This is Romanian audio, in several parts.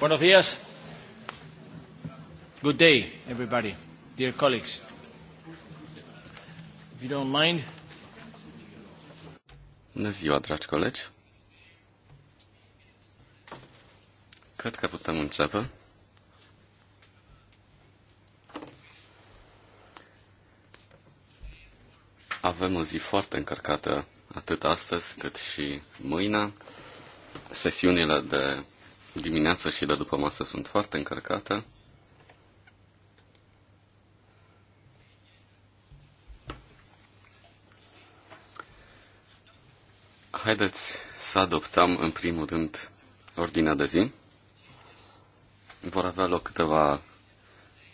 Buenos días. Good day, everybody, dear colleagues. If you don't mind. Bună ziua, dragi colegi. Cred că putem începe. Avem o zi foarte încărcată atât astăzi cât și mâine. Sesiunile de Dimineața și de după masă sunt foarte încărcate. Haideți să adoptăm în primul rând ordinea de zi. Vor avea loc câteva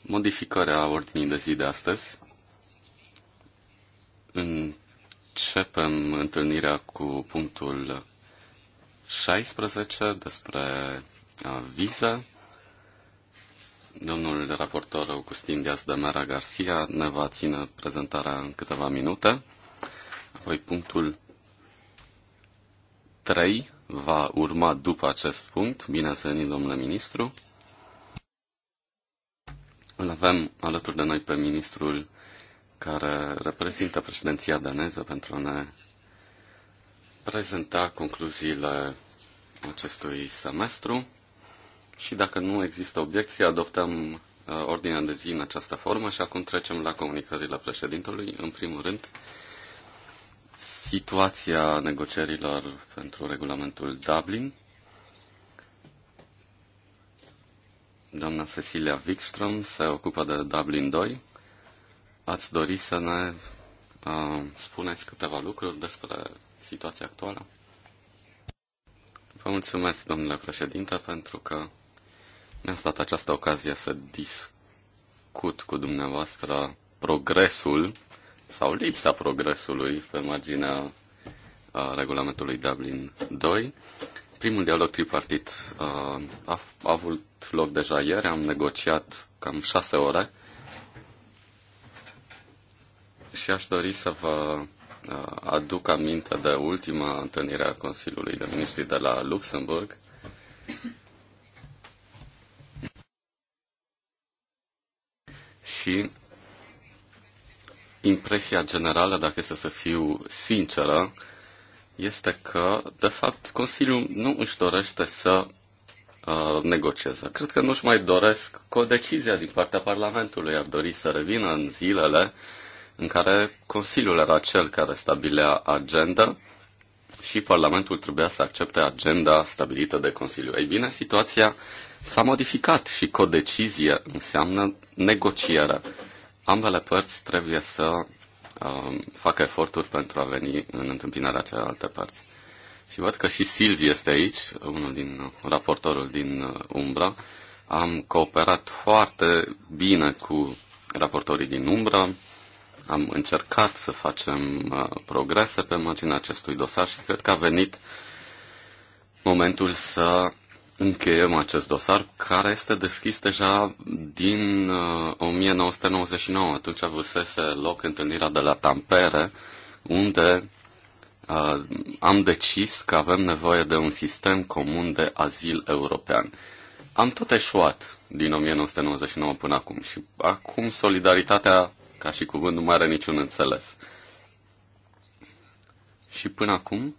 modificări a ordinii de zi de astăzi. Începem întâlnirea cu punctul 16 despre uh, viză. Domnul raportor Augustin Dias de Mera Garcia ne va ține prezentarea în câteva minute. Apoi punctul 3 va urma după acest punct. Bine ați venit, domnule ministru. Îl avem alături de noi pe ministrul care reprezintă președinția daneză pentru a ne prezenta concluziile acestui semestru și dacă nu există obiecții, adoptăm uh, ordinea de zi în această formă și acum trecem la comunicările președintelui. În primul rând, situația negocierilor pentru regulamentul Dublin. Doamna Cecilia Wikström se ocupă de Dublin 2. Ați dori să ne uh, spuneți câteva lucruri despre situația actuală? Vă mulțumesc, domnule președinte, pentru că mi-ați dat această ocazie să discut cu dumneavoastră progresul sau lipsa progresului pe marginea a uh, regulamentului Dublin 2. Primul dialog tripartit uh, a, a avut loc deja ieri, am negociat cam șase ore și aș dori să vă Uh, aduc aminte de ultima întâlnire a Consiliului de Ministri de la Luxemburg, și impresia generală, dacă este să fiu sinceră, este că, de fapt, Consiliul nu își dorește să uh, negocieze. Cred că nu-și mai doresc decizie din partea Parlamentului. Ar dori să revină în zilele uh, în care Consiliul era cel care stabilea agenda și Parlamentul trebuia să accepte agenda stabilită de Consiliu. Ei bine, situația s-a modificat și codecizie înseamnă negociere. Ambele părți trebuie să uh, facă eforturi pentru a veni în întâmpinarea celelalte părți. Și văd că și Silvi este aici, unul din raportorul din uh, Umbra. Am cooperat foarte bine cu raportorii din Umbra, am încercat să facem uh, progrese pe marginea acestui dosar și cred că a venit momentul să încheiem acest dosar care este deschis deja din 1999. Uh, Atunci avusese loc întâlnirea de la Tampere, unde uh, am decis că avem nevoie de un sistem comun de azil european. Am tot eșuat din 1999 până acum și acum solidaritatea ca și cuvânt, nu mai are niciun înțeles. Și până acum,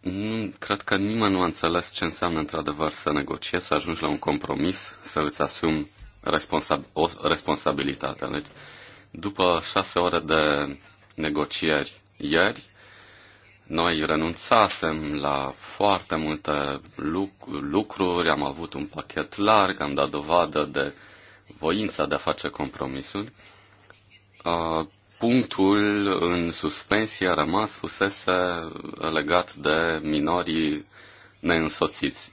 nu, cred că nimeni nu a înțeles ce înseamnă într-adevăr să negociezi, să ajungi la un compromis, să îți asumi responsab- o responsabilitate. Deci, după șase ore de negocieri ieri, noi renunțasem la foarte multe lucruri, am avut un pachet larg, am dat dovadă de voința de a face compromisuri, punctul în suspensie a rămas fusese legat de minorii neînsoțiți.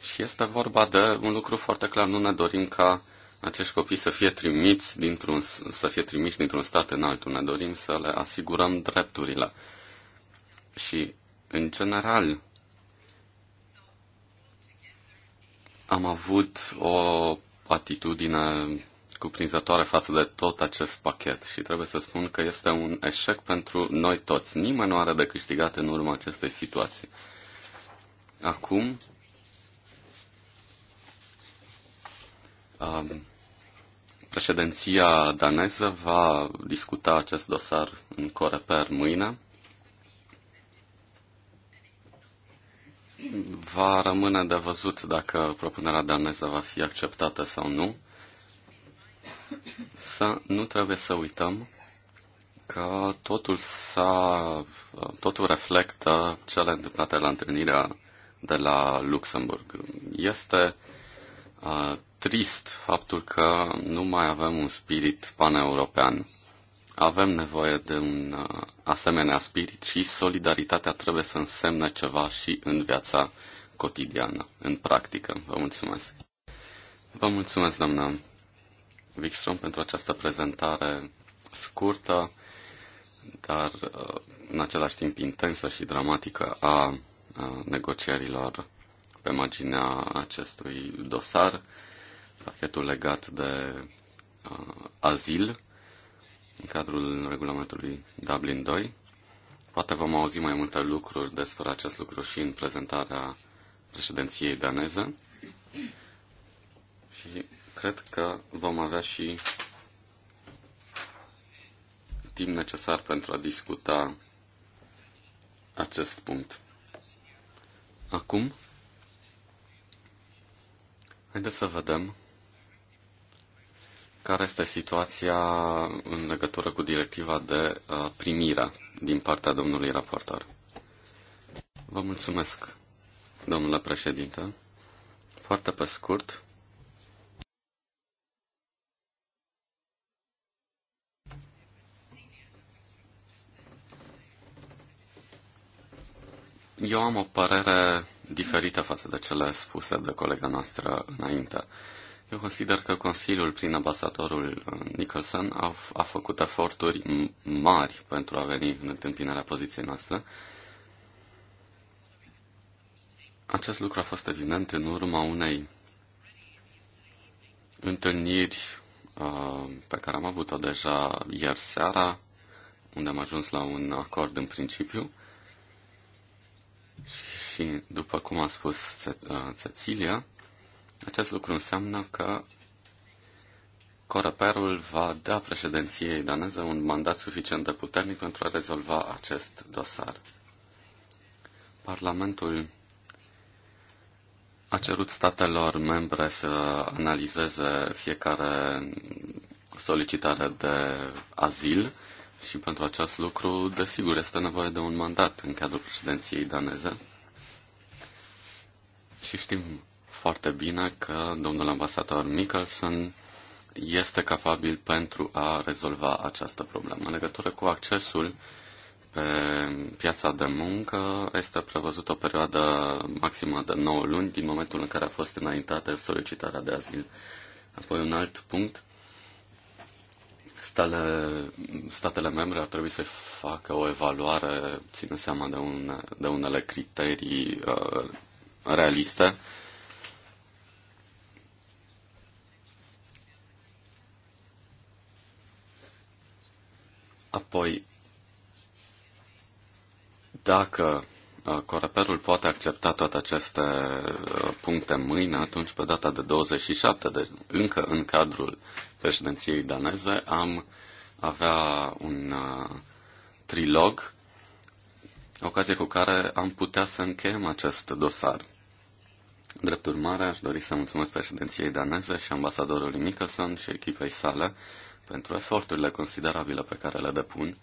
Și este vorba de un lucru foarte clar. Nu ne dorim ca acești copii să fie trimiți dintr-un, să fie trimiși dintr-un stat în altul. Ne dorim să le asigurăm drepturile. Și, în general, am avut o atitudine cuprinzătoare față de tot acest pachet și trebuie să spun că este un eșec pentru noi toți. Nimeni nu are de câștigat în urma acestei situații. Acum, um, președinția daneză va discuta acest dosar în Coreper mâine Va rămâne de văzut dacă propunerea daneză va fi acceptată sau nu. Să nu trebuie să uităm că totul, s-a, totul reflectă cele întâmplate la întâlnirea de la Luxemburg. Este uh, trist faptul că nu mai avem un spirit paneuropean. Avem nevoie de un uh, asemenea spirit și solidaritatea trebuie să însemne ceva și în viața cotidiană, în practică. Vă mulțumesc. Vă mulțumesc, doamna Wikström, pentru această prezentare scurtă, dar uh, în același timp intensă și dramatică a uh, negocierilor pe marginea acestui dosar, pachetul legat de azil în cadrul regulamentului Dublin 2. Poate vom auzi mai multe lucruri despre acest lucru și în prezentarea președinției daneze. Și cred că vom avea și timp necesar pentru a discuta acest punct. Acum, haideți să vedem care este situația în legătură cu directiva de uh, primire din partea domnului raportor. Vă mulțumesc, domnule președinte. Foarte pe scurt, Eu am o părere diferită față de cele spuse de colega noastră înainte. Uh, eu consider că Consiliul, prin ambasadorul uh, Nicholson, a, a făcut eforturi mari pentru a veni în întâmpinarea poziției noastre. Acest lucru a fost evident în urma unei întâlniri uh, pe care am avut-o deja ieri seara, unde am ajuns la un acord în principiu. Și, după cum a spus uh, Cecilia, acest lucru înseamnă că Coreperul va da președinției daneze un mandat suficient de puternic pentru a rezolva acest dosar. Parlamentul a cerut statelor membre să analizeze fiecare solicitare de azil și pentru acest lucru, desigur, este nevoie de un mandat în cadrul președinției daneze. Și știm foarte bine că domnul ambasador Mikkelsen este capabil pentru a rezolva această problemă. În legătură cu accesul pe piața de muncă, este prevăzut o perioadă maximă de 9 luni din momentul în care a fost înaintată solicitarea de azil. Apoi un alt punct, statele, statele membre ar trebui să facă o evaluare, ținând seama de, un, de unele criterii uh, realiste, Apoi, dacă uh, Coreperul poate accepta toate aceste uh, puncte mâine, atunci pe data de 27, de, deci, încă în cadrul președinției daneze, am avea un uh, trilog, ocazie cu care am putea să încheiem acest dosar. Drept urmare, aș dori să mulțumesc președinției daneze și ambasadorului Nicholson și echipei sale pentru eforturile considerabile pe care le depun.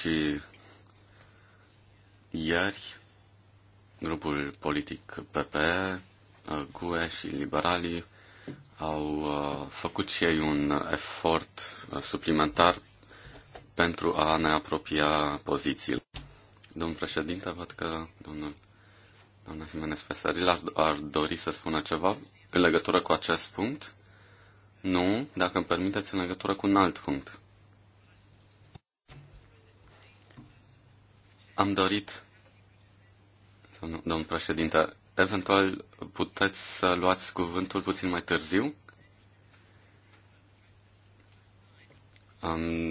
Și ieri, grupul politic PP, GUE și liberalii au uh, făcut și ei un efort uh, suplimentar pentru a ne apropia pozițiile. Domnul președinte, văd că domnul, doamna Jimenez Pesaril ar, ar dori să spună ceva în legătură cu acest punct. Nu, dacă îmi permiteți, în legătură cu un alt punct. Am dorit, domnul președinte, eventual puteți să luați cuvântul puțin mai târziu?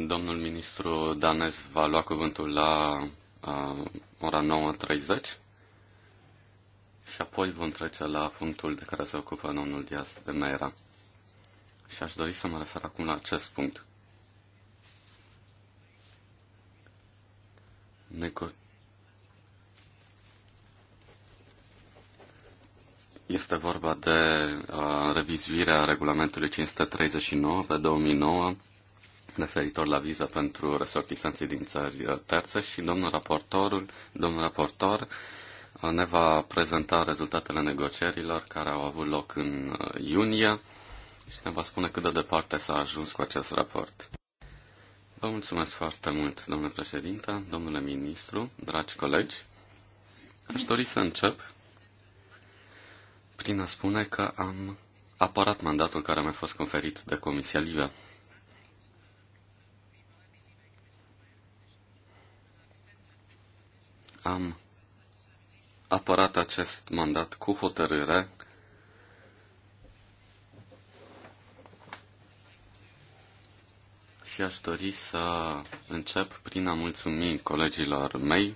Domnul ministru danez va lua cuvântul la uh, ora 9.30 și apoi vom trece la punctul de care se ocupă domnul Diaz de Meira. Și aș dori să mă refer acum la acest punct. Neco- Este vorba de uh, revizuirea regulamentului 539 pe 2009 referitor la viză pentru resortisanții din țări uh, terțe și domnul raportorul, domnul raportor uh, ne va prezenta rezultatele negocierilor care au avut loc în uh, iunie și ne va spune cât de departe s-a ajuns cu acest raport. Vă mulțumesc foarte mult, domnule președinte, domnule ministru, dragi colegi. Aș dori să încep prin a spune că am apărat mandatul care mi-a fost conferit de Comisia Libe am apărat acest mandat cu hotărâre. Și aș dori să încep prin a mulțumi colegilor mei,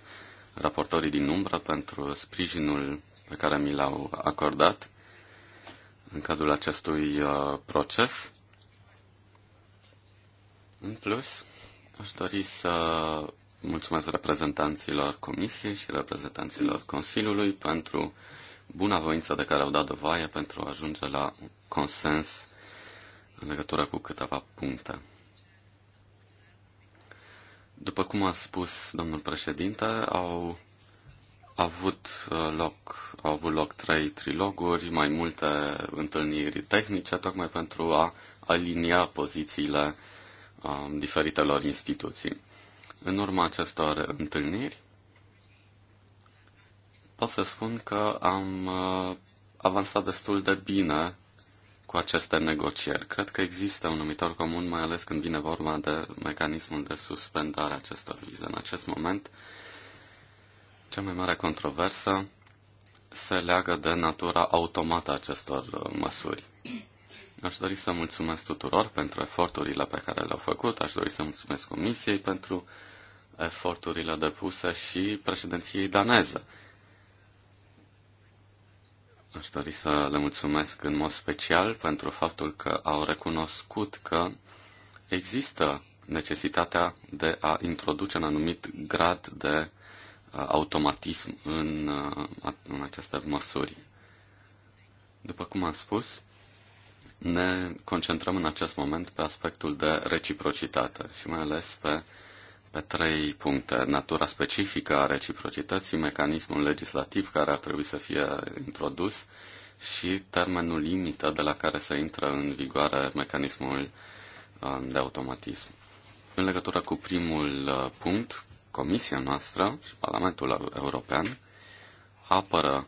raportorii din umbră, pentru sprijinul pe care mi l-au acordat în cadrul acestui uh, proces. În plus, aș dori să Mulțumesc reprezentanților Comisiei și reprezentanților Consiliului pentru buna voință de care au dat dovaie pentru a ajunge la consens în legătură cu câteva puncte. După cum a spus domnul președinte, au avut uh, loc, au avut loc trei triloguri, mai multe întâlniri tehnice, tocmai pentru a alinia pozițiile um, diferitelor instituții. În urma acestor întâlniri, pot să spun că am uh, avansat destul de bine cu aceste negocieri. Cred că există un numitor comun, mai ales când vine vorba de mecanismul de suspendare a acestor vize. În acest moment, cea mai mare controversă se leagă de natura automată a acestor uh, măsuri. Aș dori să mulțumesc tuturor pentru eforturile pe care le-au făcut, aș dori să mulțumesc Comisiei pentru uh, eforturile depuse și președinției daneze. Aș dori să le mulțumesc în mod special pentru faptul că au recunoscut că există necesitatea de a introduce un anumit grad de uh, automatism în, uh, în aceste măsuri. După cum am spus, ne concentrăm în acest moment pe aspectul de reciprocitate și mai ales pe pe trei puncte. Natura specifică a reciprocității, mecanismul legislativ care ar trebui să fie introdus și termenul limită de la care să intră în vigoare mecanismul uh, de automatism. În legătură cu primul uh, punct, Comisia noastră și Parlamentul European apără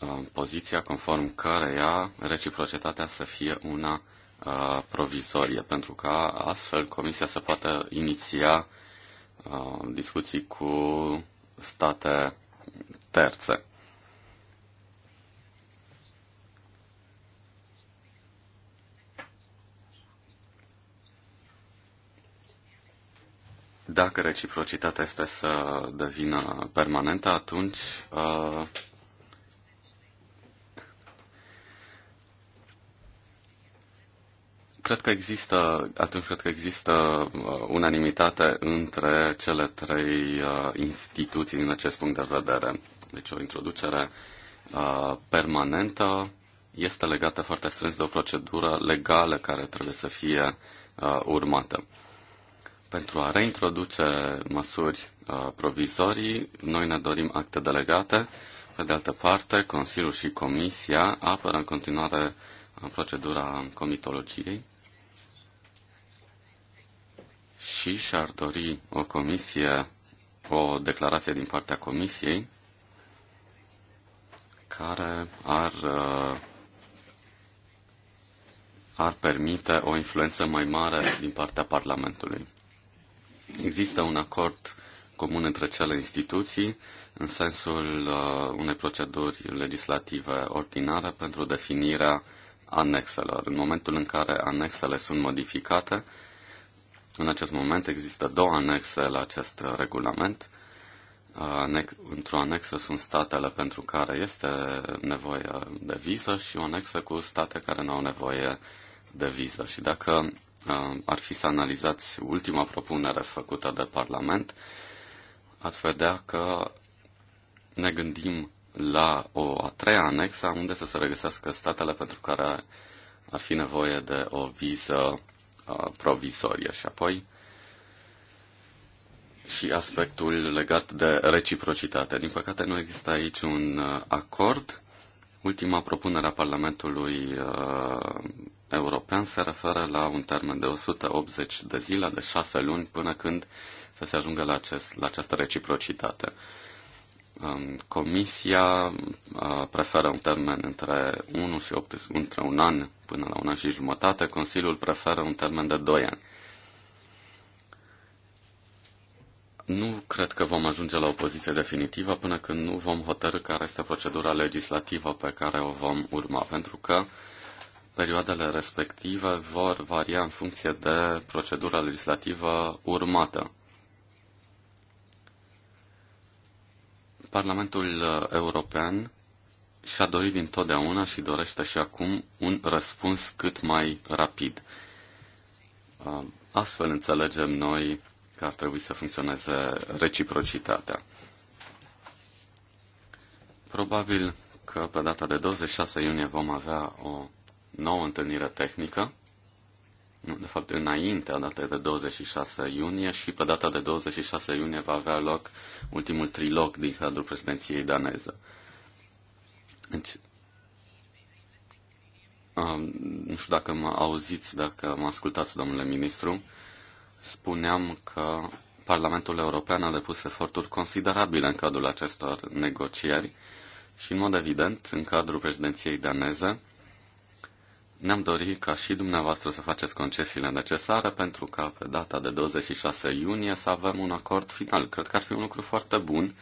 uh, poziția conform căreia reciprocitatea să fie una provizorie, pentru ca astfel Comisia să poată iniția discuții cu state terțe. Dacă reciprocitatea este să devină permanentă, atunci uh, Cred că există, atunci cred că există uh, unanimitate între cele trei uh, instituții din acest punct de vedere. Deci o introducere uh, permanentă este legată foarte strâns de o procedură legală care trebuie să fie urmată. Pentru a reintroduce măsuri provizorii, noi ne dorim acte delegate. Pe de altă parte, Consiliul și Comisia apără în continuare în procedura comitologiei și și-ar dori o comisie, o declarație din partea comisiei care ar, uh, ar permite o influență mai mare din partea Parlamentului. Există un acord comun între cele instituții în sensul uh, unei proceduri legislative ordinare pentru definirea anexelor. În momentul în care anexele sunt modificate, în acest moment există două anexe la acest regulament. Într-o anexă sunt statele pentru care este nevoie de viză și o anexă cu state care nu au nevoie de viză. Și dacă ar fi să analizați ultima propunere făcută de Parlament, ați vedea că ne gândim la o a treia anexă unde să se regăsească statele pentru care ar fi nevoie de o viză provizorie și apoi și aspectul legat de reciprocitate. Din păcate nu există aici un uh, acord. Ultima propunere a Parlamentului uh, European se referă la un termen de 180 de zile, de 6 luni, până când să se ajungă la, acest, la această reciprocitate. Uh, Um, comisia uh, preferă un termen între 1 și 8, între un an până la un an și jumătate, Consiliul preferă un termen de 2 ani. Nu cred că vom ajunge la o poziție definitivă până când nu vom hotărâ care este procedura legislativă pe care o vom urma, pentru că perioadele respective vor varia în funcție de procedura legislativă urmată. Parlamentul uh, European și-a dorit dintotdeauna și dorește și acum un răspuns cât mai rapid. Uh, astfel înțelegem noi că ar trebui să funcționeze reciprocitatea. Probabil că pe data de 26 iunie vom avea o nouă întâlnire tehnică nu, de fapt înaintea datei de 26 iunie și pe data de 26 iunie va avea loc ultimul trilog din cadrul președinției daneză. Deci, um, nu știu dacă mă auziți, dacă mă ascultați, domnule ministru, spuneam că Parlamentul European a depus eforturi considerabile în cadrul acestor negocieri și, în mod evident, în cadrul președinției daneze, ne-am dorit ca și dumneavoastră să faceți concesiile necesare pentru ca pe data de 26 iunie să avem un acord final. Cred că ar fi un lucru foarte bun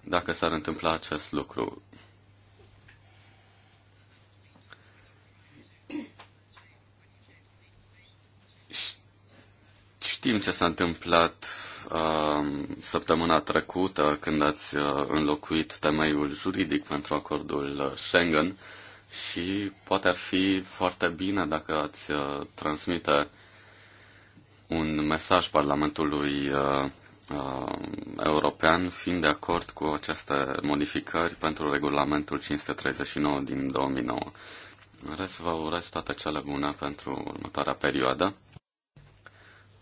dacă s-ar întâmpla acest lucru. Știm ce s-a întâmplat uh, săptămâna trecută când ați uh, înlocuit temeiul juridic pentru acordul uh, Schengen și poate ar fi foarte bine dacă ați uh, transmite un mesaj Parlamentului uh, uh, European fiind de acord cu aceste modificări pentru regulamentul 539 din 2009. În rest, vă urez toate cele bune pentru următoarea perioadă.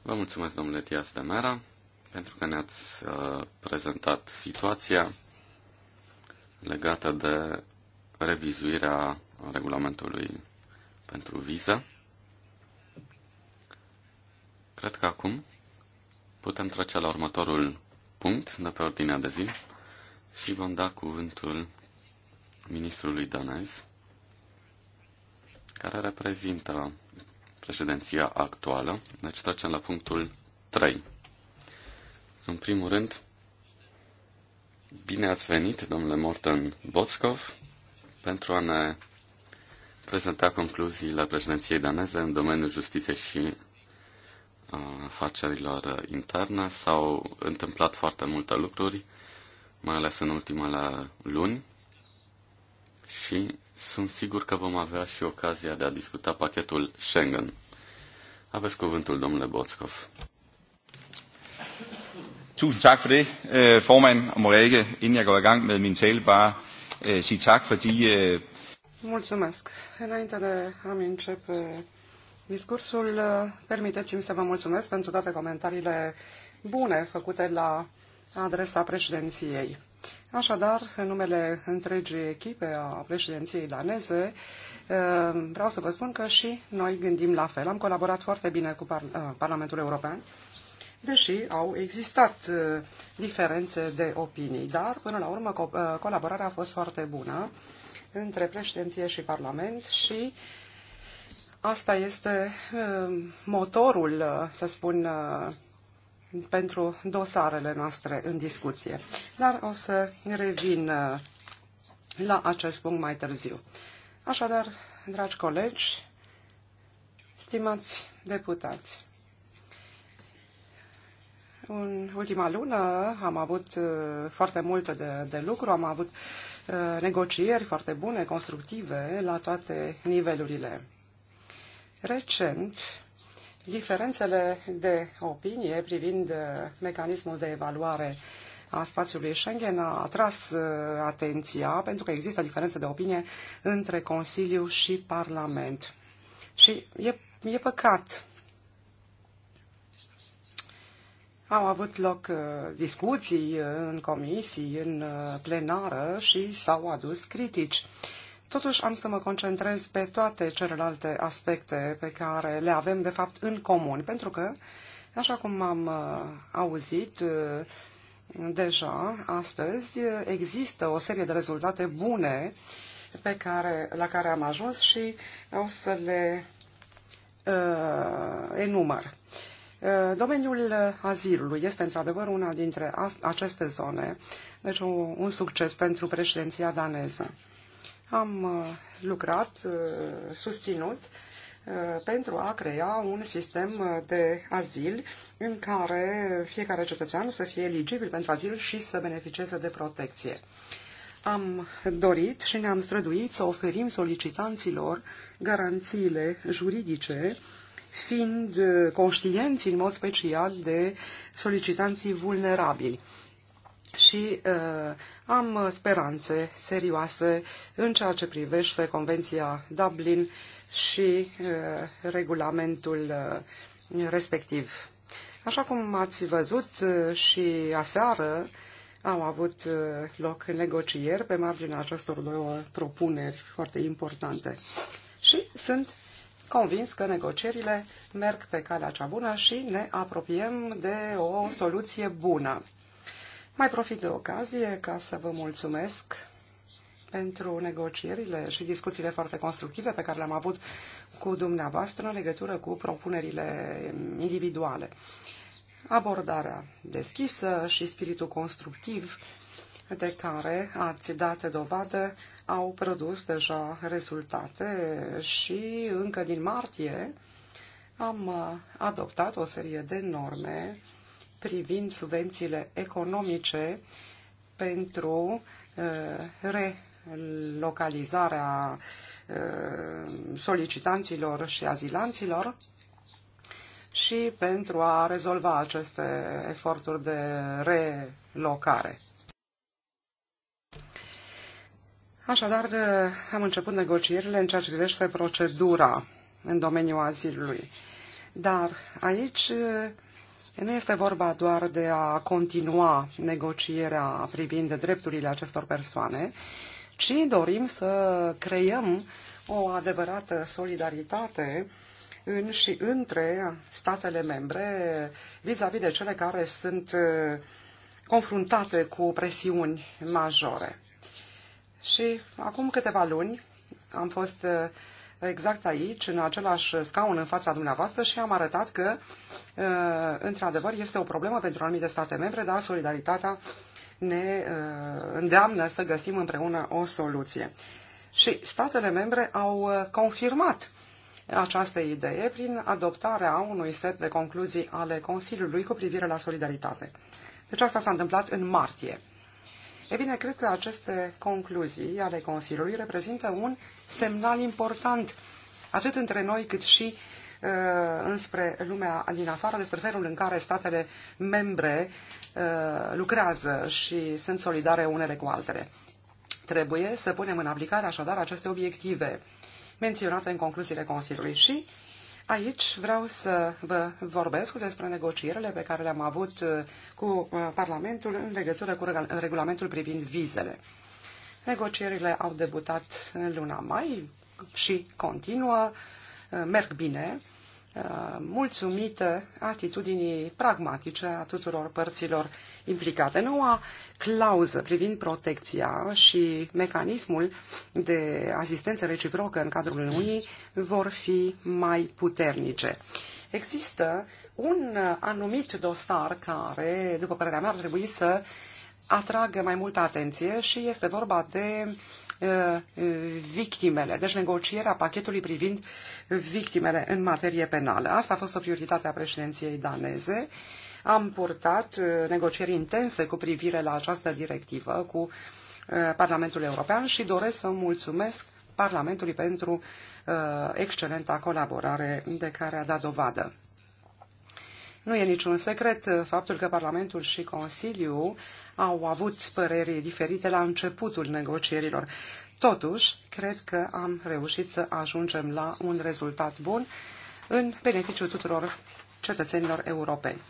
Vă mulțumesc, domnule Tias de Mera, pentru că ne-ați uh, prezentat situația legată de revizuirea regulamentului pentru viză. Cred că acum putem trece la următorul punct de pe ordinea de zi și vom da cuvântul ministrului danez, care reprezintă președinția actuală. Deci trecem la punctul 3. În primul rând, bine ați venit, domnule Morten Botskov, pentru a ne prezenta concluziile președinției daneze în domeniul justiției și uh, afacerilor interne. S-au întâmplat foarte multe lucruri, mai ales în ultimele luni și sunt sigur că vom avea și ocazia de a discuta pachetul Schengen. Aveți cuvântul, domnule Boțcov. Tusind tak for det, øh, formand. Og må jeg ikke, inden jeg går i gang med min tale, bare Øh, sige tak øh, Mulțumesc. Înainte de a începe discursul, uh, permiteți-mi să vă mulțumesc pentru toate comentariile bune făcute la adresa președinției. Așadar, în numele întregii echipe a președinției daneze, uh, vreau să vă spun că și noi gândim la fel. Am colaborat foarte bine cu uh, Parlamentul European deși au existat uh, diferențe de opinii. Dar, până la urmă, uh, colaborarea a fost foarte bună între președinție și Parlament și asta este uh, motorul, să spun, pentru dosarele noastre în discuție. Dar o să revin la acest punct mai târziu. Așadar, dragi colegi, stimați deputați, în ultima lună am avut uh, foarte multe de, de lucru, am avut uh, negocieri foarte bune, constructive, la toate nivelurile. Recent, diferențele de opinie privind uh, mecanismul de evaluare a spațiului Schengen a atras atenția pentru că există diferențe de opinie între Consiliu și Parlament. Și e, e păcat Au avut loc uh, discuții uh, în comisii, în uh, plenară și s-au adus critici. Totuși am să mă concentrez pe toate celelalte aspecte pe care le avem de fapt în comun, pentru că, așa cum am auzit deja astăzi, există o serie de rezultate bune pe care, la care am ajuns și o să le uh, enumăr. Uh, Uh, domeniul azilului este într-adevăr una dintre aceste zone, deci un succes pentru președinția daneză. Am uh, lucrat, uh, susținut, pentru a crea un sistem de azil în care fiecare cetățean să fie eligibil pentru azil și să beneficieze de protecție. Am dorit și ne-am străduit să oferim solicitanților garanțiile juridice fiind uh, conștienți în mod special de solicitanții vulnerabili. Și uh, am speranțe serioase în ceea ce privește Convenția Dublin și uh, regulamentul uh, respectiv. Așa cum ați văzut uh, și aseară, au avut uh, loc negocieri pe marginea acestor două propuneri foarte importante. Și sunt convins că negocierile merg pe calea cea bună și ne apropiem de o soluție bună. Mai profit de ocazie ca să vă mulțumesc pentru negocierile și discuțiile foarte constructive pe care le-am avut cu dumneavoastră în legătură cu propunerile individuale. Abordarea deschisă și spiritul constructiv de care ați dat dovadă au produs deja rezultate și încă din martie am adoptat o serie de norme privind subvențiile economice pentru uh, relocalizarea uh, solicitanților și azilanților și pentru a rezolva aceste eforturi de relocare. Așadar, eh, am început negocierile în ceea ce privește procedura în domeniul azilului. Dar aici eh, nu este vorba doar de a continua negocierea privind drepturile acestor persoane, ci dorim să creăm o adevărată solidaritate în și între statele membre vis-a-vis -vis de cele care sunt eh, confruntate cu presiuni majore. Și acum câteva luni am fost uh, exact aici, în același scaun în fața dumneavoastră și am arătat că, uh, într-adevăr, este o problemă pentru anumite state membre, dar solidaritatea ne uh, îndeamnă să găsim împreună o soluție. Și statele membre au confirmat această idee prin adoptarea unui set de concluzii ale Consiliului cu privire la solidaritate. Deci asta s-a întâmplat în martie. E bine, cred că aceste concluzii ale Consiliului reprezintă un semnal important atât între noi cât și uh, înspre lumea din afară despre felul în care statele membre uh, lucrează și sunt solidare unele cu altele. Trebuie să punem în aplicare așadar aceste obiective menționate în concluziile Consiliului și uh, Aici vreau să vă vorbesc despre negocierile pe care le-am avut uh, cu uh, Parlamentul în legătură cu uh, regulamentul privind vizele. Negocierile au debutat în luna mai și continuă, merg bine mulțumită atitudinii pragmatice a tuturor părților implicate. Noua clauză privind protecția și mecanismul de asistență reciprocă în cadrul Uniunii vor fi mai puternice. Există un anumit dosar care, după părerea mea, ar trebui să atragă mai multă atenție și este vorba de victimele, deci negocierea pachetului privind victimele în materie penală. Asta a fost o prioritate a președinției daneze. Am purtat negocieri intense cu privire la această directivă cu Parlamentul European și doresc să mulțumesc Parlamentului pentru uh, excelenta colaborare de care a dat dovadă. Nu e niciun secret faptul că Parlamentul și Consiliul au avut păreri diferite la începutul negocierilor. Totuși, cred că am reușit să ajungem la un rezultat bun în beneficiul tuturor cetățenilor europeni.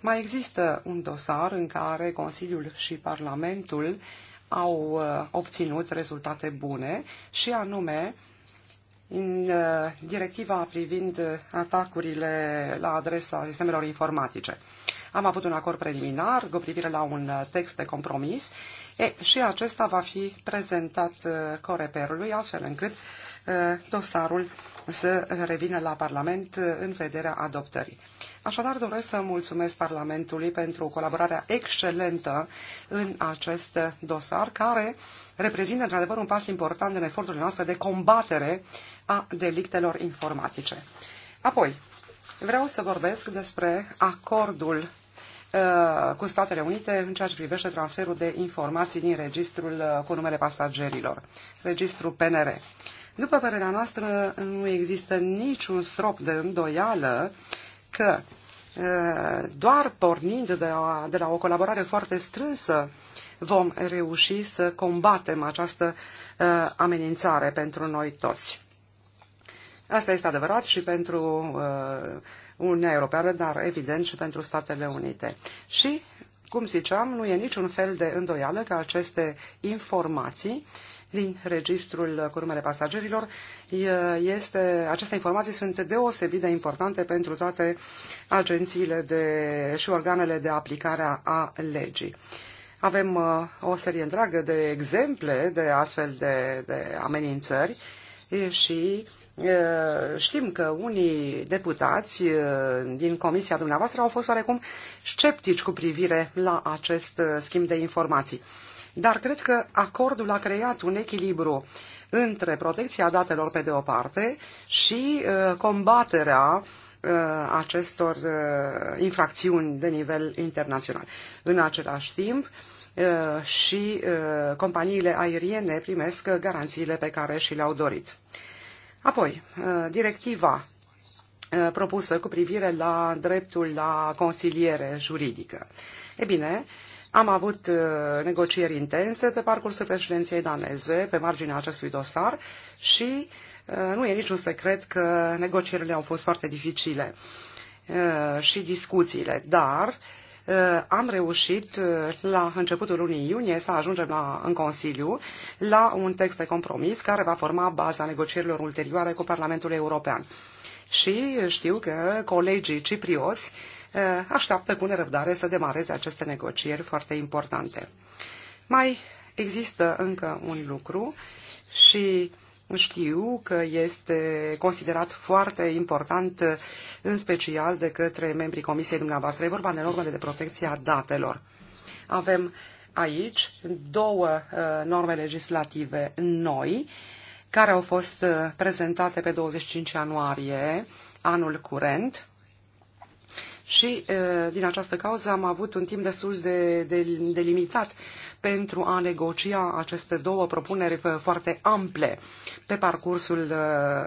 Mai există un dosar în care Consiliul și Parlamentul au uh, obținut rezultate bune și anume în uh, directiva privind uh, atacurile la adresa sistemelor informatice. Am avut un acord preliminar cu privire la un uh, text de compromis e, și acesta va fi prezentat coreperului astfel încât Uh, dosarul să revină la Parlament uh, în vederea adoptării. Așadar, doresc să mulțumesc Parlamentului pentru colaborarea excelentă în acest dosar, care reprezintă într-adevăr un pas important în eforturile noastre de combatere a delictelor informatice. Apoi, vreau să vorbesc despre acordul uh, cu Statele Unite în ceea ce privește transferul de informații din registrul cu numele pasagerilor, registrul PNR. După părerea noastră, nu există niciun strop de îndoială că doar pornind de la, de la o colaborare foarte strânsă vom reuși să combatem această amenințare pentru noi toți. Asta este adevărat și pentru Uniunea Europeană, dar evident și pentru Statele Unite. Și, cum ziceam, nu e niciun fel de îndoială că aceste informații din registrul uh, cu numele pasagerilor. Este, aceste informații sunt deosebit de importante pentru toate agențiile de, și organele de aplicare a legii. Avem uh, o serie întreagă de exemple de astfel de, de amenințări și Știm că unii deputați din comisia dumneavoastră au fost oarecum sceptici cu privire la acest uh, schimb de informații dar cred că acordul a creat un echilibru între protecția datelor pe de o parte și uh, combaterea uh, acestor uh, infracțiuni de nivel internațional. În același timp, și companiile aeriene primesc garanțiile pe care și le-au dorit. Apoi, directiva propusă cu privire la dreptul la consiliere juridică. E bine, am avut uh, negocieri intense pe parcursul președinției daneze pe marginea acestui dosar și uh, nu e niciun secret că negocierile au fost foarte dificile uh, și discuțiile, dar am reușit la începutul lunii iunie să ajungem la, în Consiliu la un text de compromis care va forma baza negocierilor ulterioare cu Parlamentul European. Și știu că colegii ciprioți Eh, așteaptă cu nerăbdare să demareze aceste negocieri foarte importante. Mai există încă un lucru și știu că este considerat foarte important, în special de către membrii Comisiei dumneavoastră. E vorba de normele de protecție a datelor. Avem aici două eh, norme legislative noi, care au fost eh, prezentate pe 25 ianuarie anul curent și din această cauză am avut un timp destul de, de, de limitat pentru a negocia aceste două propuneri foarte ample pe parcursul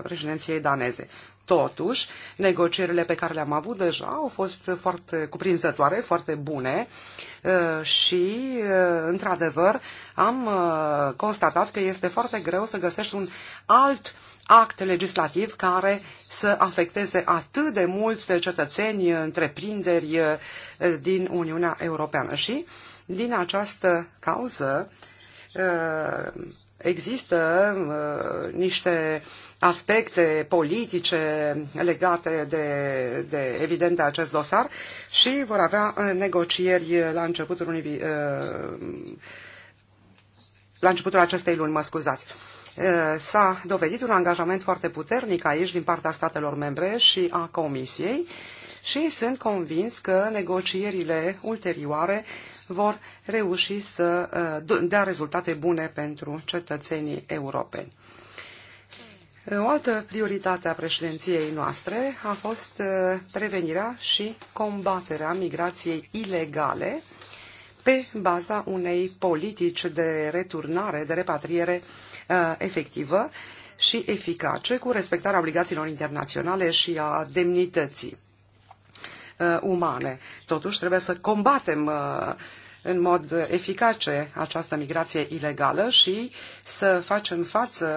președinției daneze. Totuși, negocierile pe care le-am avut deja au fost foarte cuprinzătoare, foarte bune și, într-adevăr, am constatat că este foarte greu să găsești un alt uh, act legislativ care să afecteze atât de mulți cetățeni, întreprinderi eh, din Uniunea Europeană. Și din această cauză eh, există eh, niște aspecte politice legate de, de evident de acest dosar și vor avea negocieri la începutul unui, la începutul acestei luni, mă scuzați. Eh, s-a dovedit un angajament foarte puternic aici din partea statelor membre și a Comisiei și sunt convins că negocierile ulterioare vor reuși să eh, dea rezultate bune pentru cetățenii europeni. Eh, o altă prioritate a președinției noastre a fost prevenirea și combaterea migrației ilegale pe baza unei politici de returnare, de repatriere Uh, efectivă și eficace cu respectarea obligațiilor internaționale și a demnității uh, umane. Totuși trebuie să combatem uh, în mod eficace această migrație ilegală și să facem față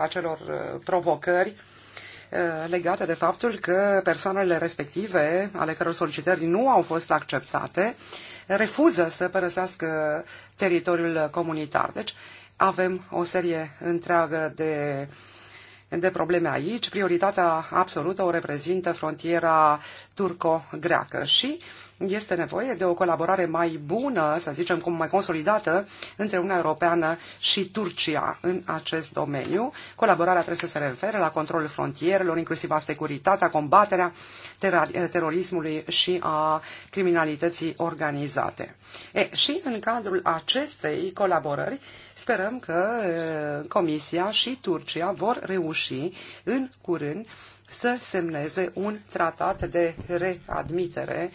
acelor provocări legate de faptul că persoanele respective, ale căror solicitări nu au fost acceptate, refuză să părăsească teritoriul comunitar. Deci avem o serie întreagă de, de probleme aici. Prioritatea absolută o reprezintă frontiera turco-greacă și este nevoie de o colaborare mai bună, să zicem, cum mai consolidată între Uniunea Europeană și Turcia în acest domeniu. Colaborarea trebuie să se refere la controlul frontierelor, inclusiv a securitatea, combaterea terorismului și a criminalității organizate. E, și în cadrul acestei colaborări, sperăm că Comisia și Turcia vor reuși în curând să semneze un tratat de readmitere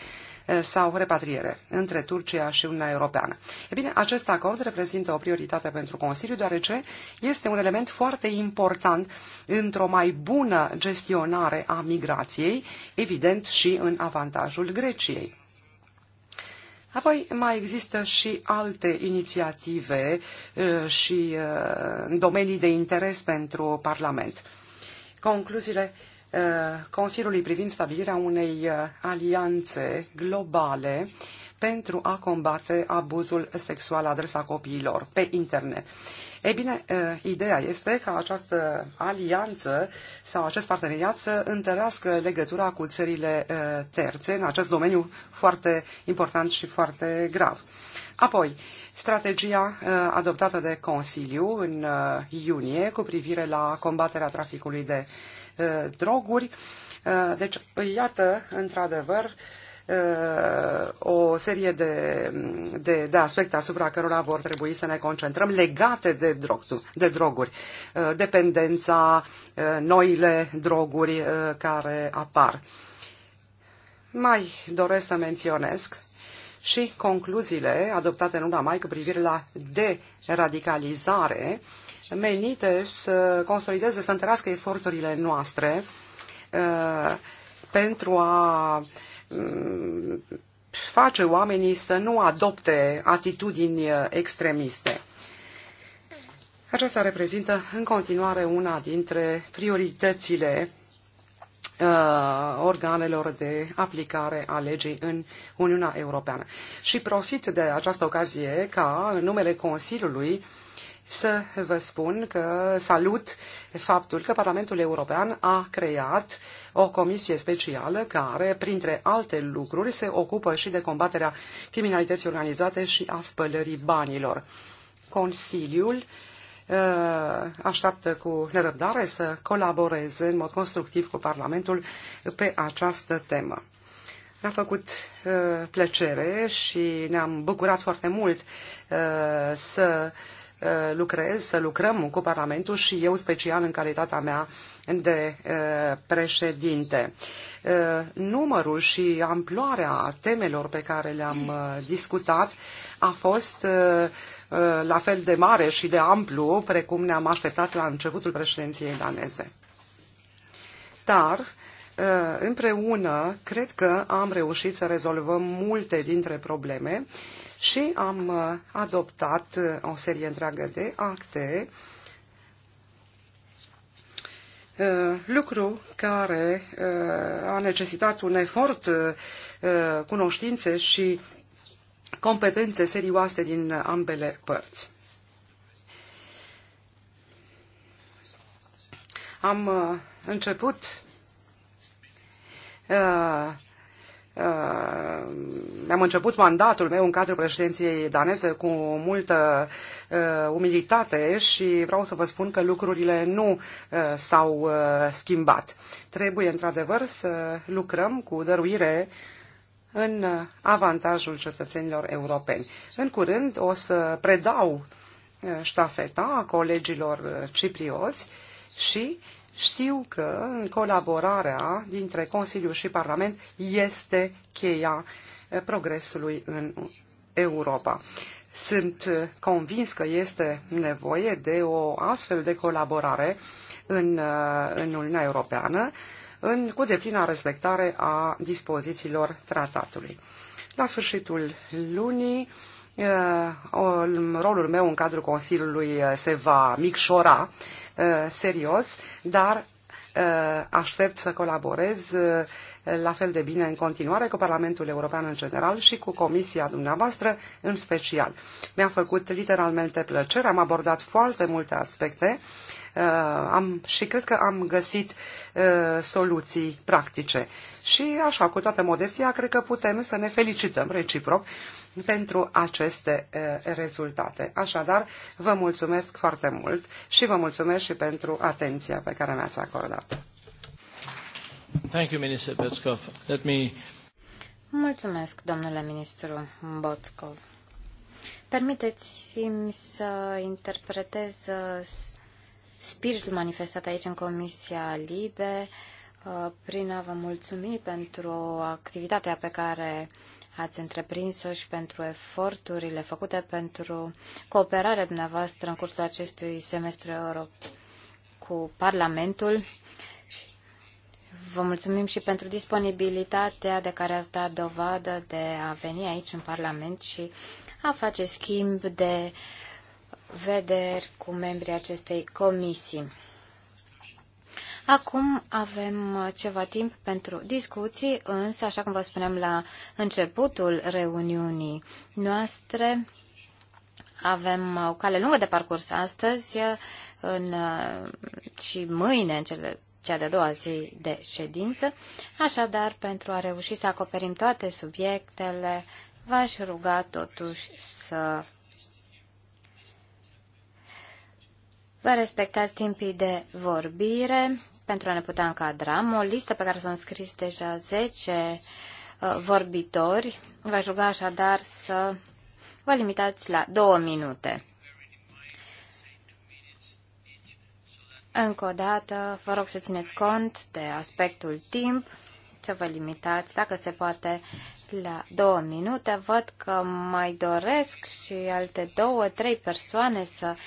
sau repatriere între Turcia și Uniunea Europeană. E bine, acest acord reprezintă o prioritate pentru Consiliu, deoarece este un element foarte important într-o mai bună gestionare a migrației, evident și în avantajul Greciei. Apoi mai există și alte inițiative și domenii de interes pentru Parlament. Concluziile Uh, Consiliului privind stabilirea unei uh, alianțe globale pentru a combate abuzul sexual la adresa copiilor pe internet. Ei bine, uh, ideea este ca această alianță sau acest parteneriat să întărească legătura cu țările terțe în acest domeniu foarte important și foarte grav. Apoi, strategia adoptată de Consiliu în iunie cu privire la combaterea traficului de Uh, droguri. Uh, deci, iată, într-adevăr, uh, o serie de, de, de aspecte asupra cărora vor trebui să ne concentrăm legate de, drog, de droguri. Dependența, noile droguri care apar. Mai doresc să menționez și concluziile adoptate în luna mai cu privire la deradicalizare uh, menite să consolideze, să întărească eforturile noastre uh, pentru a mm, face oamenii să nu adopte atitudini extremiste. Aceasta reprezintă în continuare una dintre prioritățile uh, organelor de aplicare a legii în Uniunea Europeană. Și profit de această ocazie ca, în numele Consiliului, să vă spun că salut faptul că Parlamentul European a creat o comisie specială care, printre alte lucruri, se ocupă și de combaterea criminalității organizate și a spălării banilor. Consiliul uh, așteaptă cu nerăbdare să colaboreze în mod constructiv cu Parlamentul pe această temă. Ne-a făcut uh, plăcere și ne-am bucurat foarte mult uh, să uh, Uh, lucrez, să lucrăm cu Parlamentul și eu special în calitatea mea de uh, președinte. Uh, numărul și amploarea temelor pe care le-am discutat a fost la fel de mare și de amplu precum ne-am așteptat la începutul președinției daneze. Dar, împreună, cred că am reușit să rezolvăm multe dintre probleme și am uh, adoptat uh, o serie întreagă de acte, uh, lucru care a necesitat un efort, cunoștințe și competențe serioase din ambele părți. Am început mi-am uh, început mandatul meu în cadrul președinției daneze cu multă uh, umilitate și vreau să vă spun că lucrurile nu uh, s-au uh, schimbat. Trebuie într-adevăr să lucrăm cu dăruire în avantajul cetățenilor europeni. În curând o să predau uh, ștafeta colegilor uh, ciprioți și uh, știu că colaborarea dintre Consiliu și Parlament este cheia eh, progresului în Europa. Sunt eh, convins că este nevoie de o astfel de colaborare în, eh, în Uniunea Europeană, în, cu deplina respectare a dispozițiilor tratatului. La sfârșitul lunii, rolul meu în cadrul Consiliului se va micșora Uh, serios, dar uh, aștept să colaborez uh, la fel de bine în continuare cu Parlamentul European în general și cu Comisia dumneavoastră în special. Mi-a făcut literalmente plăcere, am abordat foarte multe aspecte am, și cred că am găsit uh, soluții practice. Și așa, cu toată modestia, cred că putem să ne felicităm reciproc uh, pentru aceste rezultate. Așadar, vă mulțumesc foarte mult și vă mulțumesc și pentru atenția pe care mi-ați acordat Thank you, Minister Petskov. Let me... Mulțumesc, domnule ministru Botkov. Permiteți-mi să interpretez uh, spiritul manifestat aici în Comisia Libe uh, prin a vă mulțumi pentru activitatea pe care ați întreprins-o și pentru eforturile făcute pentru cooperarea dumneavoastră în cursul acestui semestru euro cu Parlamentul. Vă mulțumim și pentru disponibilitatea de care ați dat dovadă de a veni aici în Parlament și a face schimb de vederi cu membrii acestei comisii. Acum avem uh, ceva timp pentru discuții, însă, așa cum vă spuneam la începutul reuniunii noastre, avem uh, o cale lungă de parcurs astăzi uh, în, și mâine, în cele, cea de-a doua zi de ședință. Așadar, pentru a reuși să acoperim toate subiectele, v-aș ruga totuși să Vă respectați timpii de vorbire pentru a ne putea încadra. Am o listă pe care s-au înscris deja 10 uh, vorbitori. V-aș ruga așadar să vă limitați la două minute. Încă o dată, vă rog să țineți cont de aspectul timp, să vă limitați, dacă se poate, la două minute. Văd că mai doresc și alte două, trei persoane să uh,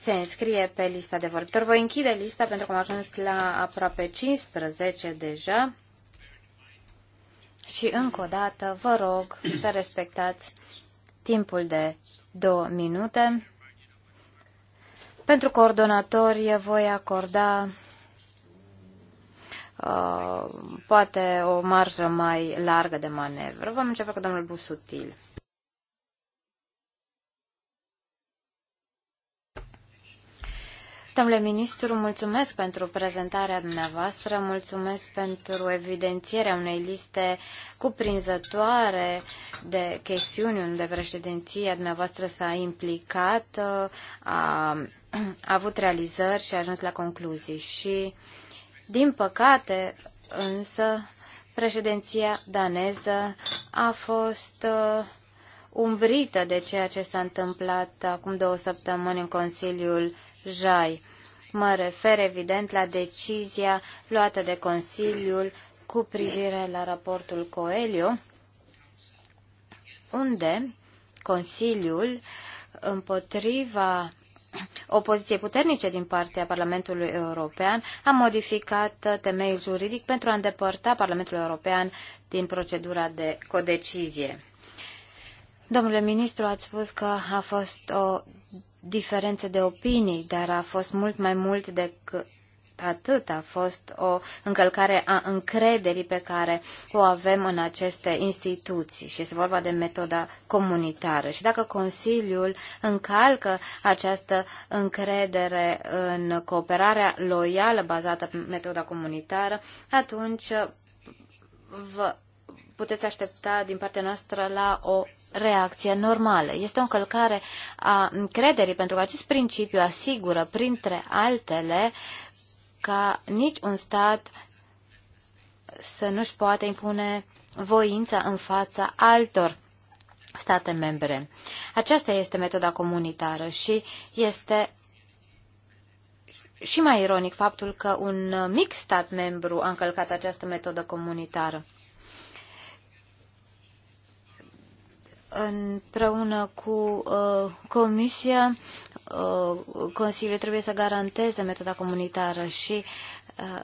se înscrie pe lista de vorbitori. Voi închide lista pentru că am ajuns la aproape 15 deja. Și încă o dată vă rog să respectați timpul de două minute. Pentru coordonatori voi acorda uh, poate o marjă mai largă de manevră. Vom începe cu domnul Busutil. Domnule ministru, mulțumesc pentru prezentarea dumneavoastră, mulțumesc pentru evidențierea unei liste cuprinzătoare de chestiuni unde președinția dumneavoastră s-a implicat, a, a avut realizări și a ajuns la concluzii. Și, din păcate, însă, președinția daneză a fost uh, umbrită de ceea ce s-a întâmplat acum două săptămâni în Consiliul JAI. Mă refer evident la decizia luată de Consiliul cu privire la raportul Coelio, unde Consiliul, împotriva o poziție puternice din partea Parlamentului European, a modificat temeiul juridic pentru a îndepărta Parlamentul European din procedura de codecizie. Domnule ministru, ați spus că a fost o diferență de opinii, dar a fost mult mai mult decât atât. A fost o încălcare a încrederii pe care o avem în aceste instituții și este vorba de metoda comunitară. Și dacă Consiliul încalcă această încredere în cooperarea loială bazată pe metoda comunitară, atunci vă puteți aștepta din partea noastră la o reacție normală. Este o încălcare a încrederii, pentru că acest principiu asigură, printre altele, ca nici un stat să nu-și poată impune voința în fața altor state membre. Aceasta este metoda comunitară și este și mai ironic faptul că un mic stat membru a încălcat această metodă comunitară. împreună cu uh, Comisia, uh, Consiliul trebuie să garanteze metoda comunitară și uh,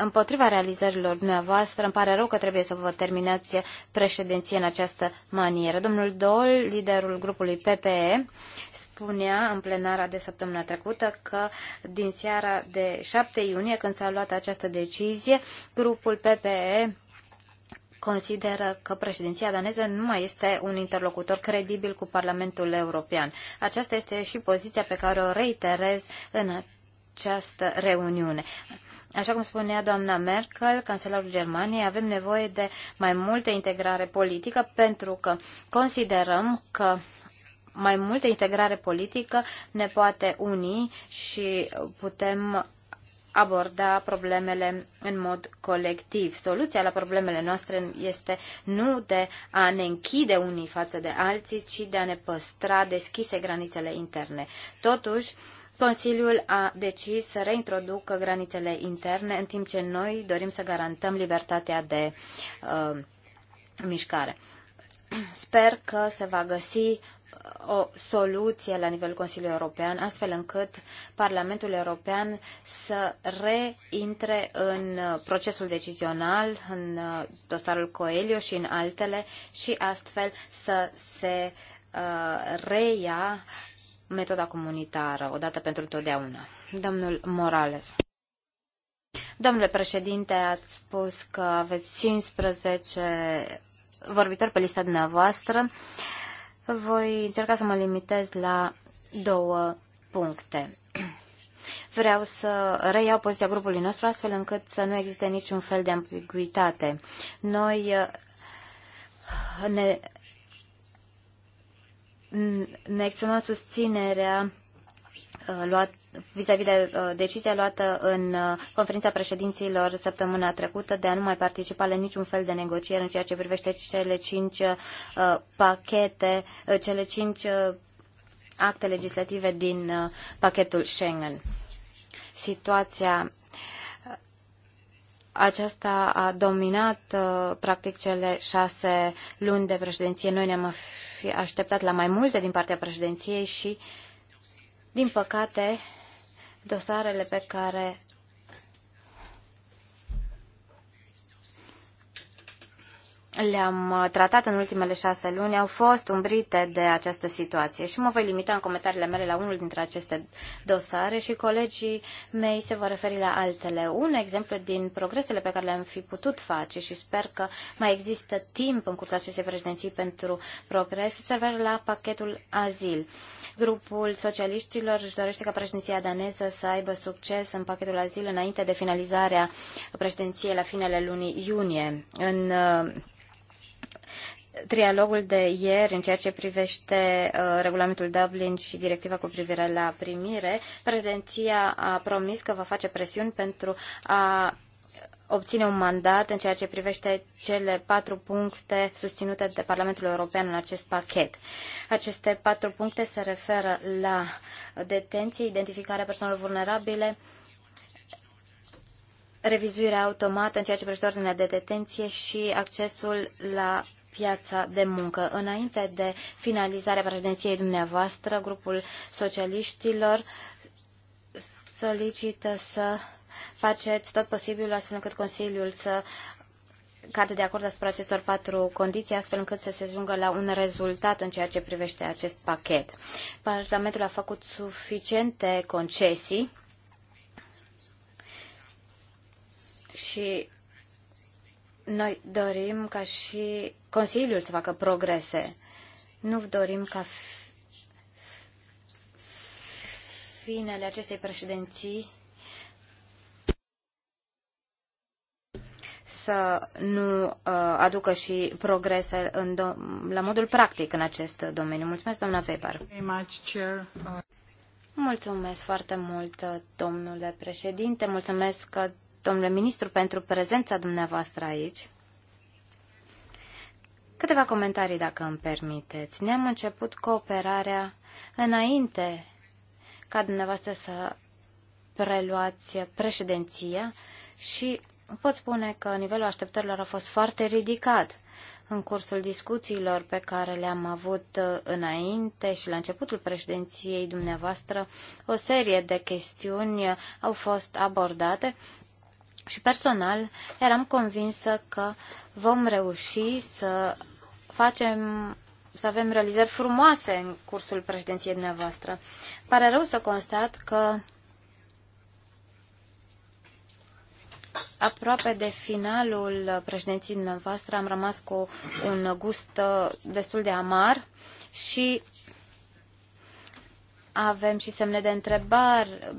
împotriva realizărilor dumneavoastră. Îmi pare rău că trebuie să vă terminați președinție în această manieră. Domnul Dol, liderul grupului PPE, spunea în plenara de săptămâna trecută că din seara de 7 iunie, când s-a luat această decizie, grupul PPE consideră că președinția daneză nu mai este un interlocutor credibil cu Parlamentul European. Aceasta este și poziția pe care o reiterez în această reuniune. Așa cum spunea doamna Merkel, cancelarul Germaniei, avem nevoie de mai multă integrare politică pentru că considerăm că mai multă integrare politică ne poate uni și putem aborda problemele în mod colectiv. Soluția la problemele noastre este nu de a ne închide unii față de alții, ci de a ne păstra deschise granițele interne. Totuși, Consiliul a decis să reintroducă granițele interne, în timp ce noi dorim să garantăm libertatea de uh, mișcare. Sper că se va găsi o soluție la nivelul Consiliului European, astfel încât Parlamentul European să reintre în procesul decizional, în dosarul Coelio și în altele și astfel să se uh, reia metoda comunitară, odată pentru totdeauna. Domnul Morales. Domnule președinte, ați spus că aveți 15 vorbitori pe lista dumneavoastră. Uh, voi încerca să mă limitez la două puncte. Vreau să reiau poziția grupului nostru astfel încât să nu existe niciun fel de ambiguitate. Noi uh, ne, ne exprimăm susținerea Uh, luat vis-a-vis de uh, decizia luată în uh, conferința președinților săptămâna trecută de a nu mai participa la niciun fel de negocieri în ceea ce privește cele cinci pachete, cele cinci acte legislative din pachetul Schengen. Situația aceasta a dominat practic cele șase luni de președinție. Noi ne-am așteptat la mai multe din partea președinției și uh, din păcate, dosarele pe care le-am uh, tratat în ultimele șase luni au fost umbrite de această situație și mă voi limita în comentariile mele la unul dintre aceste dosare și colegii mei se vor referi la altele. Un exemplu din progresele pe care le-am fi putut face și sper că mai există timp în cursul acestei președinții pentru progres se referă la pachetul azil. Grupul socialiștilor își dorește ca președinția daneză să aibă succes în pachetul azil înainte de finalizarea președinției la finele lunii iunie. În uh, Trialogul de ieri în ceea ce privește uh, regulamentul Dublin și directiva cu privire la primire, prezenția a promis că va face presiuni pentru a obține un mandat în ceea ce privește cele patru puncte susținute de Parlamentul European în acest pachet. Aceste patru puncte se referă la detenție, identificarea persoanelor vulnerabile, revizuirea automată în ceea ce privește ordinea de detenție și accesul la piața de muncă. Înainte de finalizarea președinției dumneavoastră, grupul socialiștilor solicită să faceți tot posibilul astfel încât Consiliul să cadă de acord asupra acestor patru condiții, astfel încât să se ajungă la un rezultat în ceea ce privește acest pachet. Parlamentul a făcut suficiente concesii și noi dorim ca și Consiliul să facă progrese. Nu dorim ca finele acestei președinții să nu uh, aducă și progrese în la modul practic în acest domeniu. Mulțumesc, doamna Weber. Uh, Mulțumesc foarte mult, domnule președinte. Mulțumesc că domnule ministru, pentru prezența dumneavoastră aici. Câteva comentarii, dacă îmi permiteți. Ne-am început cooperarea înainte ca dumneavoastră să preluați președinția și pot spune că nivelul așteptărilor a fost foarte ridicat. În cursul discuțiilor pe care le-am avut înainte și la începutul președinției dumneavoastră, o serie de chestiuni au fost abordate și personal eram convinsă că vom reuși să facem să avem realizări frumoase în cursul președinției dumneavoastră. Pare rău să constat că aproape de finalul președinției dumneavoastră am rămas cu un gust uh, destul de amar și avem și semne de întrebare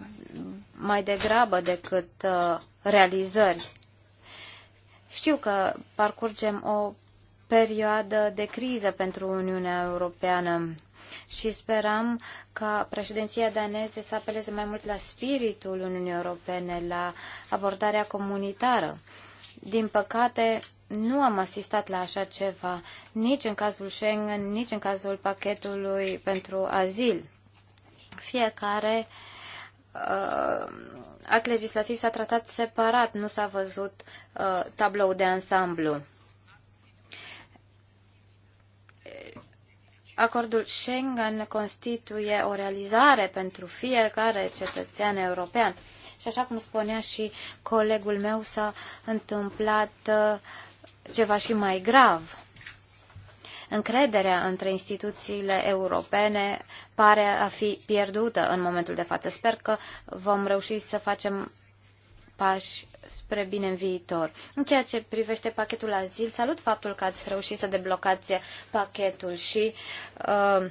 mai degrabă decât uh, realizări. Știu că parcurgem o perioadă de criză pentru Uniunea Europeană și speram ca președinția daneză să apeleze mai mult la spiritul Uniunii Europene, la abordarea comunitară. Din păcate, nu am asistat la așa ceva, nici în cazul Schengen, nici în cazul pachetului pentru azil. Fiecare uh, uh, act legislativ s-a tratat separat, nu s-a văzut uh, tablou de ansamblu. Acordul Schengen constituie o realizare pentru fiecare cetățean european. Și așa cum spunea și colegul meu, s-a întâmplat uh, ceva și mai grav încrederea între instituțiile europene pare a fi pierdută în momentul de față. Sper că vom reuși să facem pași spre bine în viitor. În ceea ce privește pachetul azil, salut faptul că ați reușit să deblocați pachetul și uh,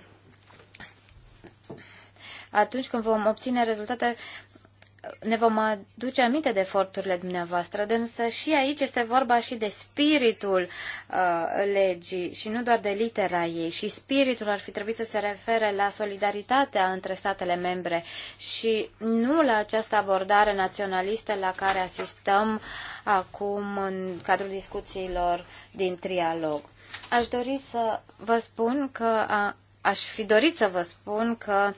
atunci când vom obține rezultate ne vom aduce aminte de eforturile dumneavoastră, însă și aici este vorba și de spiritul uh, legii și nu doar de litera ei. Și spiritul ar fi trebuit să se refere la solidaritatea între statele membre și nu la această abordare naționalistă la care asistăm acum în cadrul discuțiilor din trialog. Aș dori să vă spun că aș fi dorit să vă spun că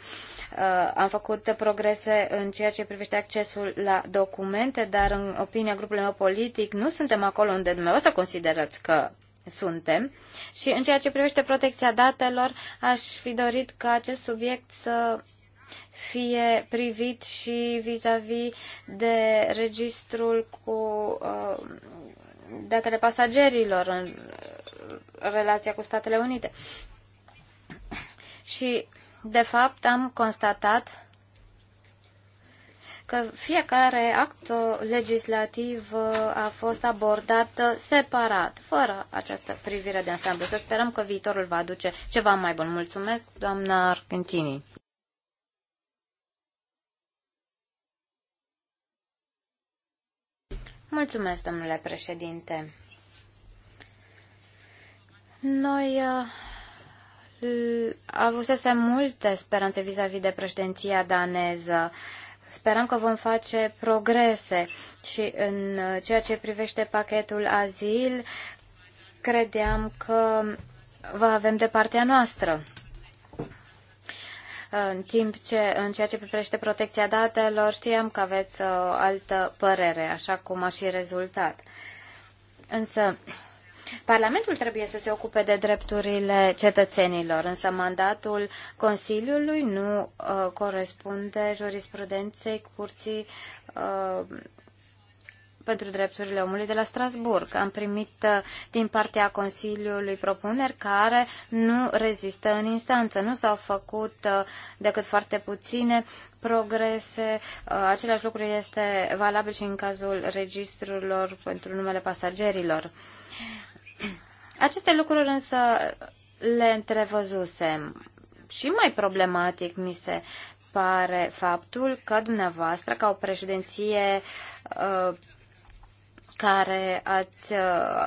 uh, am făcut progrese în ceea ce privește accesul la documente, dar în opinia grupului meu politic nu suntem acolo unde dumneavoastră considerați că suntem. Și în ceea ce privește protecția datelor, aș fi dorit ca acest subiect să fie privit și vis-a-vis de registrul cu uh, datele pasagerilor în relația cu Statele Unite și, de fapt, am constatat că fiecare act legislativ uh, a fost abordat uh, separat, fără această privire de ansamblu. Să sperăm că viitorul va aduce ceva mai bun. Mulțumesc, doamna Argentini. Mulțumesc, domnule președinte. Noi uh, avusese multe speranțe vis-a-vis -vis de președinția daneză. Sperăm că vom face progrese și în ceea ce privește pachetul azil, credeam că va avem de partea noastră. În timp ce, în ceea ce privește protecția datelor, știam că aveți o uh, altă părere, așa cum a și rezultat. Însă, Parlamentul trebuie să se ocupe de drepturile cetățenilor, însă mandatul Consiliului nu uh, corespunde jurisprudenței Curții uh, pentru drepturile omului de la Strasburg. Am primit uh, din partea Consiliului propuneri care nu rezistă în instanță. Nu s-au făcut uh, decât foarte puține progrese. Uh, același lucru este valabil și în cazul registrurilor pentru numele pasagerilor. Aceste lucruri însă le întrevăzusem. Și mai problematic mi se pare faptul că dumneavoastră, ca o președinție care ați uh,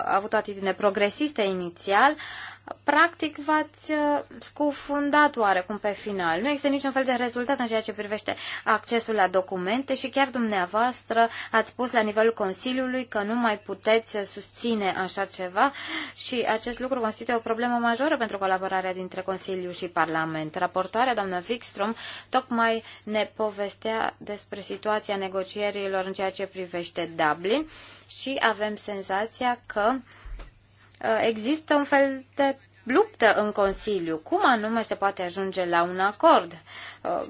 avut o atitudine progresistă inițial, practic v-ați uh, scufundat oarecum pe final. Nu există niciun fel de rezultat în ceea ce privește accesul la documente și chiar dumneavoastră ați spus la nivelul Consiliului că nu mai puteți uh, susține așa ceva și acest lucru constituie o problemă majoră pentru colaborarea dintre Consiliu și Parlament. Raportoarea doamna Wikström tocmai ne povestea despre situația negocierilor în ceea ce privește Dublin și avem senzația că uh, există un fel de luptă în Consiliu. Cum anume se poate ajunge la un acord? Uh,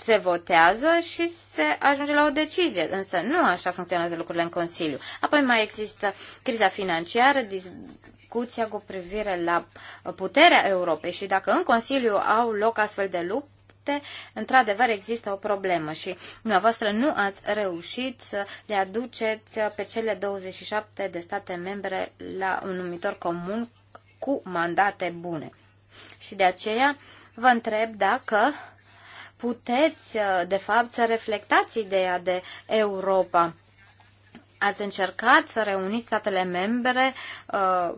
se votează și se ajunge la o decizie, însă nu așa funcționează lucrurile în Consiliu. Apoi mai există criza financiară, discuția cu privire la puterea Europei și dacă în Consiliu au loc astfel de lupte, proiecte, într-adevăr există o problemă și dumneavoastră nu ați reușit să le aduceți pe cele 27 de state membre la un numitor comun cu mandate bune. Și de aceea vă întreb dacă puteți, de fapt, să reflectați ideea de Europa. Ați încercat să reuniți statele membre uh,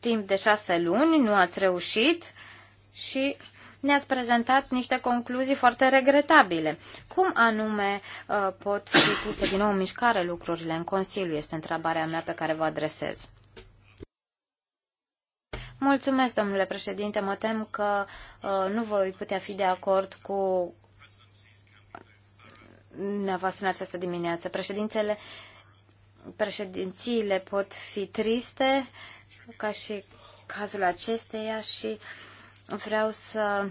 timp de șase luni, nu ați reușit și ne-ați prezentat niște concluzii foarte regretabile. Cum anume uh, pot fi puse din nou în mișcare lucrurile în Consiliu? Este întrebarea mea pe care vă adresez. Mulțumesc, domnule președinte. Mă tem că uh, nu voi putea fi de acord cu dumneavoastră în această dimineață. Președințele, președințiile pot fi triste, ca și cazul acesteia și vreau să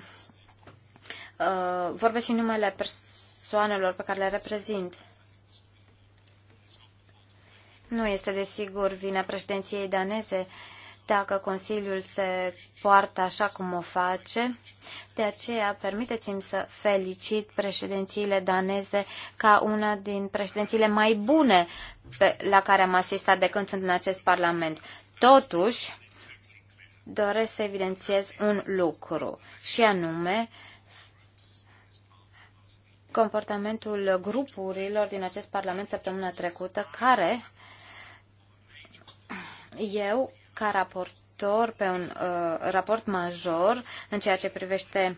uh, vorbesc și numele persoanelor pe care le reprezint. Nu este desigur vina președinției daneze dacă Consiliul se poartă așa cum o face. De aceea, permiteți-mi să felicit președințiile daneze ca una din președințiile mai bune pe, la care am asistat de când sunt în acest Parlament. Totuși, doresc să evidențiez un lucru și anume comportamentul grupurilor din acest Parlament săptămâna trecută care eu, ca raportor pe un uh, raport major în ceea ce privește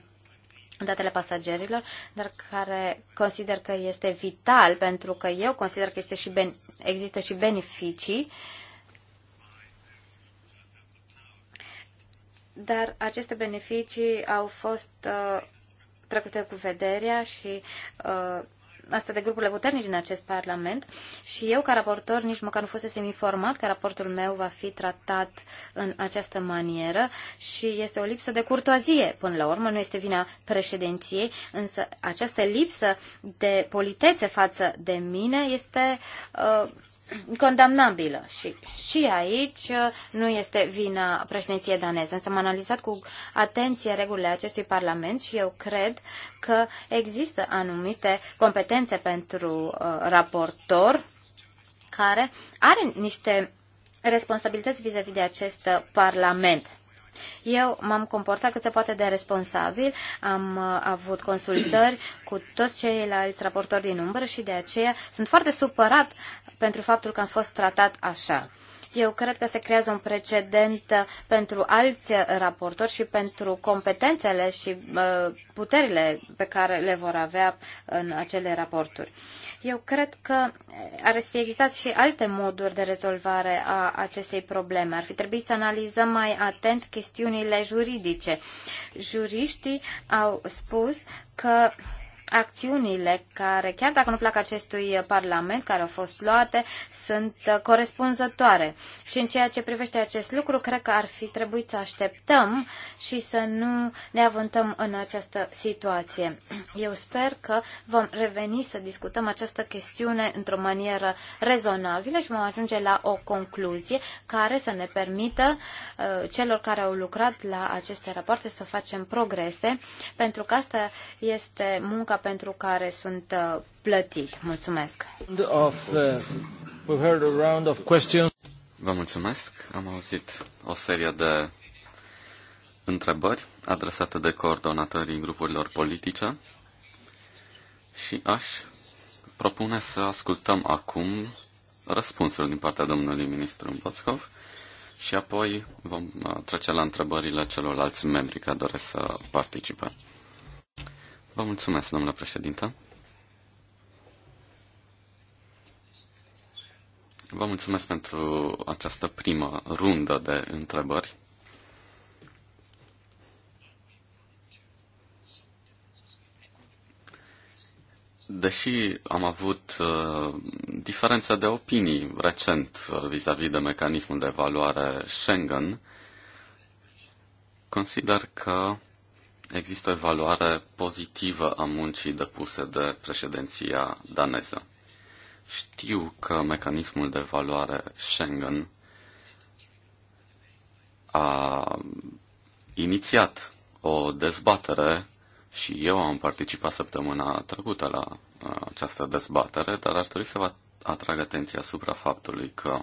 datele pasagerilor, dar care consider că este vital pentru că eu consider că este și ben- există și beneficii uh, dar aceste beneficii au fost uh, trecute cu vederea și uh, asta de grupurile puternice din acest Parlament și eu, ca raportor, nici măcar nu fusesem informat că raportul meu va fi tratat în această manieră și este o lipsă de curtoazie până la urmă, nu este vina președinției, însă această lipsă de politețe față de mine este uh, condamnabilă și, și aici uh, nu este vina președinției daneze, însă am analizat cu atenție regulile acestui Parlament și eu cred că există anumite competențe competențe pentru uh, raportor care are niște responsabilități vis-a-vis -vis de acest uh, Parlament. Eu m-am comportat cât se poate de responsabil, am uh, avut consultări cu toți ceilalți raportori din umbră și de aceea sunt foarte supărat pentru faptul că am fost tratat așa. Eu cred că se creează un precedent uh, pentru alți uh, raportori și pentru competențele și uh, puterile pe care le vor avea în acele raporturi. Eu cred că ar fi existat și alte moduri de rezolvare a acestei probleme. Ar fi trebuit să analizăm mai atent chestiunile juridice. Juriștii au spus că acțiunile care, chiar dacă nu plac acestui Parlament, care au fost luate, sunt uh, corespunzătoare. Și în ceea ce privește acest lucru, cred că ar fi trebuit să așteptăm și să nu ne avântăm în această situație. Eu sper că vom reveni să discutăm această chestiune într-o manieră rezonabilă și vom ajunge la o concluzie care să ne permită uh, celor care au lucrat la aceste rapoarte să facem progrese, pentru că asta este munca pentru care sunt uh, plătit. Mulțumesc. Uh, Vă mulțumesc. Am auzit o serie de întrebări adresate de coordonatorii grupurilor politice și aș propune să ascultăm acum răspunsul din partea domnului ministru Boțcov și apoi vom uh, trece la întrebările celorlalți membri care doresc să participe. Vă mulțumesc, domnule președinte. Vă mulțumesc pentru această primă rundă de întrebări. Deși am avut uh, diferențe de opinii recent uh, vis-a-vis -vis de mecanismul de evaluare Schengen, consider că există o evaluare pozitivă a muncii depuse de președinția daneză. Știu că mecanismul de evaluare Schengen a inițiat o dezbatere și eu am participat săptămâna trecută la uh, această dezbatere, dar aș dori să vă atrag atenția asupra faptului că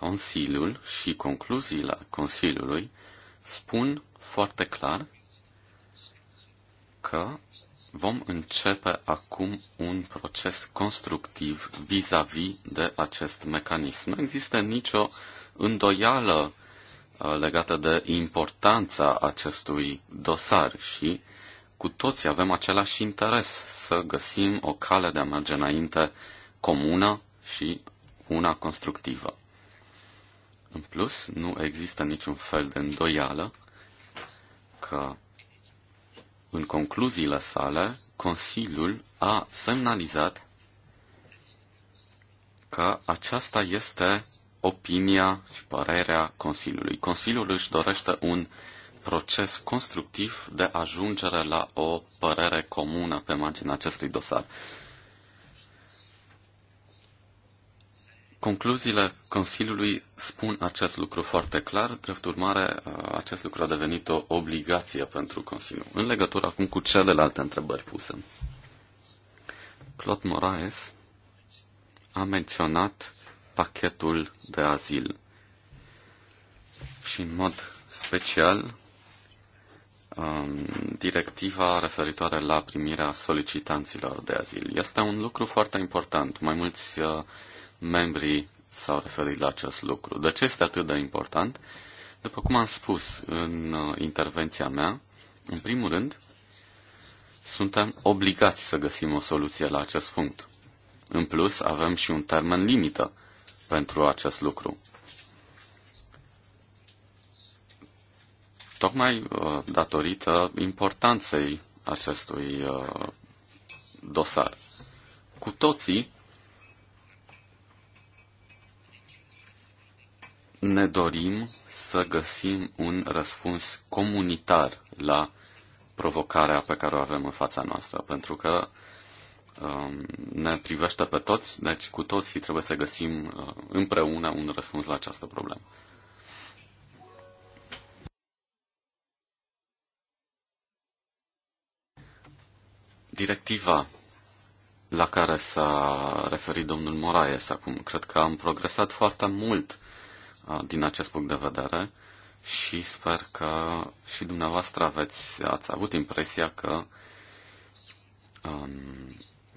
Consiliul și concluziile Consiliului spun foarte clar că vom începe acum un proces constructiv vis-a-vis -vis de acest mecanism. Nu există nicio îndoială uh, legată de importanța acestui dosar și cu toții avem același interes să găsim o cale de a merge înainte comună și una constructivă. În plus, nu există niciun fel de îndoială că în concluziile sale, Consiliul a semnalizat că aceasta este opinia și părerea Consiliului. Consiliul își dorește un proces constructiv de ajungere la o părere comună pe marginea acestui dosar. Concluziile Consiliului spun acest lucru foarte clar, drept urmare, uh, acest lucru a devenit o obligație pentru Consiliu. În legătură acum cu celelalte întrebări puse, Claude Moraes a menționat pachetul de azil și, în mod special, um, directiva referitoare la primirea solicitanților de azil. Este un lucru foarte important. Mai mulți uh, membrii s-au referit la acest lucru. De ce este atât de important? După cum am spus în uh, intervenția mea, în primul rând, suntem obligați să găsim o soluție la acest punct. În plus, avem și un termen limită pentru acest lucru. Tocmai uh, datorită importanței acestui uh, dosar. Cu toții ne dorim să găsim un răspuns comunitar la provocarea pe care o avem în fața noastră, pentru că um, ne privește pe toți, deci cu toții trebuie să găsim uh, împreună un răspuns la această problemă. Directiva la care s-a referit domnul Moraes acum, cred că am progresat foarte mult Uh, din acest punct de vedere și sper că și dumneavoastră aveți, ați avut impresia că um,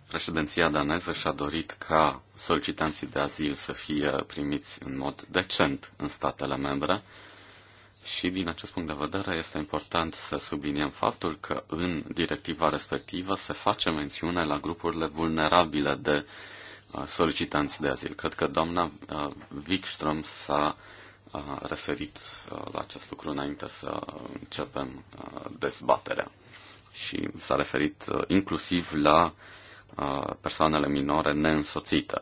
președinția daneză și-a dorit ca solicitanții de azil să fie primiți în mod decent în statele membre și din acest punct de vedere este important să subliniem faptul că în directiva respectivă se face mențiune la grupurile vulnerabile de uh, Uh, solicitanți de azil. Cred că doamna uh, Wikström s-a uh, referit la acest lucru înainte să începem dezbaterea și s-a referit inclusiv la persoanele minore neînsoțite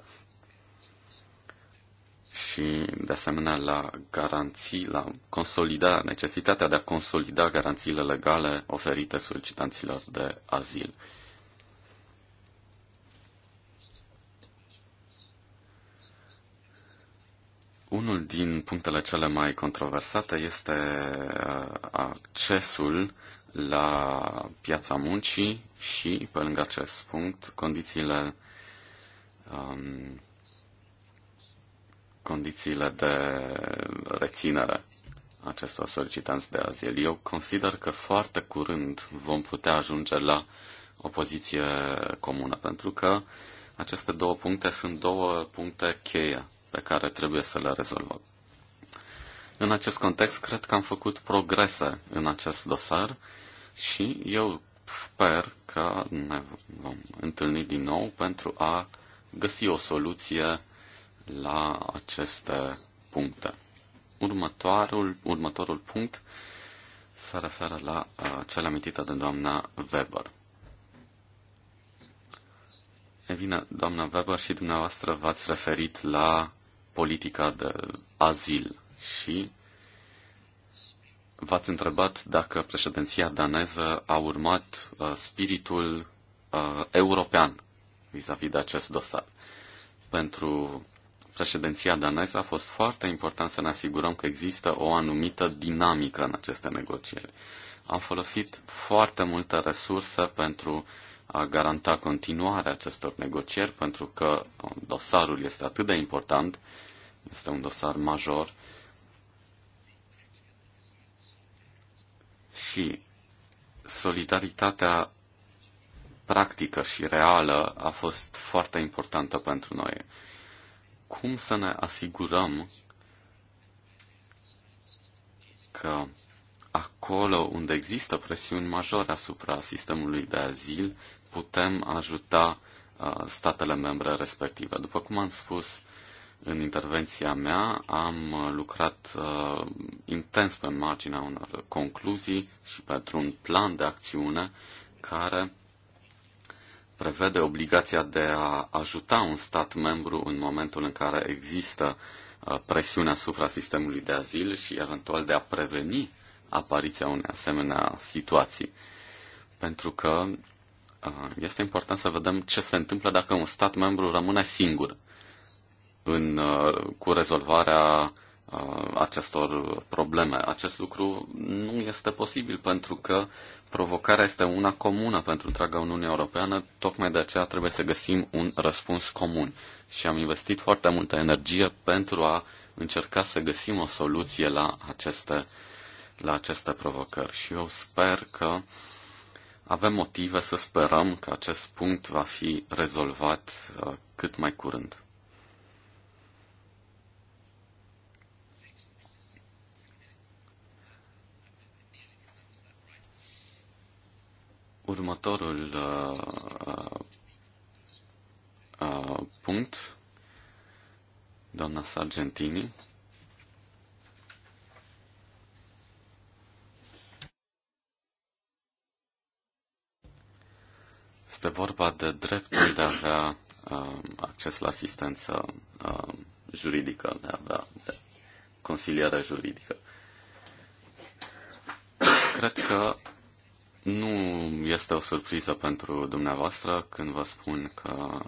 și, de asemenea, la garanții, la consolida, necesitatea de a consolida garanțiile legale oferite solicitanților de azil. Unul din punctele cele mai controversate este uh, accesul la piața muncii și, pe lângă acest punct, condițiile, um, condițiile de reținere acestor solicitanți de azil. Eu consider că foarte curând vom putea ajunge la o poziție comună, pentru că aceste două puncte sunt două puncte cheie pe care trebuie să le rezolvăm. În acest context, cred că am făcut progrese în acest dosar și eu sper că ne vom întâlni din nou pentru a găsi o soluție la aceste puncte. Următorul, următorul punct se referă la uh, cele amintite de doamna Weber. E bine, doamna Weber și dumneavoastră v-ați referit la politica de azil și v-ați întrebat dacă președinția daneză a urmat uh, spiritul uh, european vis-a-vis -vis de acest dosar. Pentru președinția daneză a fost foarte important să ne asigurăm că există o anumită dinamică în aceste negocieri. Am folosit foarte multe resurse pentru a garanta continuarea acestor negocieri, pentru că dosarul este atât de important este un dosar major și solidaritatea practică și reală a fost foarte importantă pentru noi. Cum să ne asigurăm că acolo unde există presiuni majore asupra sistemului de azil, putem ajuta uh, statele membre respective. După cum am spus în intervenția mea am uh, lucrat uh, intens pe marginea unor concluzii și pentru un plan de acțiune care prevede obligația de a ajuta un stat membru în momentul în care există uh, presiune asupra sistemului de azil și eventual de a preveni apariția unei asemenea situații. Pentru că uh, este important să vedem ce se întâmplă dacă un stat membru rămâne singur în, uh, cu rezolvarea uh, acestor probleme. Acest lucru nu este posibil pentru că provocarea este una comună pentru întreaga Uniune Europeană, tocmai de aceea trebuie să găsim un răspuns comun. Și am investit foarte multă energie pentru a încerca să găsim o soluție la aceste, la aceste provocări. Și eu sper că avem motive să sperăm că acest punct va fi rezolvat uh, cât mai curând. Următorul uh, uh, uh, punct, doamna Sargentini. Este vorba de dreptul de a avea uh, acces la asistență uh, juridică, de a avea consiliere juridică. Cred că nu este o surpriză pentru dumneavoastră când vă spun că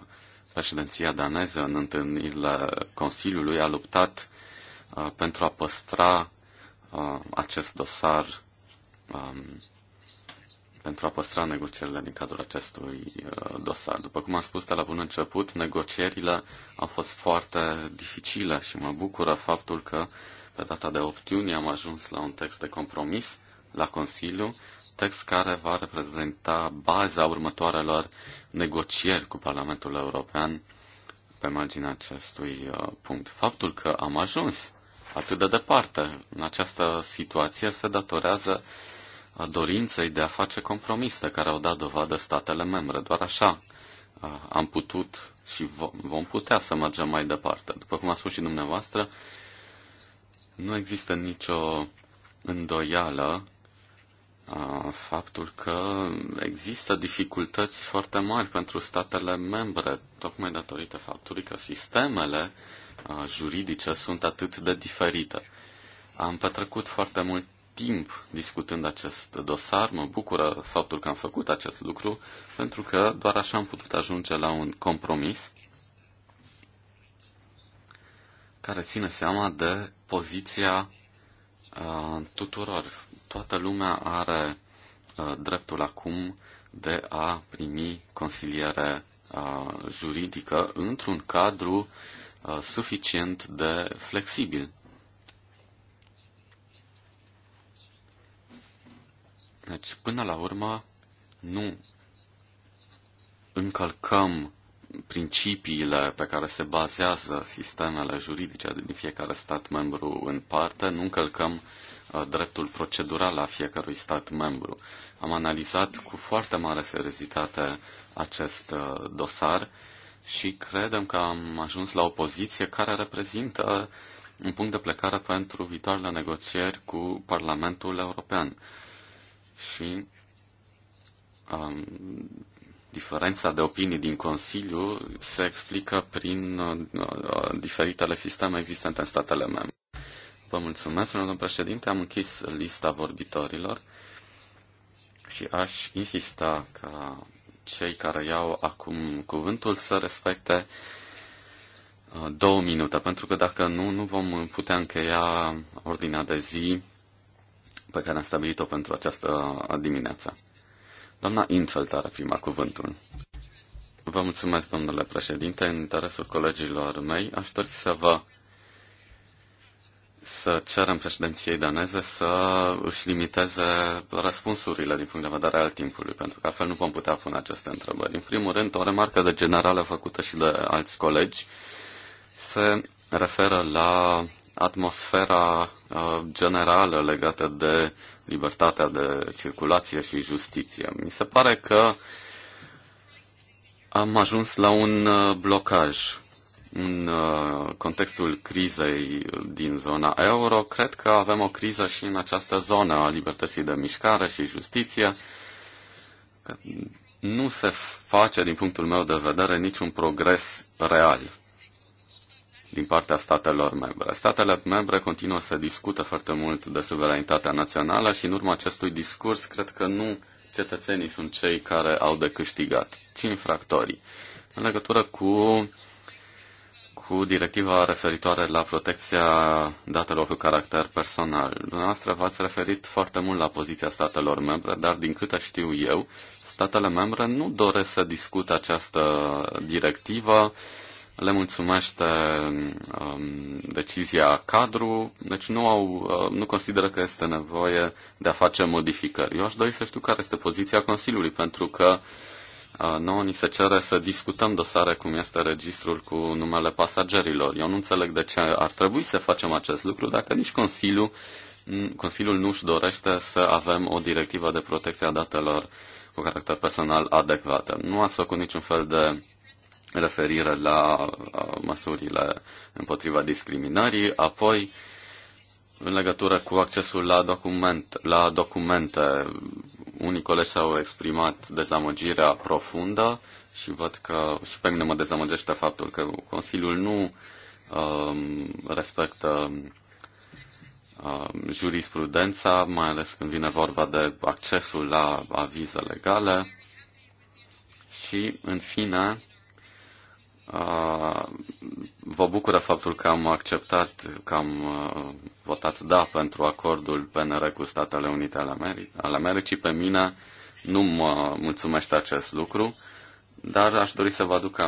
președinția daneză în întâlnirile Consiliului a luptat uh, pentru a păstra uh, acest dosar, um, pentru a păstra negocierile din cadrul acestui uh, dosar. După cum am spus de la bun început, negocierile au fost foarte dificile și mă bucură faptul că pe data de 8 iunie am ajuns la un text de compromis la Consiliu text care va reprezenta baza următoarelor negocieri cu Parlamentul European pe marginea acestui uh, punct. Faptul că am ajuns atât de departe în această situație se datorează a uh, dorinței de a face compromis de care au dat dovadă statele membre. Doar așa uh, am putut și vom putea să mergem mai departe. După cum a spus și dumneavoastră, nu există nicio îndoială faptul că există dificultăți foarte mari pentru statele membre, tocmai datorită faptului că sistemele juridice sunt atât de diferite. Am petrecut foarte mult timp discutând acest dosar, mă bucură faptul că am făcut acest lucru, pentru că doar așa am putut ajunge la un compromis care ține seama de poziția uh, tuturor Toată lumea are uh, dreptul acum de a primi consiliere uh, juridică într-un cadru uh, suficient de flexibil. Deci, până la urmă, nu încălcăm principiile pe care se bazează sistemele juridice din fiecare stat membru în parte, nu încălcăm Uh, dreptul procedural a fiecărui stat membru. Am analizat cu foarte mare seriozitate acest uh, dosar și credem că am ajuns la o poziție care reprezintă un punct de plecare pentru viitoarele negocieri cu Parlamentul European. Și um, diferența de opinii din Consiliu se explică prin uh, diferitele sisteme existente în statele mem Vă mulțumesc, domnul președinte. Am închis lista vorbitorilor și aș insista ca cei care iau acum cuvântul să respecte uh, două minute, pentru că dacă nu, nu vom putea încheia ordinea de zi pe care am stabilit-o pentru această dimineață. Doamna Infeld are prima cuvântul. Vă mulțumesc, domnule președinte. În interesul colegilor mei, aș dori să vă să cerem președinției daneze să își limiteze răspunsurile din punct de vedere al timpului, pentru că altfel nu vom putea pune aceste întrebări. În primul rând, o remarcă de generală făcută și de alți colegi se referă la atmosfera uh, generală legată de libertatea de circulație și justiție. Mi se pare că am ajuns la un uh, blocaj în uh, contextul crizei din zona euro, cred că avem o criză și în această zonă a libertății de mișcare și justiție. Nu se face, din punctul meu de vedere, niciun progres real din partea statelor membre. Statele membre continuă să discută foarte mult de suveranitatea națională și în urma acestui discurs cred că nu cetățenii sunt cei care au de câștigat, ci infractorii. În legătură cu cu directiva referitoare la protecția datelor cu caracter personal. Dumneavoastră v-ați referit foarte mult la poziția statelor membre, dar din câte știu eu, statele membre nu doresc să discute această directivă, le mulțumește um, decizia cadru, deci nu, au, uh, nu consideră că este nevoie de a face modificări. Eu aș dori să știu care este poziția Consiliului, pentru că uh, Uh, nouă ni se cere să discutăm dosare cum este registrul cu numele pasagerilor. Eu nu înțeleg de ce ar trebui să facem acest lucru dacă nici Consiliul, Consiliul nu își dorește să avem o directivă de protecție a datelor cu caracter personal adecvată. Nu ați făcut niciun fel de referire la uh, măsurile împotriva discriminării, apoi în legătură cu accesul la, document, la documente, unii colegi s-au exprimat dezamăgirea profundă și văd că și pe mine mă dezamăgește faptul că Consiliul nu uh, respectă uh, jurisprudența, mai ales când vine vorba de accesul la avize legale. Și, în fine, Uh, vă bucură faptul că am acceptat, că am uh, votat da pentru acordul PNR cu Statele Unite ale, ale Americii. Pe mine nu mă mulțumește acest lucru, dar aș dori să vă aduc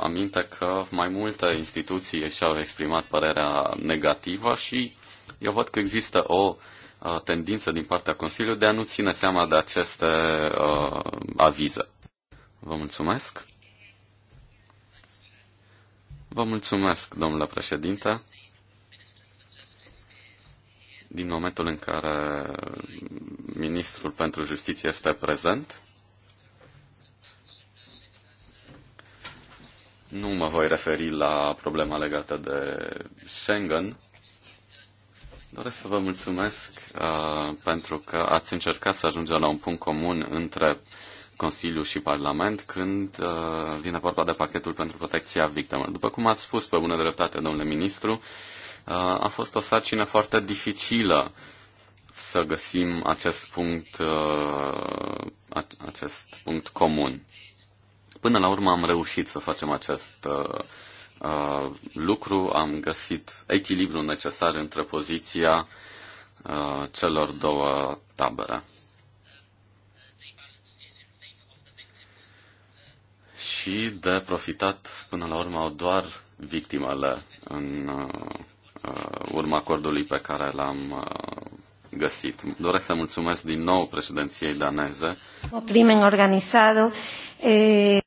aminte că mai multe instituții și-au exprimat părerea negativă și eu văd că există o uh, tendință din partea Consiliului de a nu ține seama de aceste uh, avize. Vă mulțumesc! Vă mulțumesc, domnule președinte. Din momentul în care ministrul pentru justiție este prezent, nu mă voi referi la problema legată de Schengen. Doresc să vă mulțumesc uh, pentru că ați încercat să ajungeți la un punct comun între Consiliu și Parlament când uh, vine vorba de pachetul pentru protecția victimelor. După cum ați spus pe bună dreptate, domnule ministru, uh, a fost o sarcină foarte dificilă să găsim acest punct, uh, acest punct comun. Până la urmă am reușit să facem acest uh, uh lucru, am găsit echilibrul necesar între poziția uh, celor două tabere. și de profitat până la urmă au doar victimele în uh, urma acordului pe care l-am uh, găsit. Doresc să mulțumesc din nou președinției daneze. O crimen organizado. E... Eh.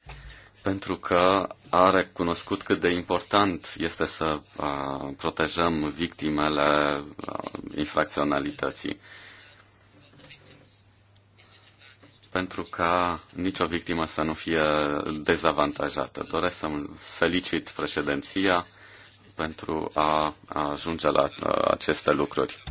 Pentru că a recunoscut cât de important este să uh, protejăm victimele infracționalității pentru ca nicio victimă să nu fie dezavantajată. Doresc să felicit președinția pentru a ajunge la uh, aceste lucruri.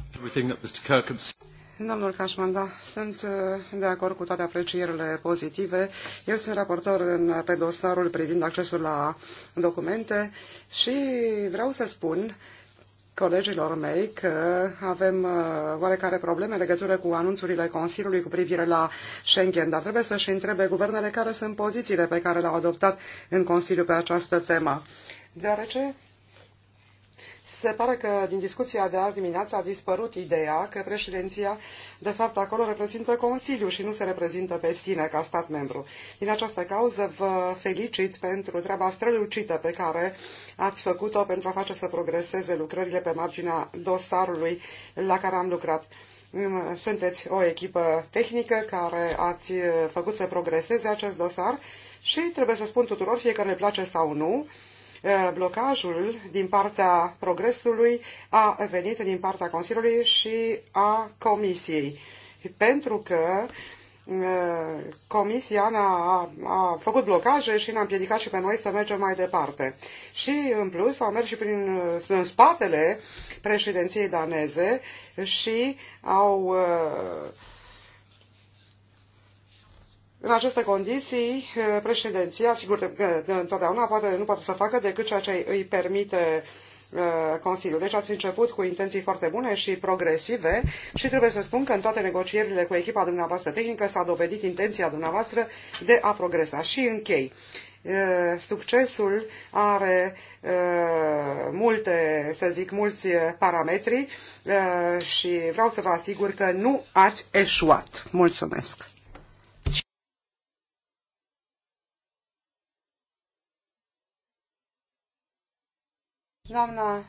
Domnul Cașman, da, sunt uh, de acord cu toate aprecierile pozitive. Eu sunt raportor în, pe dosarul privind accesul la documente și vreau să spun colegilor mei că avem uh, oarecare probleme în legătură cu anunțurile Consiliului cu privire la Schengen, dar trebuie să-și întrebe guvernele care sunt pozițiile pe care le-au adoptat în Consiliu pe această temă. Deoarece se pare că din discuția de azi dimineață a dispărut ideea că președinția, de fapt, acolo reprezintă Consiliul și nu se reprezintă pe sine ca stat membru. Din această cauză vă felicit pentru treaba strălucită pe care ați făcut-o pentru a face să progreseze lucrările pe marginea dosarului la care am lucrat. Mm, sunteți o echipă tehnică care ați făcut să progreseze acest dosar și trebuie să spun tuturor, fie că ne place sau nu, Eh, blocajul din partea progresului a venit din partea Consiliului și a Comisiei. Pentru că eh, Comisia a, a făcut blocaje și ne-a împiedicat și pe noi să mergem mai departe. Și, în plus, au mers și prin, eh, în spatele președinției daneze și au uh, în aceste condiții, eh, președinția, sigur că întotdeauna poate, nu poate să facă decât ceea ce îi permite eh, Consiliul. Deci ați început cu intenții foarte bune și progresive și trebuie să spun că în toate negocierile cu echipa dumneavoastră tehnică s-a dovedit intenția dumneavoastră de a progresa. Și închei. Eh, succesul are multe, să zic, mulți parametri și vreau să vă asigur că nu ați eșuat. Mulțumesc! Doamna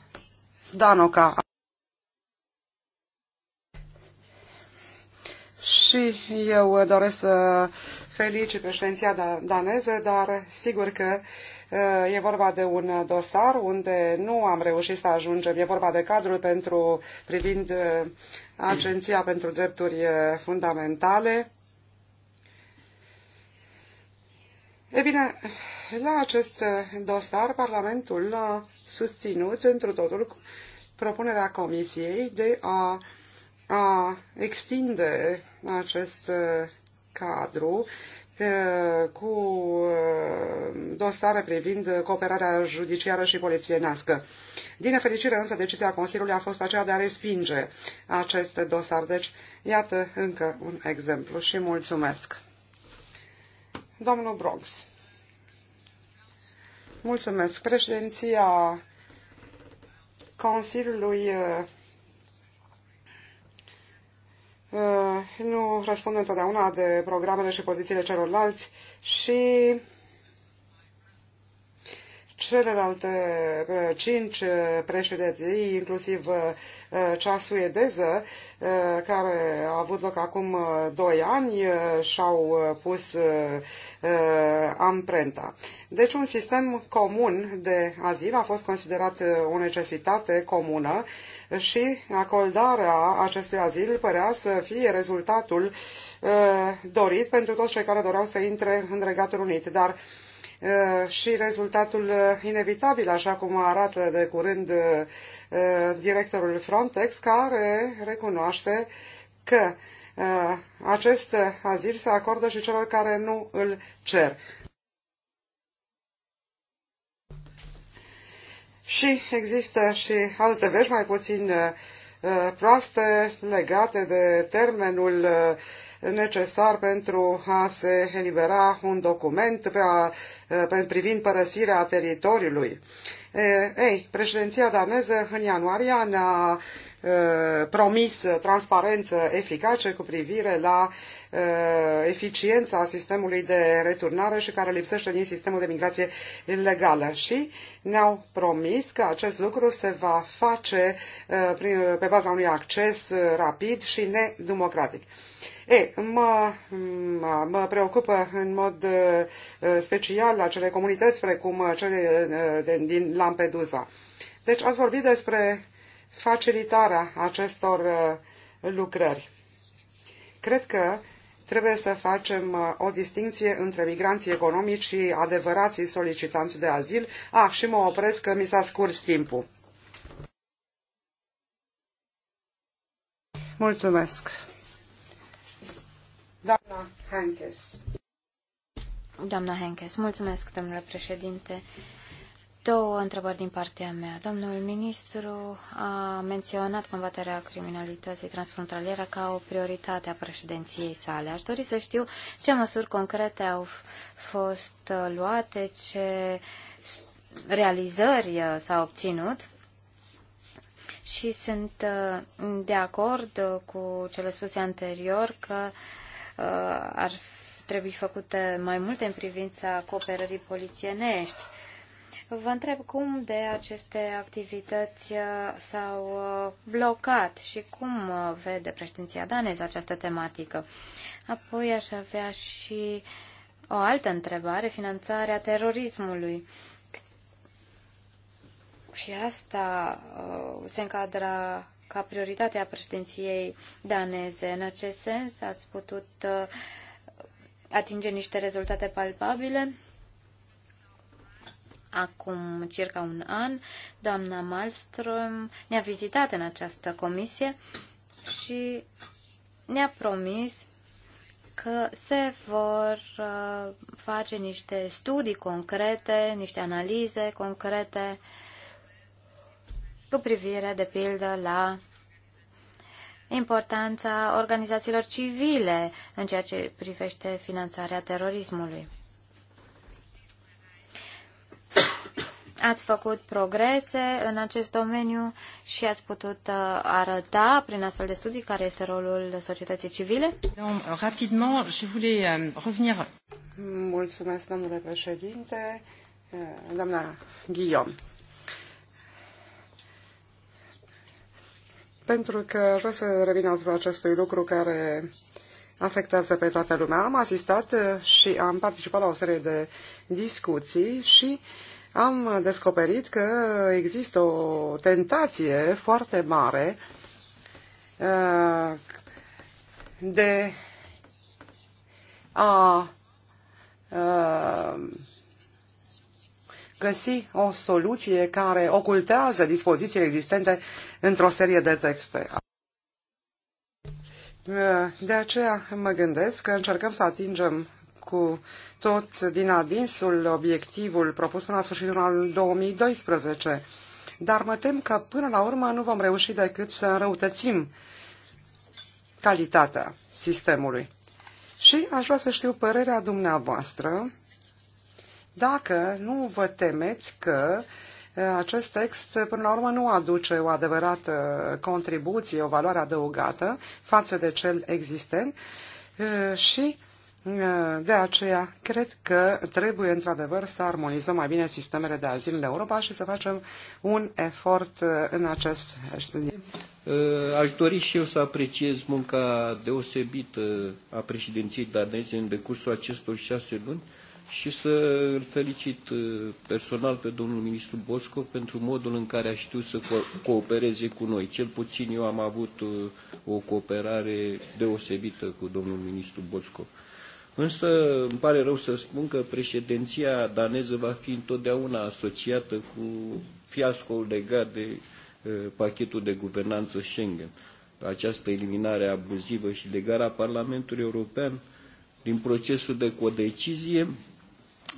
Zdanoca. Și eu doresc să felicit președinția da-, daneză, dar sigur că uh, e vorba de un dosar unde nu am reușit să ajungem. E vorba de cadrul pentru privind uh, Agenția pentru Drepturi uh, Fundamentale E bine, la acest dosar, Parlamentul a susținut într totul propunerea Comisiei de a, a extinde acest cadru cu dosare privind cooperarea judiciară și polițienească. Din nefericire, însă, decizia Consiliului a fost aceea de a respinge acest dosar. Deci, iată încă un exemplu și mulțumesc. Domnul Bronx. Mulțumesc. Președinția Consiliului eh, nu răspunde întotdeauna de programele și pozițiile celorlalți și celelalte uh, cinci uh, președinții, inclusiv uh, cea suedeză, care a avut loc acum doi ani, și-au pus amprenta. Deci un sistem comun de azil a fost considerat o necesitate comună și acordarea acestui azil părea să fie rezultatul dorit pentru toți cei care doreau să intre în Regatul Unit. Dar Uh, și rezultatul uh, inevitabil, așa cum arată de curând uh, directorul Frontex, care recunoaște că acest azil se acordă și celor care nu îl cer. Și există și alte vești mai puțin proaste legate de termenul uh, necesar pentru a se elibera un document pe a, pe, privind părăsirea teritoriului. Ei, președinția daneză în ianuarie ne-a Uh, promis transparență eficace cu privire la uh, eficiența sistemului de returnare și care lipsește din sistemul de migrație ilegală. Și ne-au promis că acest lucru se va face uh, pe baza unui acces rapid și nedemocratic. E, mă, mă preocupă în mod special acele comunități precum cele din Lampedusa. Deci ați vorbit despre facilitarea acestor uh, lucrări. Cred că trebuie să facem uh, o distinție între migranții economici și adevărații solicitanți de azil. Ah, și mă opresc că mi s-a scurs timpul. Mulțumesc. Doamna Henkes. Doamna Henkes, mulțumesc, domnule președinte. Două întrebări din partea mea. Domnul ministru a menționat combaterea criminalității transfrontaliere ca o prioritate a președinției sale. Aș dori să știu ce măsuri concrete au fost luate, ce realizări uh, s-au obținut și sunt uh, de acord uh, cu cele spuse anterior că ar trebui făcute mai multe în privința cooperării polițienești Vă întreb cum de aceste activități uh, s-au uh, blocat și cum uh, vede președinția daneză această tematică. Apoi aș avea și o altă întrebare, finanțarea terorismului. Și asta se încadra ca prioritate a președinției daneze. În acest sens, ați putut atinge niște rezultate palpabile? acum circa un an, doamna Malmström ne-a vizitat în această comisie și ne-a promis că se vor uh, face niște studii concrete, niște analize concrete cu privire, de pildă, la importanța organizațiilor civile în ceea ce privește finanțarea terorismului. ați făcut progrese în acest domeniu și ați putut uh, arăta prin astfel de studii care este rolul societății civile? Rapidement, je voulais euh, revenir. Mulțumesc, domnule președinte, uh, doamna Guillaume. Pentru că vreau să revin asupra acestui lucru care afectează pe toată lumea. Am asistat uh, și am participat la o serie de discuții și uh, am descoperit că există o tentație foarte mare uh, de a uh, găsi o soluție care ocultează dispozițiile existente într-o serie de texte. Uh, de aceea mă gândesc că încercăm să atingem cu tot din adinsul obiectivul propus până la sfârșitul anului 2012. Dar mă tem că până la urmă nu vom reuși decât să înrăutățim calitatea sistemului. Și aș vrea să știu părerea dumneavoastră dacă nu vă temeți că uh, acest text, uh, până la urmă, nu aduce o adevărată uh, contribuție, o valoare adăugată față de cel existent și Eh, de aceea, cred că trebuie într-adevăr să armonizăm mai bine sistemele de azil în Europa și să facem un efort eh, în acest sens. Eh, aș dori și eu să apreciez munca deosebită a președinției daneze în decursul acestor șase luni și să îl felicit personal pe domnul ministru Bosco pentru modul în care a știut să coopereze cu noi. Cel puțin eu am avut o cooperare deosebită cu domnul ministru Bosco. Însă îmi pare rău să spun că președinția daneză va fi întotdeauna asociată cu fiascoul legat de uh, pachetul de guvernanță Schengen. Această eliminare abuzivă și legarea Parlamentului European din procesul de codecizie,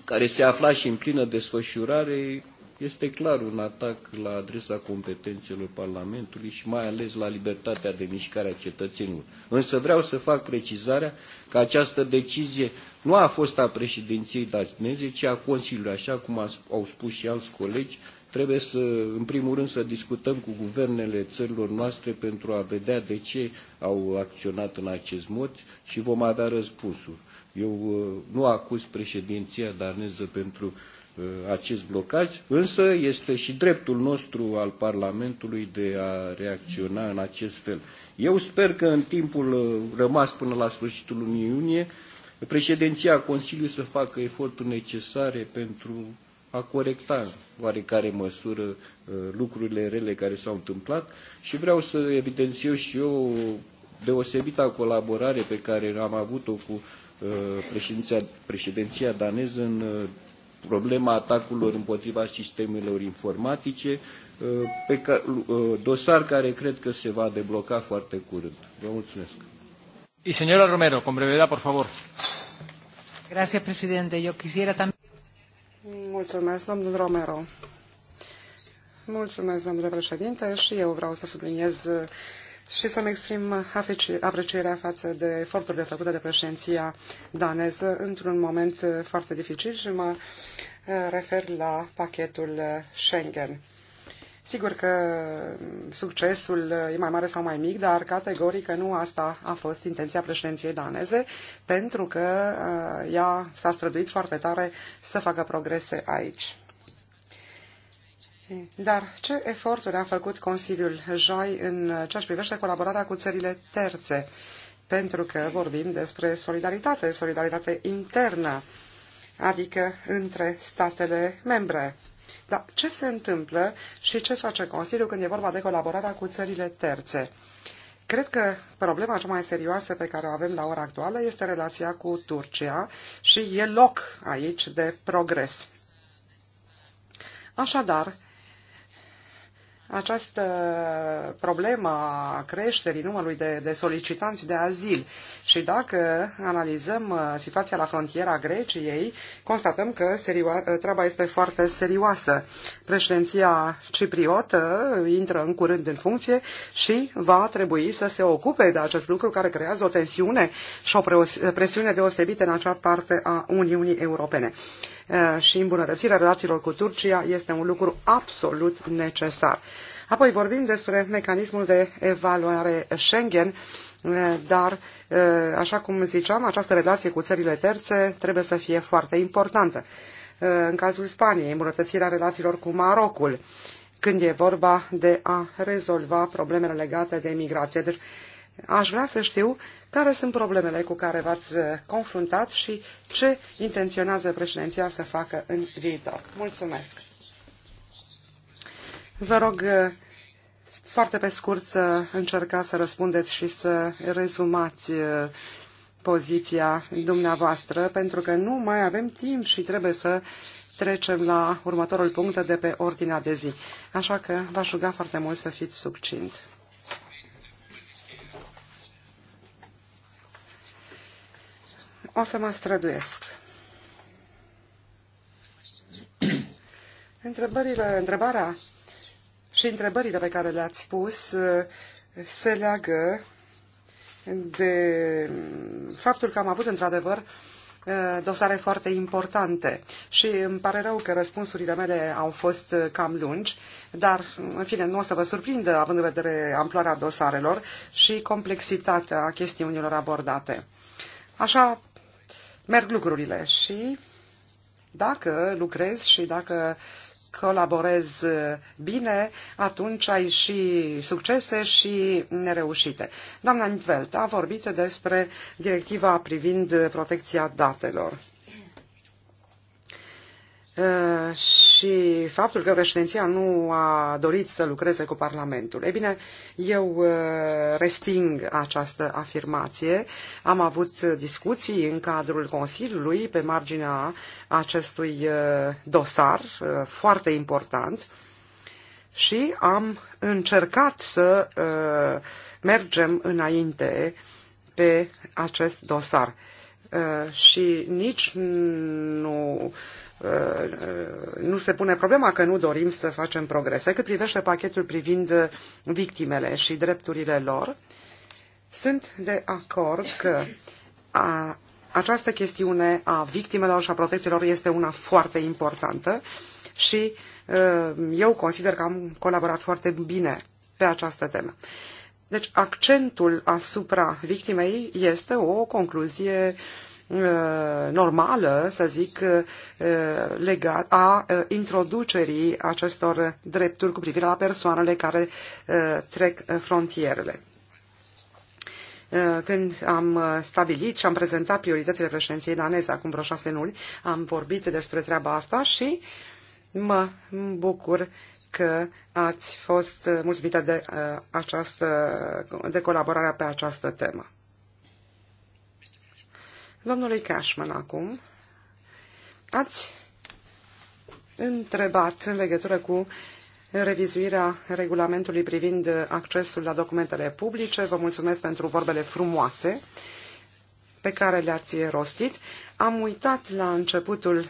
care se afla și în plină desfășurare, este clar un atac la adresa competențelor Parlamentului și mai ales la libertatea de mișcare a cetățenilor. Însă vreau să fac precizarea că această decizie nu a fost a președinției daneze, ci a Consiliului, așa cum au spus și alți colegi, trebuie să, în primul rând, să discutăm cu guvernele țărilor noastre pentru a vedea de ce au acționat în acest mod și vom avea răspunsul. Eu uh, nu acuz președinția daneză pentru Uh, acest blocaj, însă este și dreptul nostru al Parlamentului de a reacționa în acest fel. Eu sper că în timpul uh, rămas până la sfârșitul lunii iunie, președinția Consiliului să facă eforturi necesare pentru a corecta oarecare măsură uh, lucrurile rele care s-au întâmplat și vreau să evidențiez și eu deosebita colaborare pe care am avut-o cu președinția, președinția daneză în problema atacurilor împotriva sistemelor informatice, uh, pe ca, uh, dosar care cred că se va debloca foarte curând. Vă mulțumesc. Y señora Romero, con brevedad, por favor. Gracias, presidente. Yo quisiera también... Mulțumesc, domnul Romero. Mulțumesc, domnule președinte, și eu vreau să subliniez și să-mi exprim aprecierea față de eforturile făcute de președinția daneză într-un moment uh, foarte dificil și mă uh, refer la pachetul uh, Schengen. Sigur că succesul e mai mare sau mai mic, dar categoric nu asta a fost intenția președinției daneze, pentru că ea s-a străduit foarte tare să facă progrese aici. Dar ce eforturi a făcut Consiliul Joi în ceea ce privește colaborarea cu țările terțe? Pentru că vorbim despre solidaritate, solidaritate internă, adică între statele membre. Dar ce se întâmplă și ce face Consiliul când e vorba de colaborarea cu țările terțe? Cred că problema cea mai serioasă pe care o avem la ora actuală este relația cu Turcia și e loc aici de progres. Așadar, această problemă a creșterii numărului de, de solicitanți de azil și dacă analizăm uh, situația la frontiera Greciei, constatăm că serio- uh, treaba este foarte serioasă. Președinția cipriotă intră în curând în funcție și va trebui să se ocupe de acest lucru care creează o tensiune și o presiune deosebită în acea parte a Uniunii Europene uh, și îmbunătățirea relațiilor cu Turcia este un lucru absolut necesar. Apoi vorbim despre mecanismul de evaluare Schengen dar, așa cum ziceam, această relație cu țările terțe trebuie să fie foarte importantă. În cazul Spaniei, îmbunătățirea relațiilor cu Marocul, când e vorba de a rezolva problemele legate de migrație. Deci, aș vrea să știu care sunt problemele cu care v-ați confruntat și ce intenționează președinția să facă în viitor. Mulțumesc! Vă rog foarte pe scurt să încercați să răspundeți și să rezumați uh, poziția dumneavoastră, pentru că nu mai avem timp și trebuie să trecem la următorul punct de pe ordinea de zi. Așa că v-aș ruga foarte mult să fiți succint. O să mă străduiesc. Întrebările, întrebarea și întrebările pe care le-ați pus uh, se leagă de faptul că am avut într-adevăr uh, dosare foarte importante și îmi pare rău că răspunsurile mele au fost uh, cam lungi, dar în fine nu o să vă surprindă având în vedere amploarea dosarelor și complexitatea chestiunilor abordate. Așa merg lucrurile și dacă lucrez și dacă colaborezi bine, atunci ai și succese și nereușite. Doamna Nivelt a vorbit despre directiva privind protecția datelor și faptul că președinția nu a dorit să lucreze cu Parlamentul. Ei bine, eu resping această afirmație. Am avut discuții în cadrul Consiliului pe marginea acestui dosar foarte important și am încercat să mergem înainte pe acest dosar și nici nu Uh, nu se pune problema că nu dorim să facem progrese. Cât privește pachetul privind uh, victimele și drepturile lor, sunt de acord că a, această chestiune a victimelor și a protecțiilor este una foarte importantă și uh, eu consider că am colaborat foarte bine pe această temă. Deci accentul asupra victimei este o concluzie uh, Uh, normală, să zic, uh, legat a uh, introducerii acestor drepturi cu privire la persoanele care trec frontierele. Când am stabilit și am prezentat prioritățile președinției daneze acum vreo șase luni, am vorbit despre treaba asta și mă bucur că ați fost mulțumită de, această, de colaborarea pe această temă. Domnului Cashman acum, ați întrebat în legătură cu revizuirea regulamentului privind accesul la documentele publice. Vă mulțumesc pentru vorbele frumoase pe care le-ați rostit. Am uitat la începutul, uh,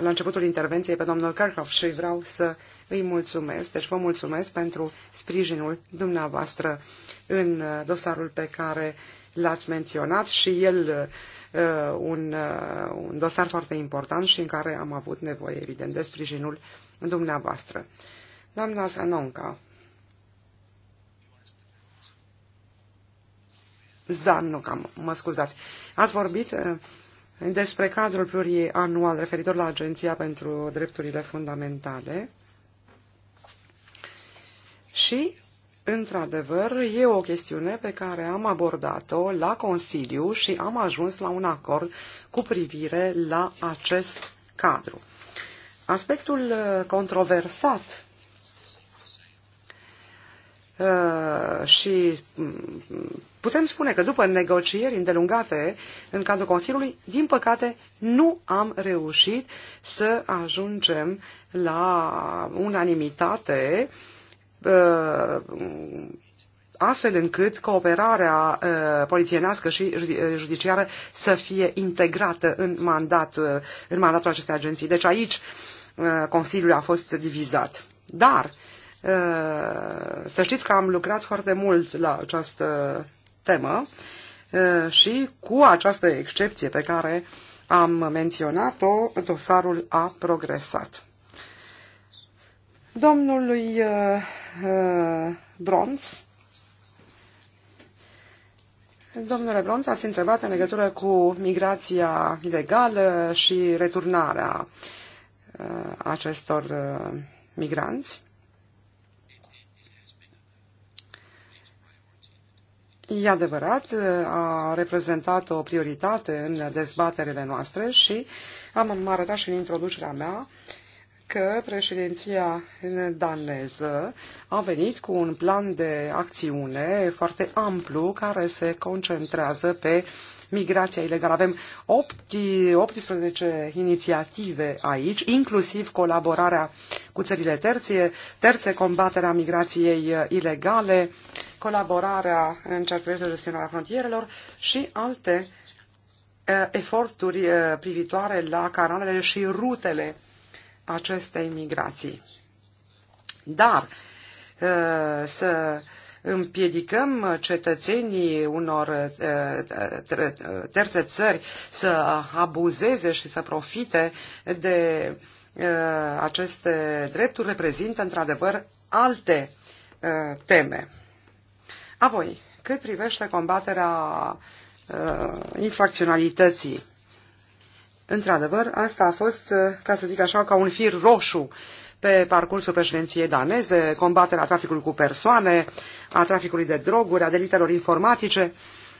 la începutul intervenției pe domnul Kirchhoff și vreau să îi mulțumesc, deci vă mulțumesc pentru sprijinul dumneavoastră în uh, dosarul pe care l-ați menționat și el uh, uh, un, uh, un dosar foarte important și în care am avut nevoie, evident, de sprijinul dumneavoastră. Doamna Sanonca, Zdan, nu cam, mă scuzați. Ați vorbit despre cadrul plurianual referitor la Agenția pentru Drepturile Fundamentale și Într-adevăr, e o chestiune pe care am abordat-o la Consiliu și am ajuns la un acord cu privire la acest cadru. Aspectul uh, controversat uh, și mm, putem spune că după negocieri îndelungate în cadrul Consiliului, din păcate, nu am reușit să ajungem la unanimitate uh, Uh, astfel încât cooperarea uh, polițienească și uh, judiciară să fie integrată în, mandat, în mandatul acestei agenții. Deci aici Consiliul a fost divizat. Dar să știți că am lucrat foarte mult la această temă și cu această excepție pe care am menționat-o, dosarul a progresat domnului uh, uh, Bronz. Domnule Bronz, ați întrebat în legătură cu migrația ilegală și returnarea uh, acestor uh, migranți. E adevărat, uh, a reprezentat o prioritate în dezbaterile noastre și am arătat și în introducerea mea că președinția daneză a venit cu un plan de acțiune foarte amplu care se concentrează pe migrația ilegală. Avem 8, 18 inițiative aici, inclusiv colaborarea cu țările terție, terțe, combaterea migrației ilegale, colaborarea în ceea ce privește gestionarea frontierelor și alte eh, eforturi eh, privitoare la canalele și rutele acestei migrații. Dar uh, să împiedicăm cetățenii unor uh, uh, terțe țări să abuzeze și să profite de aceste drepturi reprezintă într-adevăr alte teme. Apoi, cât privește combaterea infracționalității Într-adevăr, asta a fost, uh, ca să zic așa, ca un fir roșu pe parcursul președinției daneze, combaterea traficului cu persoane, a traficului de droguri, a delitelor informatice,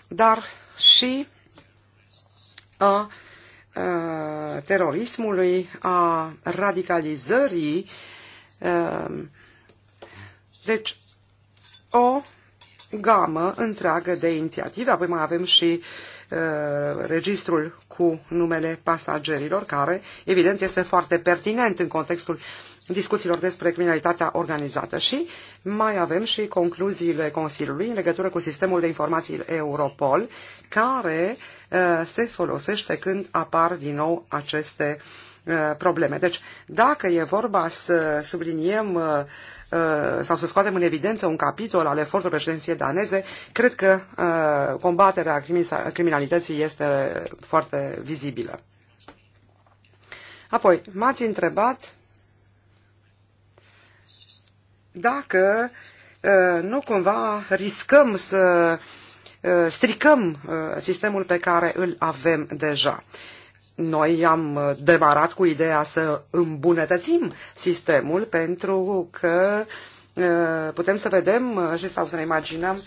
dar și a, a uh, terorismului, a radicalizării. A, uh, deci, o gamă întreagă de inițiative, apoi mai avem și uh, Uh, registrul cu numele pasagerilor, care, evident, este foarte pertinent în contextul discuțiilor despre criminalitatea organizată și mai avem și concluziile Consiliului în legătură cu sistemul de informații Europol, care uh, se folosește când apar din nou aceste uh, probleme. Deci, dacă e vorba să subliniem Uh, sau să scoatem în evidență un capitol al efortului președinției daneze, cred că uh, combaterea criminalității este foarte vizibilă. Apoi, m-ați întrebat dacă uh, nu cumva riscăm să stricăm sistemul pe care îl avem deja. Noi am uh, demarat cu ideea să îmbunătățim sistemul pentru că uh, putem să vedem uh, și sau să ne imaginăm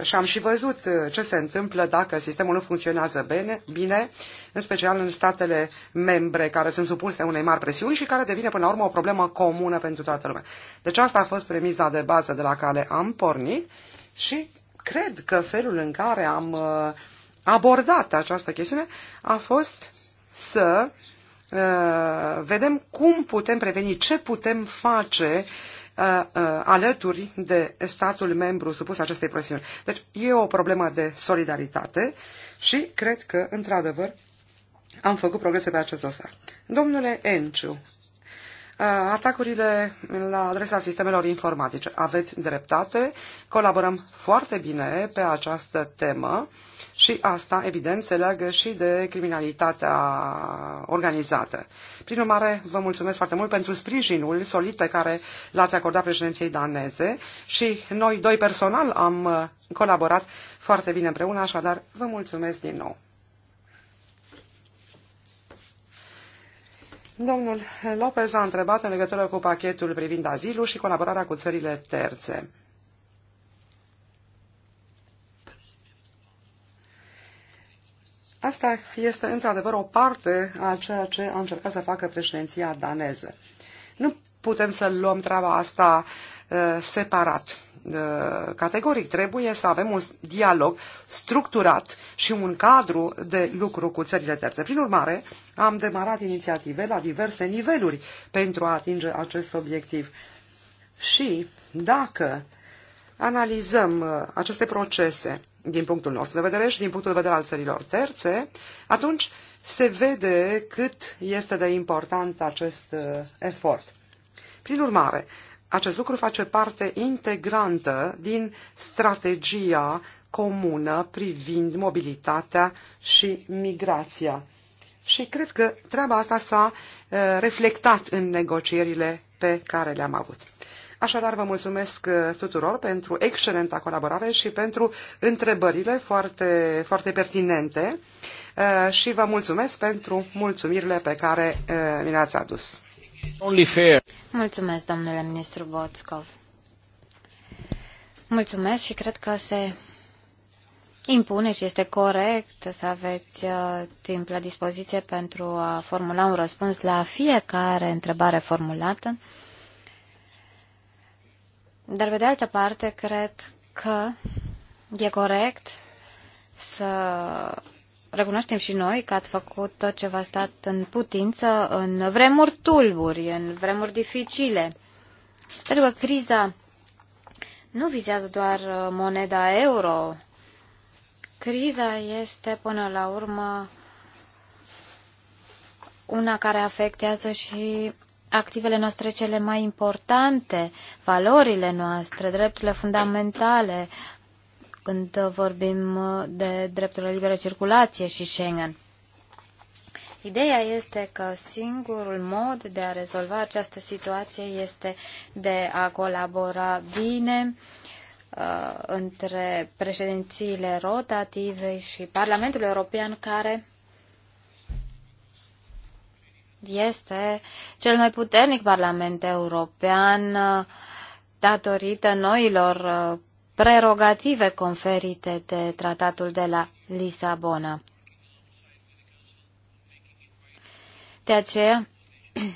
și am și văzut ce se întâmplă dacă sistemul nu funcționează bine, bine, în special în statele membre care sunt supuse unei mari presiuni și care devine până la urmă o problemă comună pentru toată lumea. Deci asta a fost premiza de bază de la care am pornit și cred că felul în care am abordat această chestiune a fost să uh, vedem cum putem preveni, ce putem face uh, uh, alături de statul membru supus acestei presiuni. Deci e o problemă de solidaritate și cred că, într-adevăr, am făcut progrese pe acest dosar. Domnule Enciu, Uh, atacurile la adresa sistemelor informatice. Aveți dreptate, colaborăm foarte bine pe această temă și asta, evident, se leagă și de criminalitatea organizată. Prin urmare, vă mulțumesc foarte mult pentru sprijinul solid pe care l-ați acordat președinției daneze și noi doi personal am uh, colaborat foarte bine împreună, așadar vă mulțumesc din nou. Domnul Lopez a întrebat în legătură cu pachetul privind azilul și colaborarea cu țările terțe. Asta este într-adevăr o parte a ceea ce a încercat să facă președinția daneză. Nu putem să luăm treaba asta uh, separat. Uh, categoric. Trebuie să avem un dialog structurat și un cadru de lucru cu țările terțe. Prin urmare, am demarat inițiative la diverse niveluri pentru a atinge acest obiectiv. Și dacă analizăm uh, aceste procese din punctul nostru de vedere și din punctul de vedere al țărilor terțe, atunci se vede cât este de important acest uh, efort. Prin urmare, acest lucru face parte integrantă din strategia comună privind mobilitatea și migrația. Și cred că treaba asta s-a reflectat în negocierile pe care le-am avut. Așadar, vă mulțumesc tuturor pentru excelenta colaborare și pentru întrebările foarte, foarte pertinente și vă mulțumesc pentru mulțumirile pe care mi le-ați adus. Mulțumesc, domnule ministru Boțcov. Mulțumesc și cred că se impune și este corect să aveți uh, timp la dispoziție pentru a formula un răspuns la fiecare întrebare formulată. Dar, pe de altă parte, cred că e corect să recunoaștem și noi că ați făcut tot ce v-a stat în putință în vremuri tulburi, în vremuri dificile. Pentru că criza nu vizează doar uh, moneda euro. Criza este până la urmă una care afectează și activele noastre cele mai importante, valorile noastre, drepturile fundamentale, când vorbim uh, de dreptul la liberă circulație și Schengen. Ideea este că singurul mod de a rezolva această situație este de a colabora bine uh, între președințiile rotative și Parlamentul European care este cel mai puternic Parlament European uh, datorită noilor uh, prerogative conferite de tratatul de la Lisabona. De aceea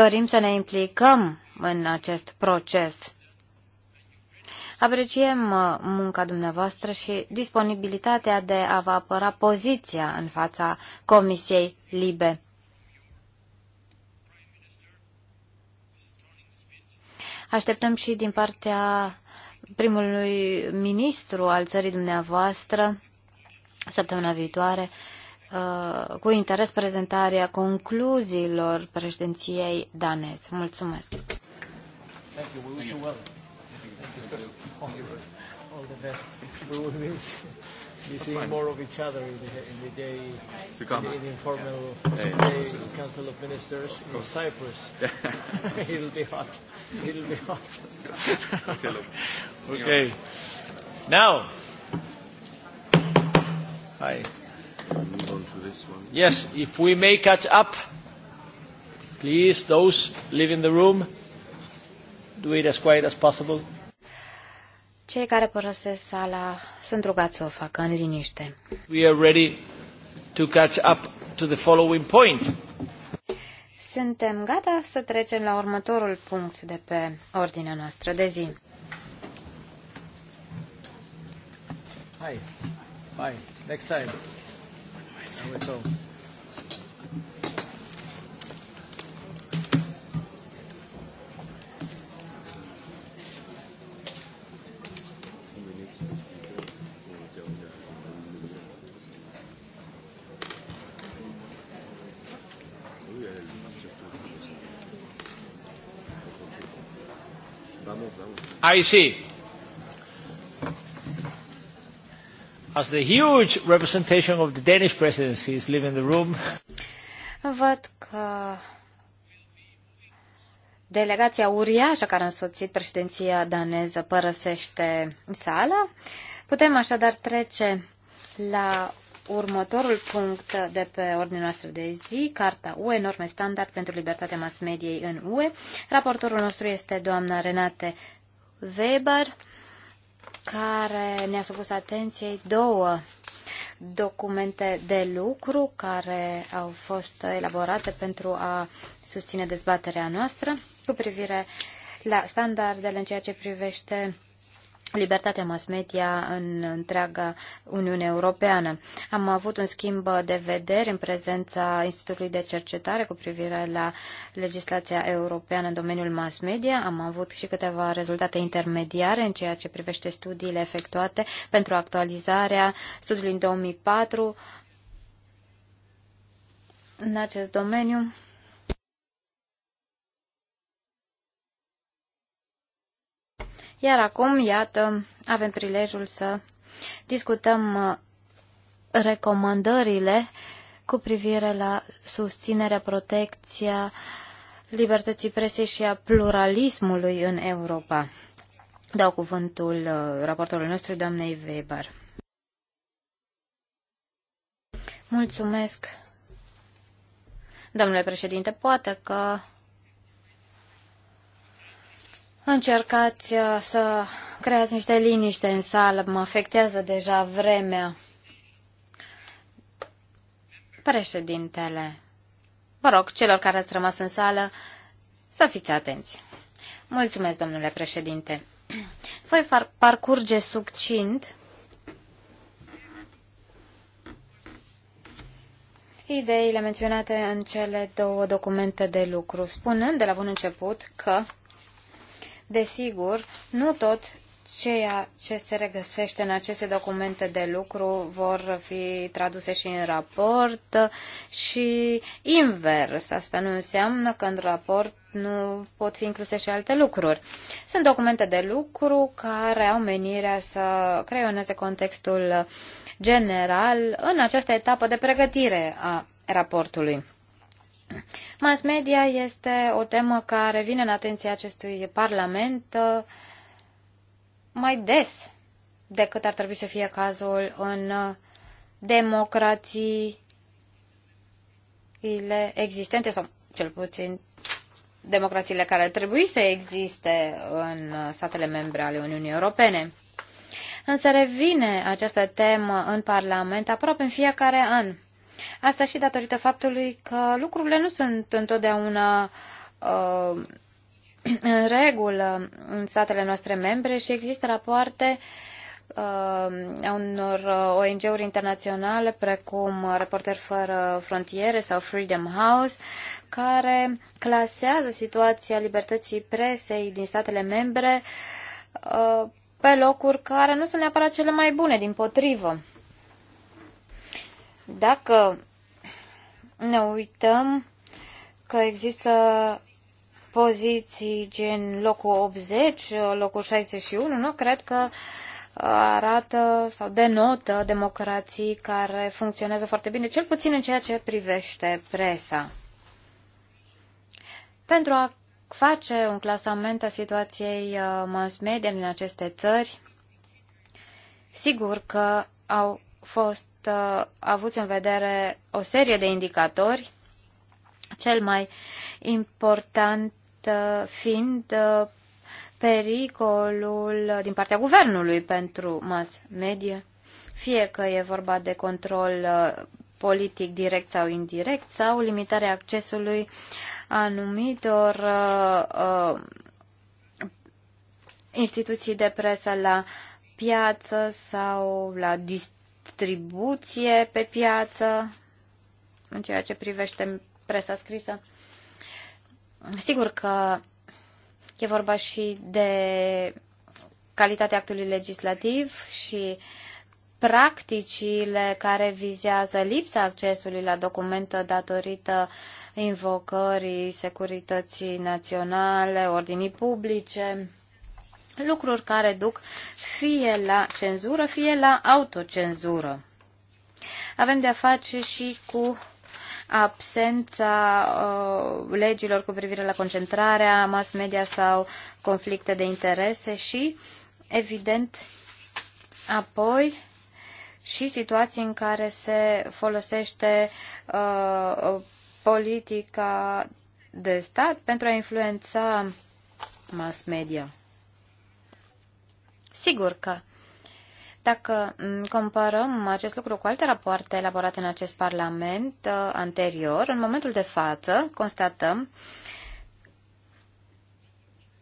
dorim să ne implicăm în acest proces. Apreciem uh, munca dumneavoastră și disponibilitatea de a vă apăra poziția în fața Comisiei Libe. Așteptăm și din partea primului ministru al țării dumneavoastră săptămâna viitoare uh, cu interes prezentarea concluziilor președinției daneze. Mulțumesc! Thank you. We wish you well. Thank you. Thank you. All the best. We will miss be seeing more of each other in the, in the day, to come. In, in the informal yeah. day yeah. Council of Ministers of in Cyprus. It'll be hot. It'll be hot. That's good. okay, look. okay. Now. Hi. Move on to this one. Yes, if we may catch up, please, those leaving the room, do it as quiet as possible. Cei care părăsesc sala sunt rugați să o facă în liniște. We are ready to catch up to the following point. Suntem gata să trecem la următorul punct de pe ordinea noastră de zi. Hai, hai, next time. Now we go. I see. As the huge representation of the Danish presidency is leaving the room. Văd că delegația uriașă care a însoțit președinția daneză părăsește sala. Putem așadar trece la următorul punct de pe ordinea noastră de zi, Carta UE, norme standard pentru libertatea mass mediei în UE. Raportorul nostru este doamna Renate Weber, care ne-a supus atenției două documente de lucru care au fost elaborate pentru a susține dezbaterea noastră cu privire la standardele în ceea ce privește libertatea mass media în întreaga Uniune Europeană. Am avut un schimb de vederi în prezența Institutului de Cercetare cu privire la legislația europeană în domeniul mass media. Am avut și câteva rezultate intermediare în ceea ce privește studiile efectuate pentru actualizarea studiului în 2004 în acest domeniu. Iar acum, iată, avem prilejul să discutăm uh, recomandările cu privire la susținerea, protecția libertății presei și a pluralismului în Europa. Dau cuvântul uh, raportorului nostru, doamnei Weber. Mulțumesc. Domnule președinte, poate că Încercați uh, să creați niște liniște în sală, mă afectează deja vremea. Președintele, vă rog, celor care ați rămas în sală, să fiți atenți. Mulțumesc, domnule președinte. Voi parcurge succint ideile menționate în cele două documente de lucru, spunând de la bun început că Desigur, nu tot ceea ce se regăsește în aceste documente de lucru vor fi traduse și în raport și invers. Asta nu înseamnă că în raport nu pot fi incluse și alte lucruri. Sunt documente de lucru care au menirea să creioneze contextul general în această etapă de pregătire a raportului. Mass media este o temă care vine în atenția acestui Parlament uh, mai des decât ar trebui să fie cazul în uh, democrațiile existente sau cel puțin democrațiile care ar trebui să existe în uh, statele membre ale Uniunii Europene. Însă revine această temă în Parlament aproape în fiecare an. Asta și datorită faptului că lucrurile nu sunt întotdeauna uh, în regulă în statele noastre membre și există rapoarte uh, a unor ONG-uri internaționale precum Reporter Fără Frontiere sau Freedom House care clasează situația libertății presei din statele membre uh, pe locuri care nu sunt neapărat cele mai bune, din potrivă. Dacă ne uităm că există poziții gen locul 80, locul 61, nu? Cred că arată sau denotă democrații care funcționează foarte bine, cel puțin în ceea ce privește presa. Pentru a face un clasament a situației uh, mass media în aceste țări, sigur că au fost uh, avuți în vedere o serie de indicatori, cel mai important uh, fiind uh, pericolul din partea guvernului pentru mass media, fie că e vorba de control uh, politic direct sau indirect sau limitarea accesului anumitor uh, uh, instituții de presă la piață sau la distanță distribuție pe piață în ceea ce privește presa scrisă. Sigur că e vorba și de calitatea actului legislativ și practicile care vizează lipsa accesului la documente datorită invocării securității naționale, ordinii publice lucruri care duc fie la cenzură, fie la autocenzură. Avem de-a face și cu absența uh, legilor cu privire la concentrarea mass media sau conflicte de interese și, evident, apoi și situații în care se folosește uh, politica de stat pentru a influența mass media. Sigur că dacă mm, comparăm acest lucru cu alte rapoarte elaborate în acest Parlament uh, anterior, în momentul de față constatăm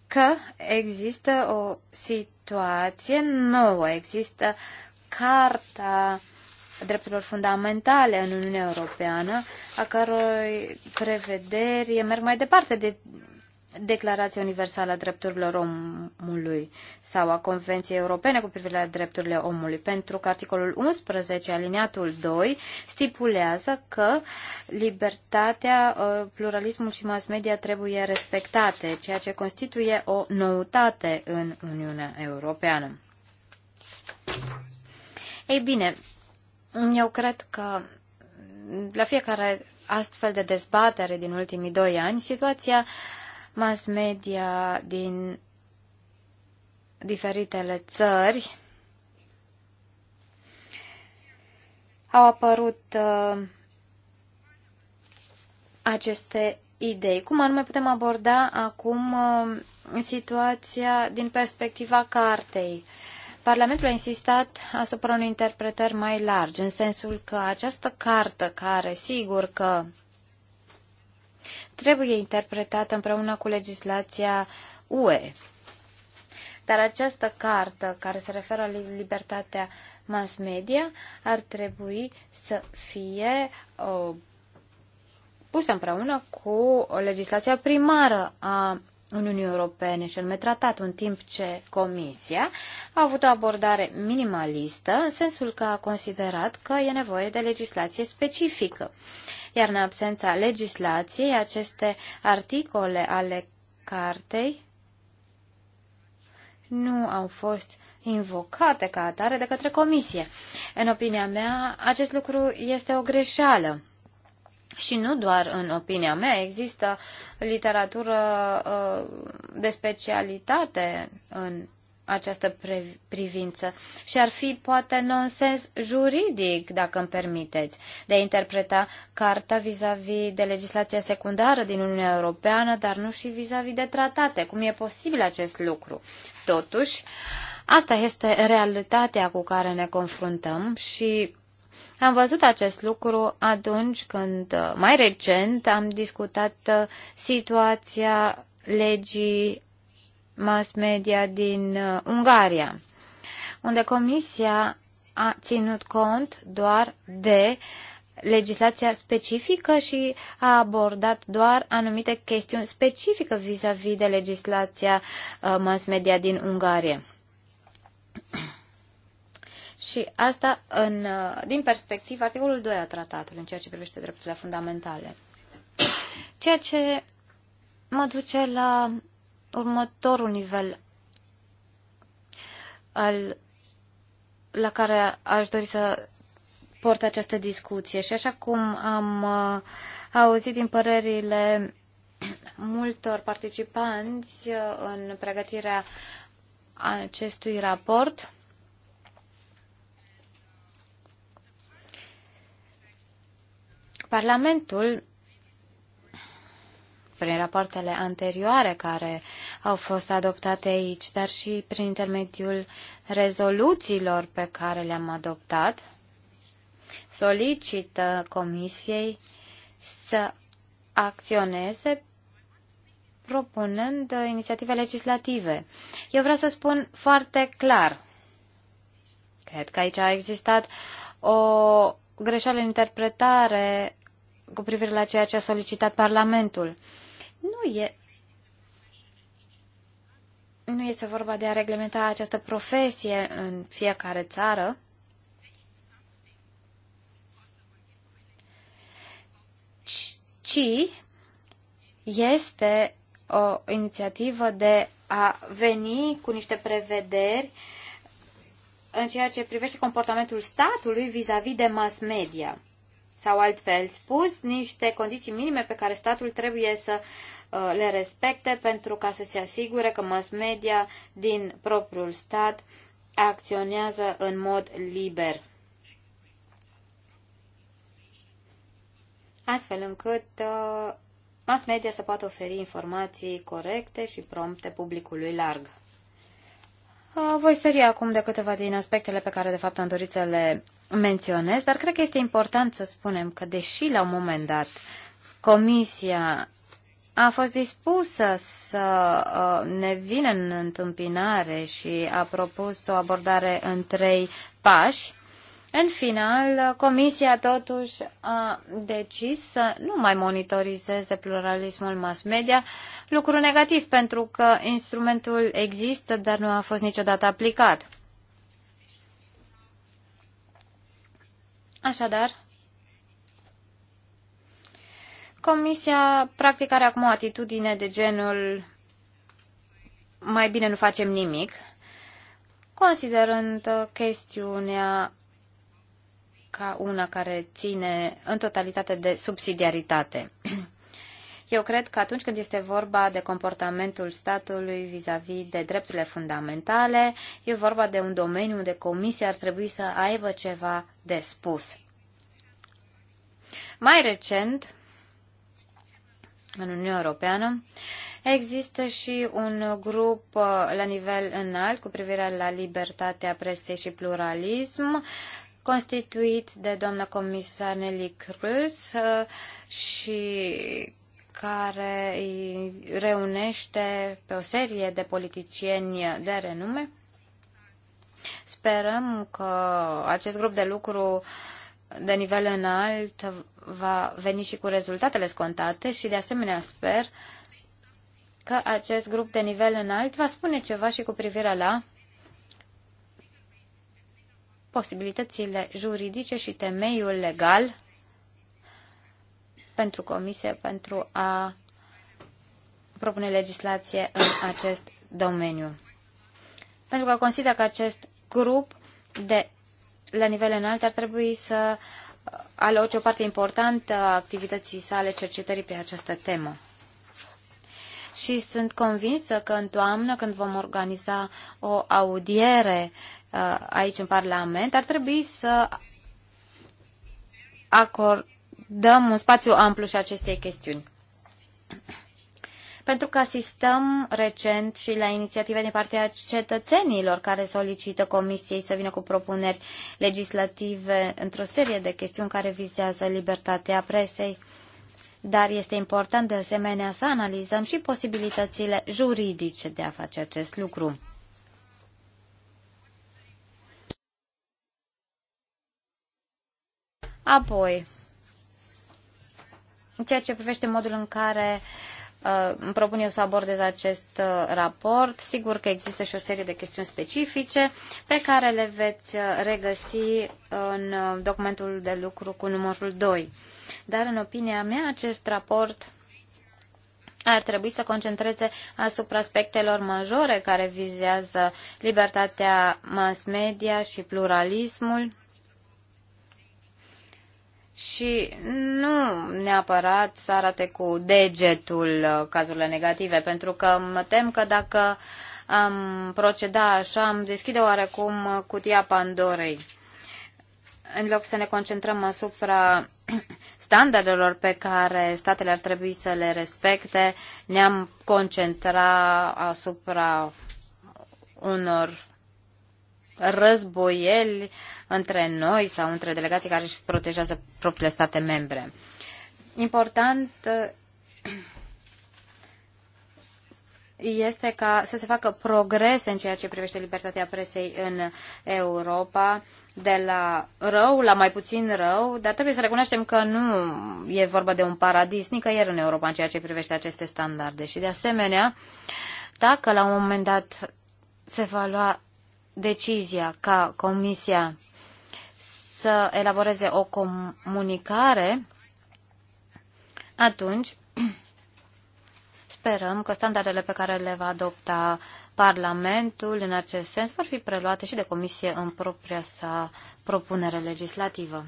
că există o situație nouă, există Carta Drepturilor Fundamentale în Uniunea Europeană, a căror prevederi merg mai departe de Declarația Universală a Drepturilor Omului sau a Convenției Europene cu privire la drepturile omului, pentru că articolul 11, aliniatul 2, stipulează că libertatea, uh, pluralismul și mass media trebuie respectate, ceea ce constituie o noutate în Uniunea Europeană. Ei bine, eu cred că la fiecare astfel de dezbatere din ultimii doi ani, situația uh, mass media din diferitele țări au apărut uh, aceste idei. Cum anume putem aborda acum uh, situația din perspectiva cartei? Parlamentul a insistat asupra unei interpretări mai largi, în sensul că această cartă, care sigur că trebuie interpretată împreună cu legislația UE. Dar această cartă care se referă la libertatea mass media ar trebui să fie pusă împreună cu legislația primară a Uniunii Europene și anume tratat, în timp ce Comisia a avut o abordare minimalistă, în sensul că a considerat că e nevoie de legislație specifică. Uh, iar în absența legislației, aceste articole ale cartei nu au fost invocate ca atare de către comisie. În opinia mea, acest lucru este o greșeală. Și nu doar în opinia mea, există literatură uh, de specialitate în această privință și ar fi poate nonsens juridic, dacă îmi permiteți, de a interpreta carta vis-a-vis -vis de legislația secundară din Uniunea Europeană, dar nu și vis-a-vis -vis de tratate. Cum e posibil acest lucru? Totuși, asta este realitatea cu care ne confruntăm și am văzut acest lucru atunci când, mai recent, am discutat uh, situația legii mass media din uh, Ungaria, unde Comisia a ținut cont doar de legislația specifică și a abordat doar anumite chestiuni specifică vis-a-vis -vis de legislația uh, mass media din Ungaria. Și asta în, uh, din perspectiva articolului 2 a tratatului, în ceea ce privește drepturile fundamentale. Ceea ce mă duce la Următorul nivel al, la care aș dori să port această discuție și așa cum am uh, auzit din părerile multor participanți uh, în pregătirea acestui raport, Parlamentul prin rapoartele anterioare care au fost adoptate aici, dar și prin intermediul rezoluțiilor pe care le-am adoptat, solicită Comisiei să acționeze propunând inițiative legislative. Eu vreau să spun foarte clar. Cred că aici a existat o greșeală în interpretare cu privire la ceea ce a solicitat Parlamentul. Nu e nu este vorba de a reglementa această profesie în fiecare țară. Ci este o inițiativă de a veni cu niște prevederi în ceea ce privește comportamentul statului vis-a-vis -vis de mass media. Sau altfel spus, niște condiții minime pe care statul trebuie să uh, le respecte pentru ca să se asigure că mass media din propriul stat acționează în mod liber. Astfel încât uh, mass media să poată oferi informații corecte și prompte publicului larg. Uh, voi sări acum de câteva din aspectele pe care de fapt am dorit să le menționez, dar cred că este important să spunem că deși la un moment dat Comisia a fost dispusă să uh, ne vină în întâmpinare și a propus o abordare în trei pași, în final, Comisia totuși a decis să nu mai monitorizeze pluralismul mass media, lucru negativ pentru că instrumentul există, dar nu a fost niciodată aplicat. Așadar, Comisia practic are acum o atitudine de genul mai bine nu facem nimic, considerând chestiunea ca una care ține în totalitate de subsidiaritate. Eu cred că atunci când este vorba de comportamentul statului vis-a-vis -vis de drepturile fundamentale, e vorba de un domeniu unde comisia ar trebui să aibă ceva de spus. Mai recent, în Uniunea Europeană, există și un grup uh, la nivel înalt cu privire la libertatea presei și pluralism, constituit de doamna comisar Nelly Cruz uh, și care îi reunește pe o serie de politicieni de renume. Sperăm că acest grup de lucru de nivel înalt va veni și cu rezultatele scontate și de asemenea sper că acest grup de nivel înalt va spune ceva și cu privire la posibilitățile juridice și temeiul legal pentru Comisie pentru a propune legislație în acest domeniu. Pentru că consider că acest grup de la nivel înalt ar trebui să aloce o parte importantă a activității sale cercetării pe această temă și sunt convinsă că în toamnă, când vom organiza o audiere uh, aici în Parlament, ar trebui să acordăm un spațiu amplu și acestei chestiuni. Pentru că asistăm recent și la inițiative din partea cetățenilor care solicită Comisiei să vină cu propuneri legislative într-o serie de chestiuni care vizează libertatea presei, dar este important de asemenea să analizăm și posibilitățile juridice de a face acest lucru. Apoi, în ceea ce privește modul în care uh, îmi propun eu să abordez acest uh, raport, sigur că există și o serie de chestiuni specifice pe care le veți uh, regăsi în uh, documentul de lucru cu numărul 2. Dar, în opinia mea, acest raport ar trebui să concentreze asupra aspectelor majore care vizează libertatea mass media și pluralismul și nu neapărat să arate cu degetul uh, cazurile negative, pentru că mă tem că dacă am proceda așa, am deschide oarecum cutia Pandorei în loc să ne concentrăm asupra standardelor pe care statele ar trebui să le respecte, ne-am concentrat asupra unor războieli între noi sau între delegații care își protejează propriile state membre. Important este ca să se facă progrese în ceea ce privește libertatea presei în Europa, de la rău la mai puțin rău, dar trebuie să recunoaștem că nu e vorba de un paradis nicăieri în Europa în ceea ce privește aceste standarde. Și de asemenea, dacă la un moment dat se va lua decizia ca Comisia să elaboreze o comunicare, atunci sperăm că standardele pe care le va adopta Parlamentul în acest sens vor fi preluate și de Comisie în propria sa propunere legislativă.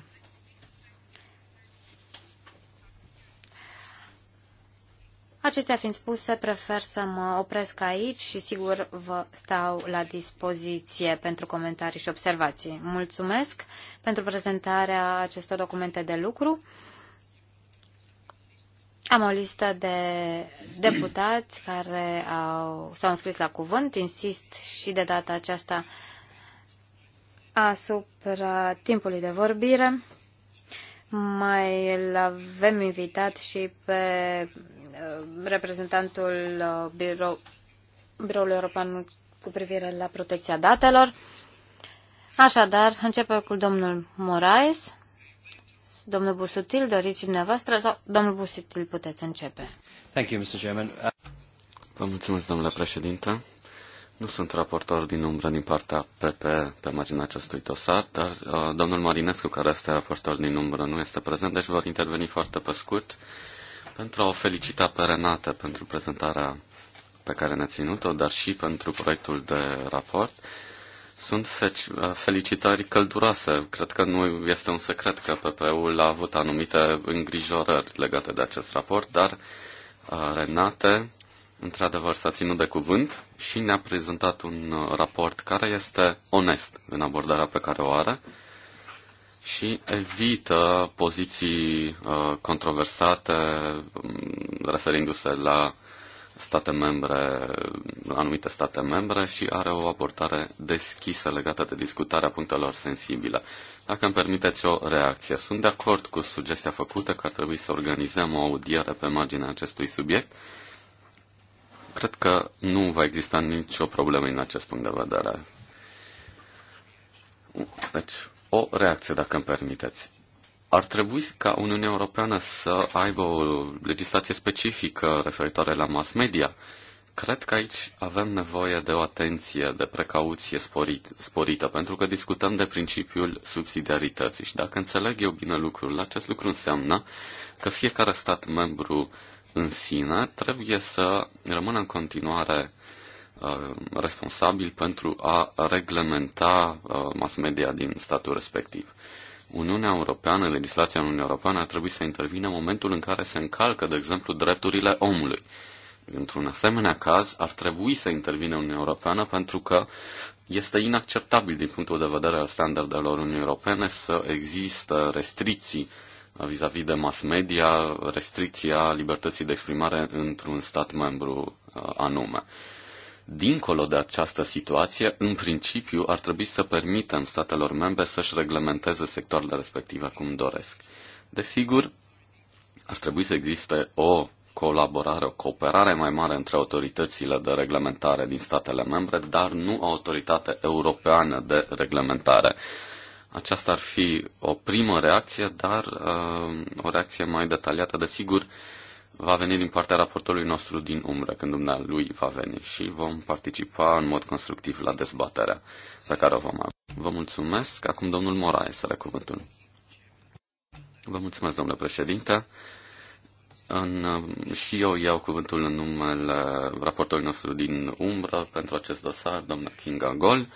Acestea fiind spuse, prefer să mă opresc aici și sigur vă stau la dispoziție pentru comentarii și observații. Mulțumesc pentru prezentarea acestor documente de lucru. Am o listă de deputați care au, s-au înscris la cuvânt. Insist și de data aceasta asupra timpului de vorbire. Mai l avem invitat și pe uh, reprezentantul uh, birou, Biroului European cu privire la protecția datelor. Așadar, începem cu domnul Moraes. Domnul Busutil, doriți dumneavoastră sau domnul Busutil puteți începe? Thank you, Mr. Chairman. Vă mulțumesc, domnule președinte. Nu sunt raportor din umbră din partea PP pe marginea acestui dosar, dar uh, domnul Marinescu, care este raportor din umbră, nu este prezent, deci vor interveni foarte pe scurt pentru a o felicita pe Renate pentru prezentarea pe care ne-a ținut-o, dar și pentru proiectul de raport. Uh, sunt uh, felicitări călduroase. Cred că nu este un secret că PPE-ul a avut anumite îngrijorări legate de acest raport, dar uh, Renate, într-adevăr, s-a ținut de cuvânt și ne-a prezentat un uh, raport care este onest în abordarea pe care o are și evită poziții controversate um, referindu-se la state membre, anumite state membre și are o abordare deschisă legată de discutarea punctelor sensibile. Dacă îmi permiteți o reacție, sunt de acord cu sugestia făcută că ar trebui să organizăm o audiere pe marginea acestui subiect. Cred că nu va exista nicio problemă în acest punct de vedere. Deci, o reacție, dacă îmi permiteți. Ar trebui ca Uniunea Europeană să aibă o legislație specifică referitoare la mass media. Cred că aici avem nevoie de o atenție, de precauție sporit, sporită, pentru că discutăm de principiul subsidiarității și dacă înțeleg eu bine lucrul, acest lucru înseamnă că fiecare stat membru în sine trebuie să rămână în continuare uh, responsabil pentru a reglementa uh, mass media din statul respectiv. Uniunea Europeană, legislația Uniunii Europeană, ar trebui să intervină în momentul în care se încalcă, de exemplu, drepturile omului. Într-un asemenea caz, ar trebui să intervină Uniunea Europeană pentru că este inacceptabil din punctul de vedere al standardelor Uniunii Europene să există restricții vis-a-vis -vis de mass media, restricția libertății de exprimare într-un stat membru uh, anume. Dincolo de această situație, în principiu, ar trebui să permitem statelor membre să-și reglementeze sectoarele respective cum doresc. Desigur, ar trebui să existe o colaborare, o cooperare mai mare între autoritățile de reglementare din statele membre, dar nu o autoritate europeană de reglementare. Aceasta ar fi o primă reacție, dar uh, o reacție mai detaliată, desigur, uh, va veni din partea raportorului nostru din umbră, când lui va veni și vom participa în mod constructiv la dezbaterea pe care o vom avea. Vă mulțumesc. Acum domnul Moraes să cuvântul. Vă mulțumesc, domnule președinte. În, și eu iau cuvântul în numele raportorului nostru din umbră pentru acest dosar, domnul Kinga Gol,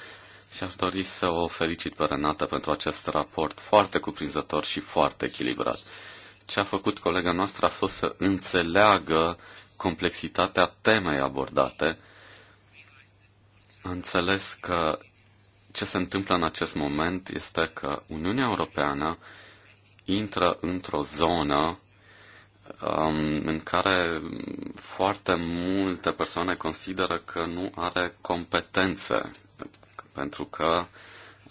și aș dori să o felicit pe Renata pentru acest raport foarte cuprinzător și foarte echilibrat. Ce a făcut colega noastră a fost să înțeleagă complexitatea temei abordate. înțeles că ce se întâmplă în acest moment este că Uniunea Europeană intră într-o zonă um, în care foarte multe persoane consideră că nu are competențe, pentru că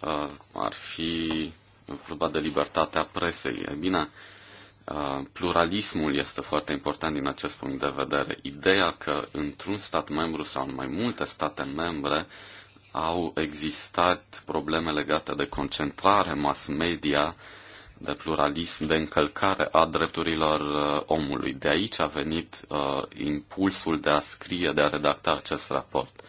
uh, ar fi vorba de libertatea presei. E bine, uh, Uh, pluralismul este foarte important din acest punct de vedere. Ideea că într-un stat membru sau în mai multe state membre au existat probleme legate de concentrare mass media, de pluralism, de încălcare a drepturilor uh, omului. De aici a venit uh, impulsul de a scrie, de a redacta acest raport.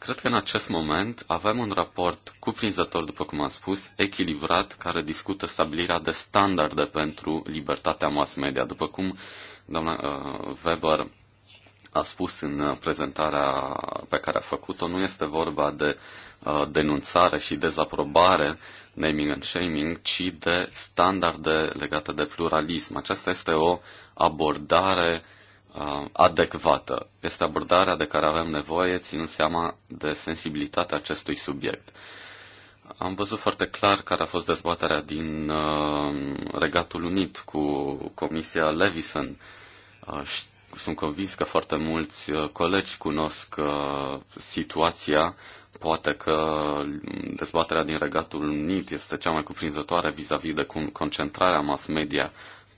Cred că în acest moment avem un raport cuprinzător, după cum am spus, echilibrat, care discută stabilirea de standarde pentru libertatea mass media. După cum doamna uh, Weber a spus în uh, prezentarea pe care a făcut-o, nu este vorba de uh, denunțare și dezaprobare, naming and shaming, ci de standarde legate de pluralism. Aceasta este o abordare uh, Uh, adecvată. Este abordarea de care avem nevoie, ținând seama de sensibilitatea acestui subiect. Am văzut foarte clar care a fost dezbaterea din uh, Regatul Unit cu Comisia Levison. Uh, sunt convins că foarte mulți uh, colegi cunosc uh, situația. Poate că dezbaterea din Regatul Unit este cea mai cuprinzătoare vis-a-vis -vis de concentrarea mass media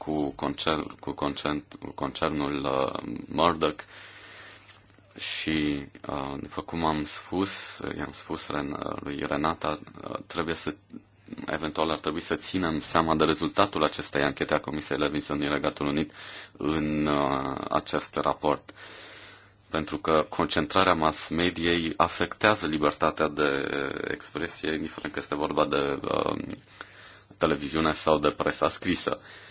cu, concern, cu concern, concernul uh, Murdoch și, uh, după cum am spus, i-am spus Ren, uh, lui Renata, uh, trebuie să eventual ar trebui să ținem seama de rezultatul acestei anchete a Comisiei Levinson din Regatul Unit în uh, acest raport. Pentru că concentrarea mass mediei afectează libertatea de expresie, indiferent că este vorba de uh, televiziune sau de presa scrisă. Uh,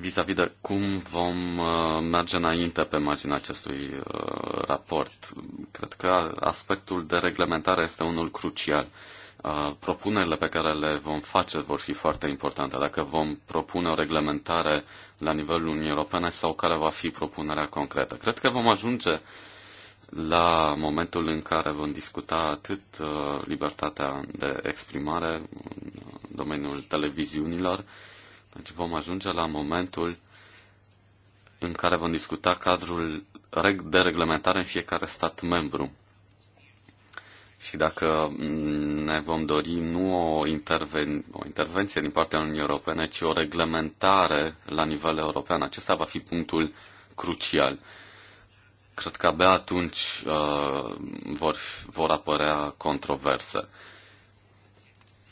vis-a-vis -vis de cum vom uh, merge înainte pe marginea acestui uh, raport. Cred că aspectul de reglementare este unul crucial. Uh, propunerile pe care le vom face vor fi foarte importante. Dacă vom propune o reglementare la nivelul Uniunii Europene sau care va fi propunerea concretă. Cred că vom ajunge la momentul în care vom discuta atât libertatea de exprimare în domeniul televiziunilor, deci vom ajunge la momentul în care vom discuta cadrul de reglementare în fiecare stat membru. Și dacă ne vom dori nu o, interven- o intervenție din partea Uniunii Europene, ci o reglementare la nivel european, acesta va fi punctul crucial. Cred că abia atunci uh, vor, vor apărea controverse. Uh,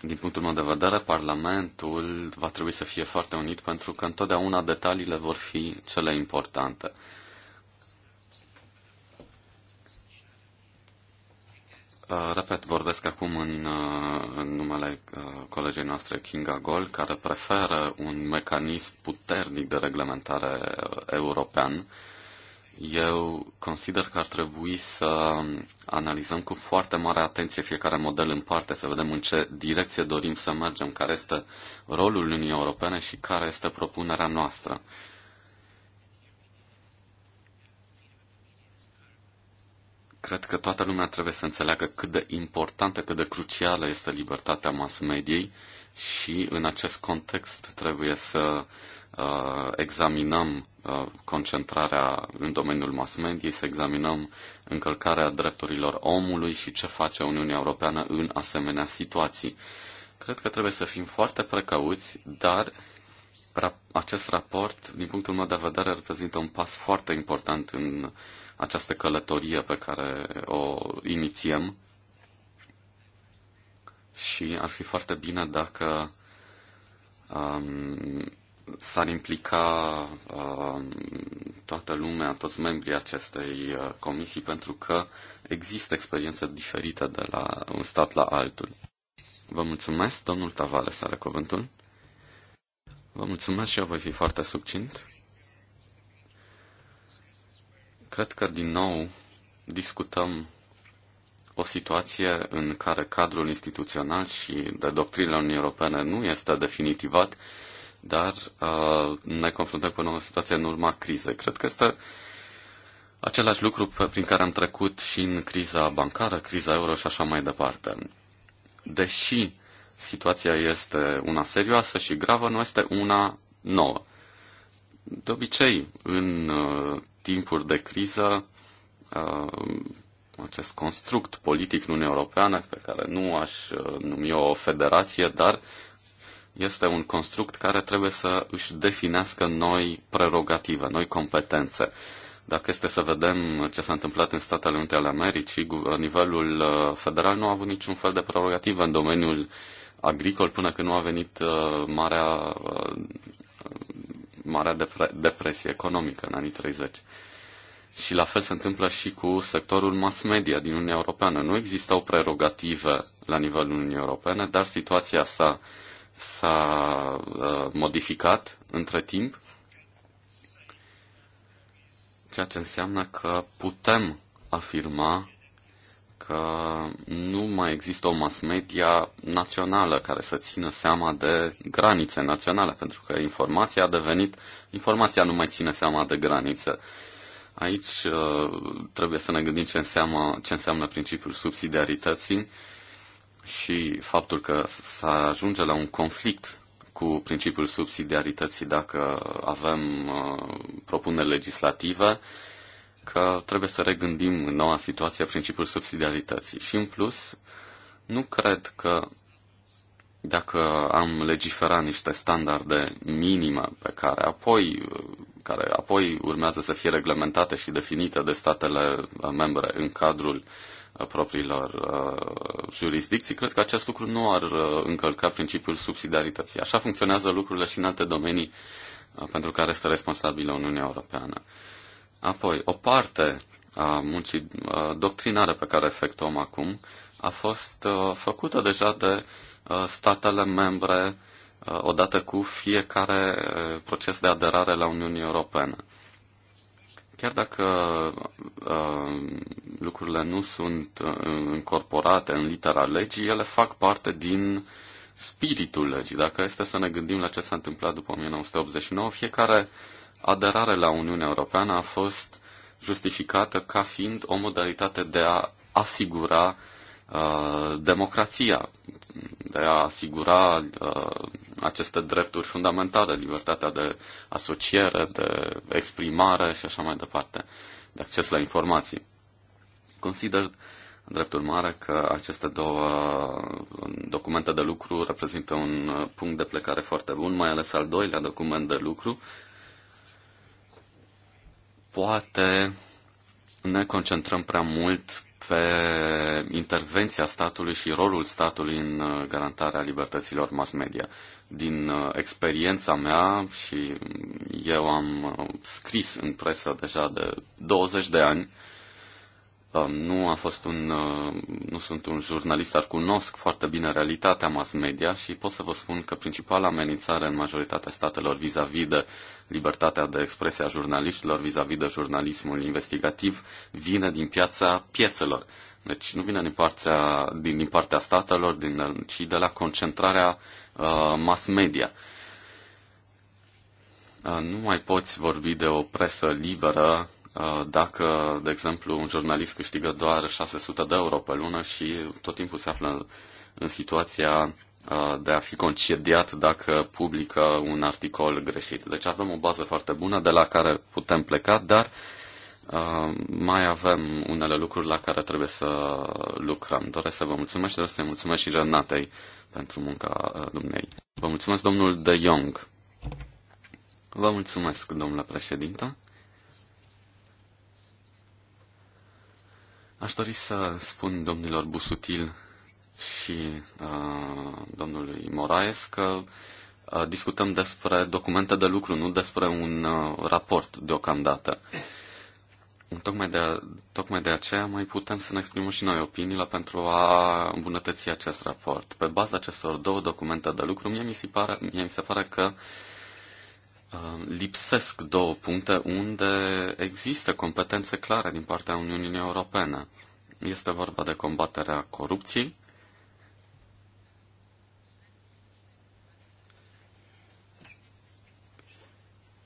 din punctul meu de vedere, Parlamentul va trebui să fie foarte unit pentru că întotdeauna detaliile vor fi cele importante. Uh, repet, vorbesc acum în, uh, în numele uh, colegii noastre Kinga Gol, care preferă un mecanism puternic de reglementare european eu consider că ar trebui să analizăm cu foarte mare atenție fiecare model în parte, să vedem în ce direcție dorim să mergem, care este rolul Uniunii Europene și care este propunerea noastră. Cred că toată lumea trebuie să înțeleagă cât de importantă, cât de crucială este libertatea mass mediei și în acest context trebuie să uh, examinăm Uh, concentrarea în domeniul mass media, să examinăm încălcarea drepturilor omului și ce face Uniunea Europeană în asemenea situații. Cred că trebuie să fim foarte precauți, dar acest raport, din punctul meu de vedere, reprezintă un pas foarte important în această călătorie pe care o inițiem și ar fi foarte bine dacă um, s-ar implica uh, toată lumea, toți membrii acestei uh, comisii, pentru că există experiențe diferite de la un stat la altul. Vă mulțumesc, domnul Tavares are cuvântul. Vă mulțumesc și eu voi fi foarte succint. Cred că din nou discutăm o situație în care cadrul instituțional și de doctrina Unii Europene nu este definitivat, dar ne confruntăm cu o nouă situație în urma crizei. Cred că este același lucru prin care am trecut și în criza bancară, criza euro și așa mai departe. Deși situația este una serioasă și gravă, nu este una nouă. De obicei, în timpuri de criză, acest construct politic în Uniunea Europeană, pe care nu aș numi o federație, dar este un construct care trebuie să își definească noi prerogative, noi competențe. Dacă este să vedem ce s-a întâmplat în Statele Unite ale Americii, nivelul uh, federal nu a avut niciun fel de prerogative în domeniul agricol până când nu a venit uh, marea, uh, marea depre- depresie economică în anii 30. Și la fel se întâmplă și cu sectorul mass media din Uniunea Europeană. Nu existau prerogative la nivelul Uniunii Europene, dar situația sa s-a uh, modificat între timp, ceea ce înseamnă că putem afirma că nu mai există o mass media națională care să țină seama de granițe naționale, pentru că informația a devenit, informația nu mai ține seama de granițe. Aici uh, trebuie să ne gândim ce înseamnă, ce înseamnă principiul subsidiarității și faptul că să ajunge la un conflict cu principiul subsidiarității dacă avem uh, propuneri legislative, că trebuie să regândim în noua situație principiul subsidiarității. Și în plus, nu cred că dacă am legiferat niște standarde minime pe care apoi, care apoi urmează să fie reglementate și definite de statele membre în cadrul uh, propriilor uh, jurisdicții, cred că acest lucru nu ar uh, încălca principiul subsidiarității. Așa funcționează lucrurile și în alte domenii uh, pentru care este responsabilă Uniunea Europeană. Apoi, o parte a muncii uh, doctrinare pe care efectuăm acum a fost uh, făcută deja de uh, statele membre uh, odată cu fiecare uh, proces de aderare la Uniunea Europeană. Chiar dacă uh, lucrurile nu sunt incorporate uh, în litera legii, ele fac parte din spiritul legii. Dacă este să ne gândim la ce s-a întâmplat după 1989, fiecare aderare la Uniunea Europeană a fost justificată ca fiind o modalitate de a asigura uh, democrația, de a asigura uh, aceste drepturi fundamentale, libertatea de asociere, de exprimare și așa mai departe, de acces la informații. Consider dreptul mare că aceste două uh, documente de lucru reprezintă un uh, punct de plecare foarte bun, mai ales al doilea document de lucru. Poate ne concentrăm prea mult pe intervenția statului și rolul statului în uh, garantarea libertăților mass media. Din uh, experiența mea și eu am uh, scris în presă deja de 20 de ani, Um, nu a fost un, uh, nu sunt un jurnalist, dar cunosc foarte bine realitatea mass media și pot să vă spun că principala amenințare în majoritatea statelor vis-a-vis -vis de libertatea de expresie a jurnaliștilor, vis-a-vis -vis de jurnalismul investigativ, vine din piața piețelor. Deci nu vine din partea, din, din partea statelor, din, ci de la concentrarea uh, mass media. Uh, nu mai poți vorbi de o presă liberă Uh, dacă, de exemplu, un jurnalist câștigă doar 600 de euro pe lună și tot timpul se află în situația uh, de a fi concediat dacă publică un articol greșit. Deci avem o bază foarte bună de la care putem pleca, dar uh, mai avem unele lucruri la care trebuie să lucrăm. Doresc să vă mulțumesc și doresc să-i mulțumesc și Renatei pentru munca dumnei. Vă mulțumesc, domnul De Jong. Vă mulțumesc, domnule președinte. Aș dori să spun domnilor Busutil și uh, domnului Moraes că uh, discutăm despre documente de lucru, nu despre un uh, raport deocamdată. Tocmai de, tocmai de aceea mai putem să ne exprimăm și noi opiniile pentru a îmbunătăți acest raport. Pe baza acestor două documente de lucru, mie mi se pare, mie mi se pare că uh, Um, lipsesc două puncte unde există competențe clare din partea Uniunii Europene. Este vorba de combaterea corupției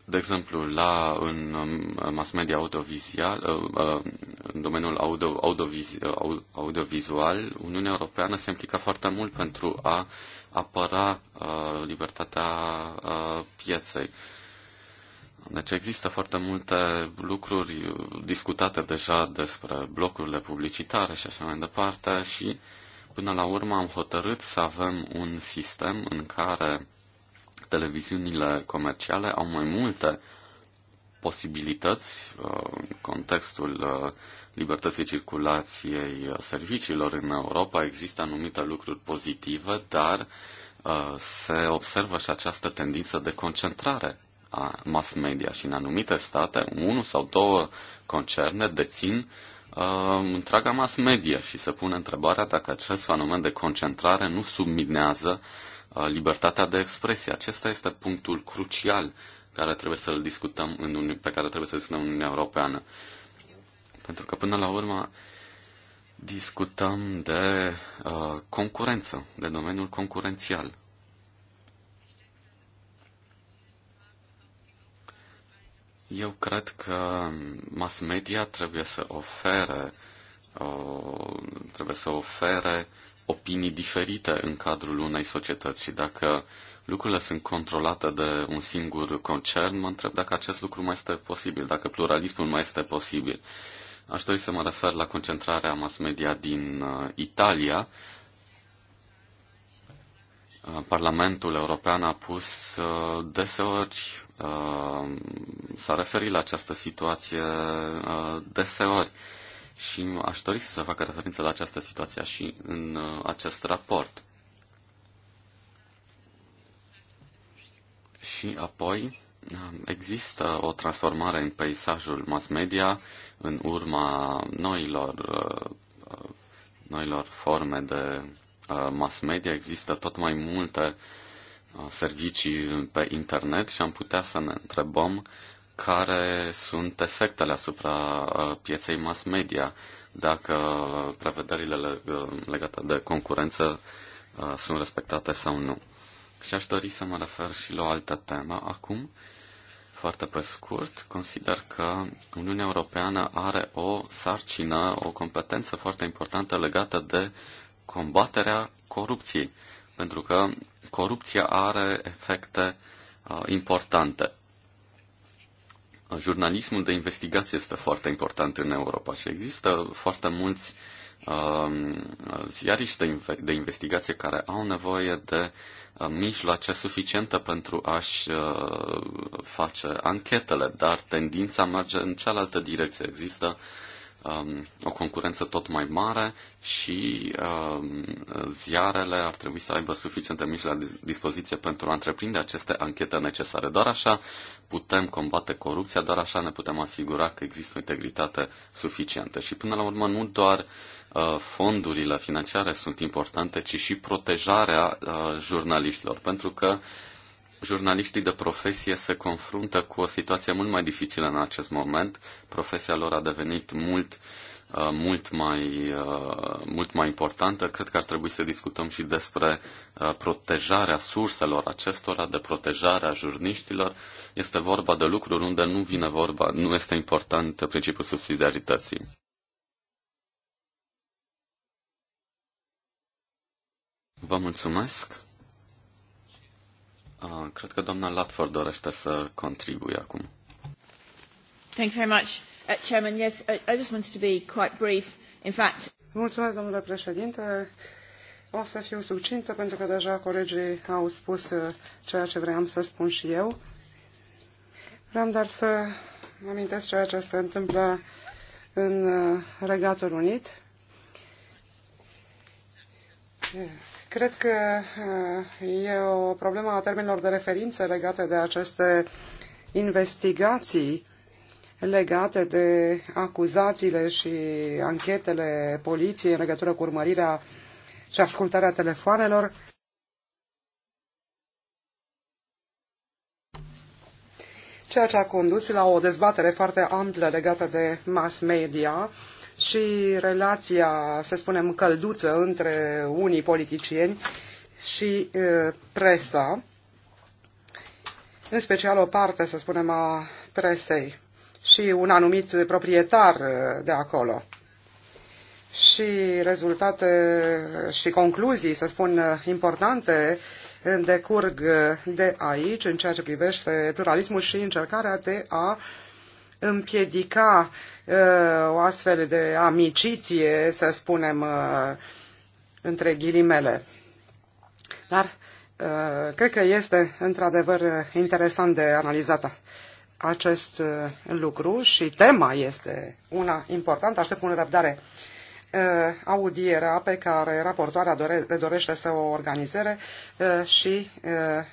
de exemplu, la, în um, mass media audiovizual, uh, uh, în domeniul audio, audio, uh, audiovizual, Uniunea Europeană se implică foarte mult pentru a apăra libertatea pieței. Deci există foarte multe lucruri discutate deja despre blocurile publicitare și așa mai departe și până la urmă am hotărât să avem un sistem în care televiziunile comerciale au mai multe posibilități uh, în contextul uh, libertății circulației serviciilor în Europa. Există anumite lucruri pozitive, dar uh, se observă și această tendință de concentrare a mass media și în anumite state, unul sau două concerne dețin uh, întreaga mass media și se pune întrebarea dacă acest fenomen de concentrare nu subminează uh, libertatea de expresie. Acesta este punctul crucial care trebuie să-l discutăm în, pe care trebuie să discutăm în Uniunea Europeană. Pentru că până la urmă discutăm de uh, concurență, de domeniul concurențial. Eu cred că mass media trebuie să ofere trebuie să ofere opinii diferite în cadrul unei societăți și dacă lucrurile sunt controlate de un singur concern, mă întreb dacă acest lucru mai este posibil, dacă pluralismul mai este posibil. Aș dori să mă refer la concentrarea mass media din uh, Italia. Uh, Parlamentul European a pus uh, deseori Uh, s-a referit la această situație uh, deseori și aș dori să se facă referință la această situație și în uh, acest raport. Și apoi există o transformare în peisajul mass media în urma noilor, noilor forme de mass media. Există tot mai multe uh, servicii pe internet și am putea să ne întrebăm care sunt efectele asupra uh, pieței mass media, dacă prevederile uh, legate de concurență uh, sunt respectate sau nu. Și aș dori să mă refer și la o altă temă acum. Foarte pe scurt, consider că Uniunea Europeană are o sarcină, o competență foarte importantă legată de combaterea corupției. Pentru că corupția are efecte uh, importante. Jurnalismul de investigație este foarte important în Europa și există foarte mulți uh, ziariști de, inve- de investigație care au nevoie de uh, mijloace suficiente pentru a-și uh, face anchetele, dar tendința merge în cealaltă direcție. Există uh, um, o concurență tot mai mare și um, ziarele ar trebui să aibă suficiente mici la dispoziție pentru a întreprinde aceste anchete necesare. Doar așa putem combate corupția, doar așa ne putem asigura că există o integritate suficientă. Și până la urmă nu doar uh, fondurile financiare sunt importante, ci și protejarea uh, jurnaliștilor, pentru că uh, jurnaliștii de profesie se confruntă cu o situație mult mai dificilă în acest moment. Profesia lor a devenit mult uh, mult mai, uh, mult mai importantă. Cred că ar trebui să discutăm și despre uh, protejarea surselor acestora, de protejarea jurniștilor. Este vorba de lucruri unde nu vine vorba, nu este important principiul subsidiarității. Vă mulțumesc. Ah, cred că doamna Latford dorește să contribuie acum. Thank you very much, uh, Chairman. Yes, I, I just wanted to be quite brief. In fact... Mulțumesc, domnule președinte. O să fiu succintă pentru că deja colegii au spus uh, ceea ce vreau să spun și eu. Vreau doar să amintesc ceea ce se întâmplă în uh, Regatul Unit. Cred că uh, e o problemă a termenilor de referință legate de aceste investigații legate de acuzațiile și anchetele poliției în legătură cu urmărirea și ascultarea telefoanelor. Ceea ce a condus la o dezbatere foarte amplă legată de mass media, și relația, să spunem, călduță între unii politicieni și presa, în special o parte, să spunem, a presei și un anumit proprietar de acolo. Și rezultate și concluzii, să spun, importante decurg de aici în ceea ce privește pluralismul și încercarea de a împiedica Uh, o astfel de amiciție, să spunem, uh, între ghilimele. Dar uh, cred că este într-adevăr interesant de analizat acest lucru și tema este una importantă. Aștept cu nerăbdare audierea pe care raportoarea dore, dorește să o organizeze și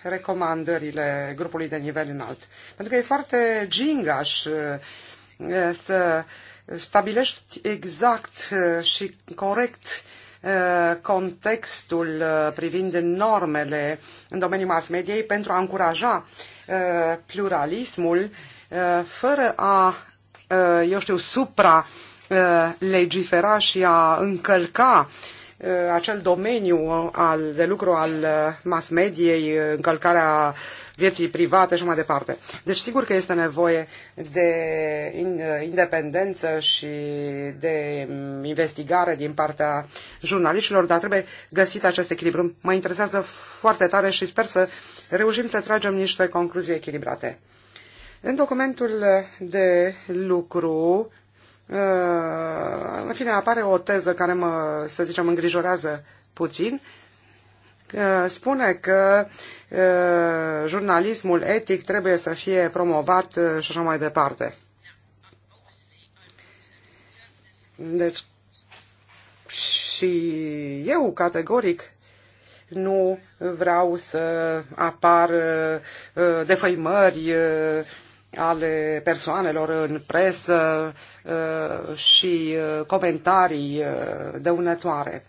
recomandările grupului de nivel înalt. Pentru că e foarte gingaș să stabilești exact uh, și corect uh, contextul uh, privind normele în domeniul mass mediei pentru a încuraja pluralismul fără a, eu știu, supra legifera și a încălca acel domeniu al, de lucru al mass mediei, încălcarea vieții private și mai departe. Deci sigur că este nevoie de uh, independență și de mm, investigare din partea jurnaliștilor, dar trebuie găsit acest echilibru. Mă interesează foarte tare și sper să reușim să tragem niște concluzii echilibrate. În documentul de lucru, uh, în fine, apare o teză care mă, să zicem, îngrijorează puțin, spune că jurnalismul etic trebuie să fie promovat și așa mai departe. Deci, și eu categoric nu vreau să apar defăimări ale persoanelor în presă și comentarii dăunătoare.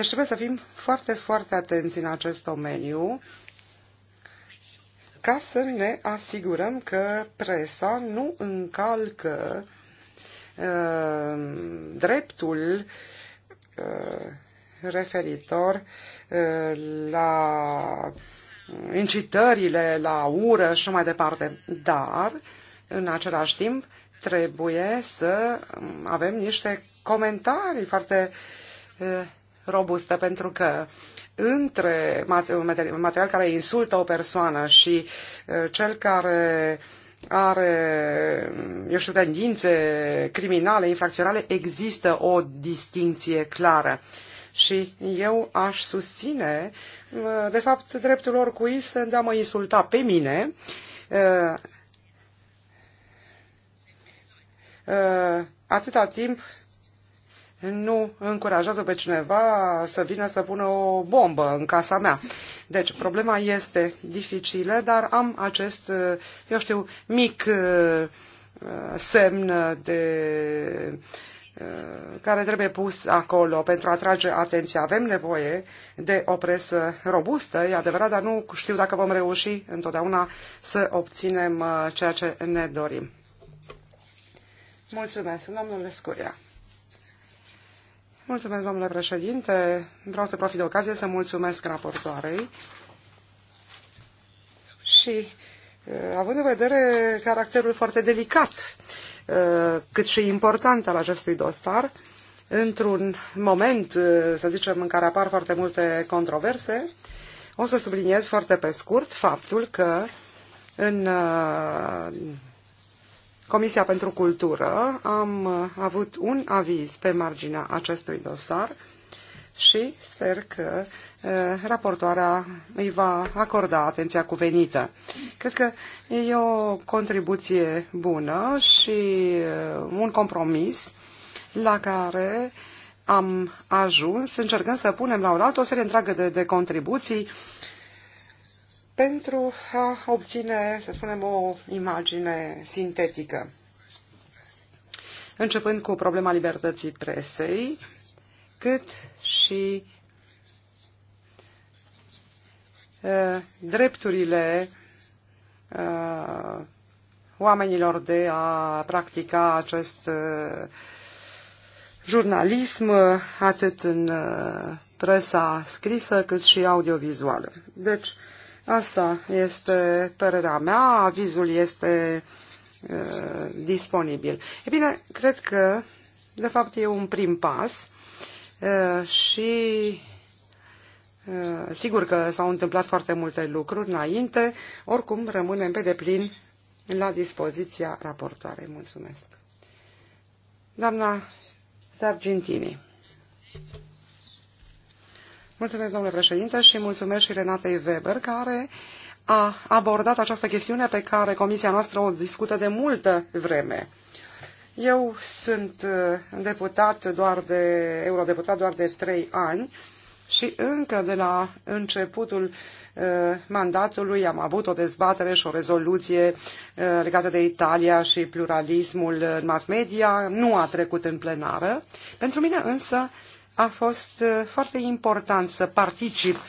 Deci trebuie să fim foarte, foarte atenți în acest domeniu ca să ne asigurăm că presa nu încalcă uh, dreptul uh, referitor uh, la incitările la ură și mai departe. Dar, în același timp, trebuie să avem niște comentarii foarte uh, robustă, pentru că între un material care insultă o persoană și uh, cel care are, eu știu, tendințe criminale, infracționale, există o distinție clară. Și eu aș susține, uh, de fapt, dreptul oricui să de a mă insulta pe mine, uh, atâta timp nu încurajează pe cineva să vină să pună o bombă în casa mea. Deci, problema este dificilă, dar am acest, eu știu, mic uh, semn de uh, care trebuie pus acolo pentru a atrage atenția. Avem nevoie de o presă robustă, e adevărat, dar nu știu dacă vom reuși întotdeauna să obținem uh, ceea ce ne dorim. Mulțumesc, domnule Scuria. Mulțumesc, domnule președinte. Vreau să profit de ocazie să mulțumesc raportoarei. Și uh, având în vedere caracterul foarte delicat, uh, cât și important al acestui dosar, într-un moment, uh, să zicem, în care apar foarte multe controverse, o să subliniez foarte pe scurt faptul că în Comisia pentru Cultură am uh, avut un aviz pe marginea acestui dosar și sper că uh, raportoarea îi va acorda atenția cuvenită. Cred că e o contribuție bună și uh, un compromis la care am ajuns, încercând să punem la oaltă o serie întreagă de, de contribuții pentru a obține, să spunem, o imagine sintetică. Începând cu problema libertății presei, cât și uh, drepturile uh, oamenilor de a practica acest uh, jurnalism, atât în uh, presa scrisă, cât și audiovizuală. Deci, uh, Asta este părerea mea, avizul este disponibil. E bine, cred că, de fapt, e un prim pas și sigur că s-au întâmplat foarte multe lucruri înainte, oricum rămânem pe deplin la dispoziția raportoarei. Mulțumesc. Doamna Sargentini. Mulțumesc, domnule președinte, și mulțumesc și Renatei Weber, care a abordat această chestiune pe care comisia noastră o discută de multă vreme. Eu sunt uh, deputat doar de, eurodeputat doar de trei ani și încă de la începutul uh, mandatului am avut o dezbatere și o rezoluție uh, legată de Italia și pluralismul în mass media. Nu a trecut în plenară. Pentru mine însă a fost uh, foarte important să particip uh,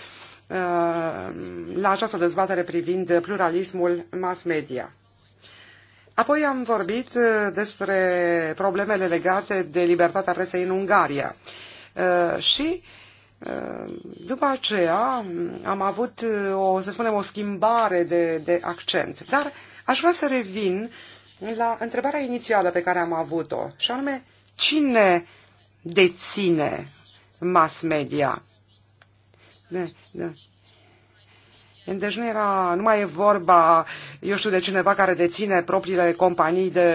la această dezbatere privind pluralismul mass media. Apoi am vorbit uh, despre problemele legate de libertatea presei în Ungaria. Și după aceea mm, am avut, o, să spunem, o schimbare de, de accent. Dar aș vrea să revin la întrebarea inițială pe care am avut-o, și anume, cine uh, deține mass media. Da, da. Deci nu era, nu mai e vorba, eu știu, de cineva care deține propriile companii de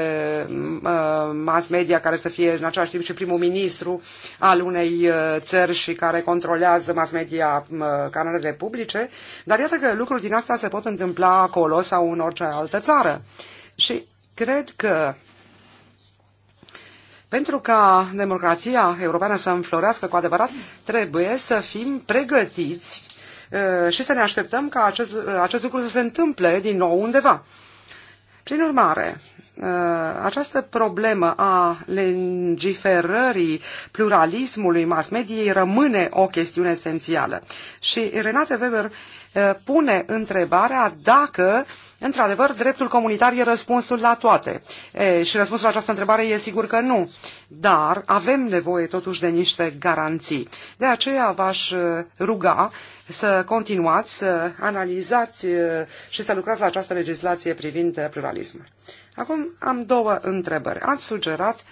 uh, mass media, care să fie în același timp și primul ministru al unei uh, țări și care controlează mass media uh, canalele publice, dar iată că lucruri din astea se pot întâmpla acolo sau în orice altă țară. Și cred că pentru ca democrația europeană să înflorească cu adevărat, trebuie să fim pregătiți uh, și să ne așteptăm ca acest, uh, acest lucru să se întâmple din nou undeva. Prin urmare, Uh, această problemă a legiferării pluralismului mass mediei rămâne o chestiune esențială. Și Renate Weber uh, pune întrebarea dacă, într-adevăr, dreptul comunitar e răspunsul la toate. E, și răspunsul la această întrebare e sigur că nu. Dar avem nevoie totuși de niște garanții. De aceea v-aș uh, ruga să continuați, să analizați și să lucrați la această legislație privind pluralismul. Acum am două întrebări. Ați sugerat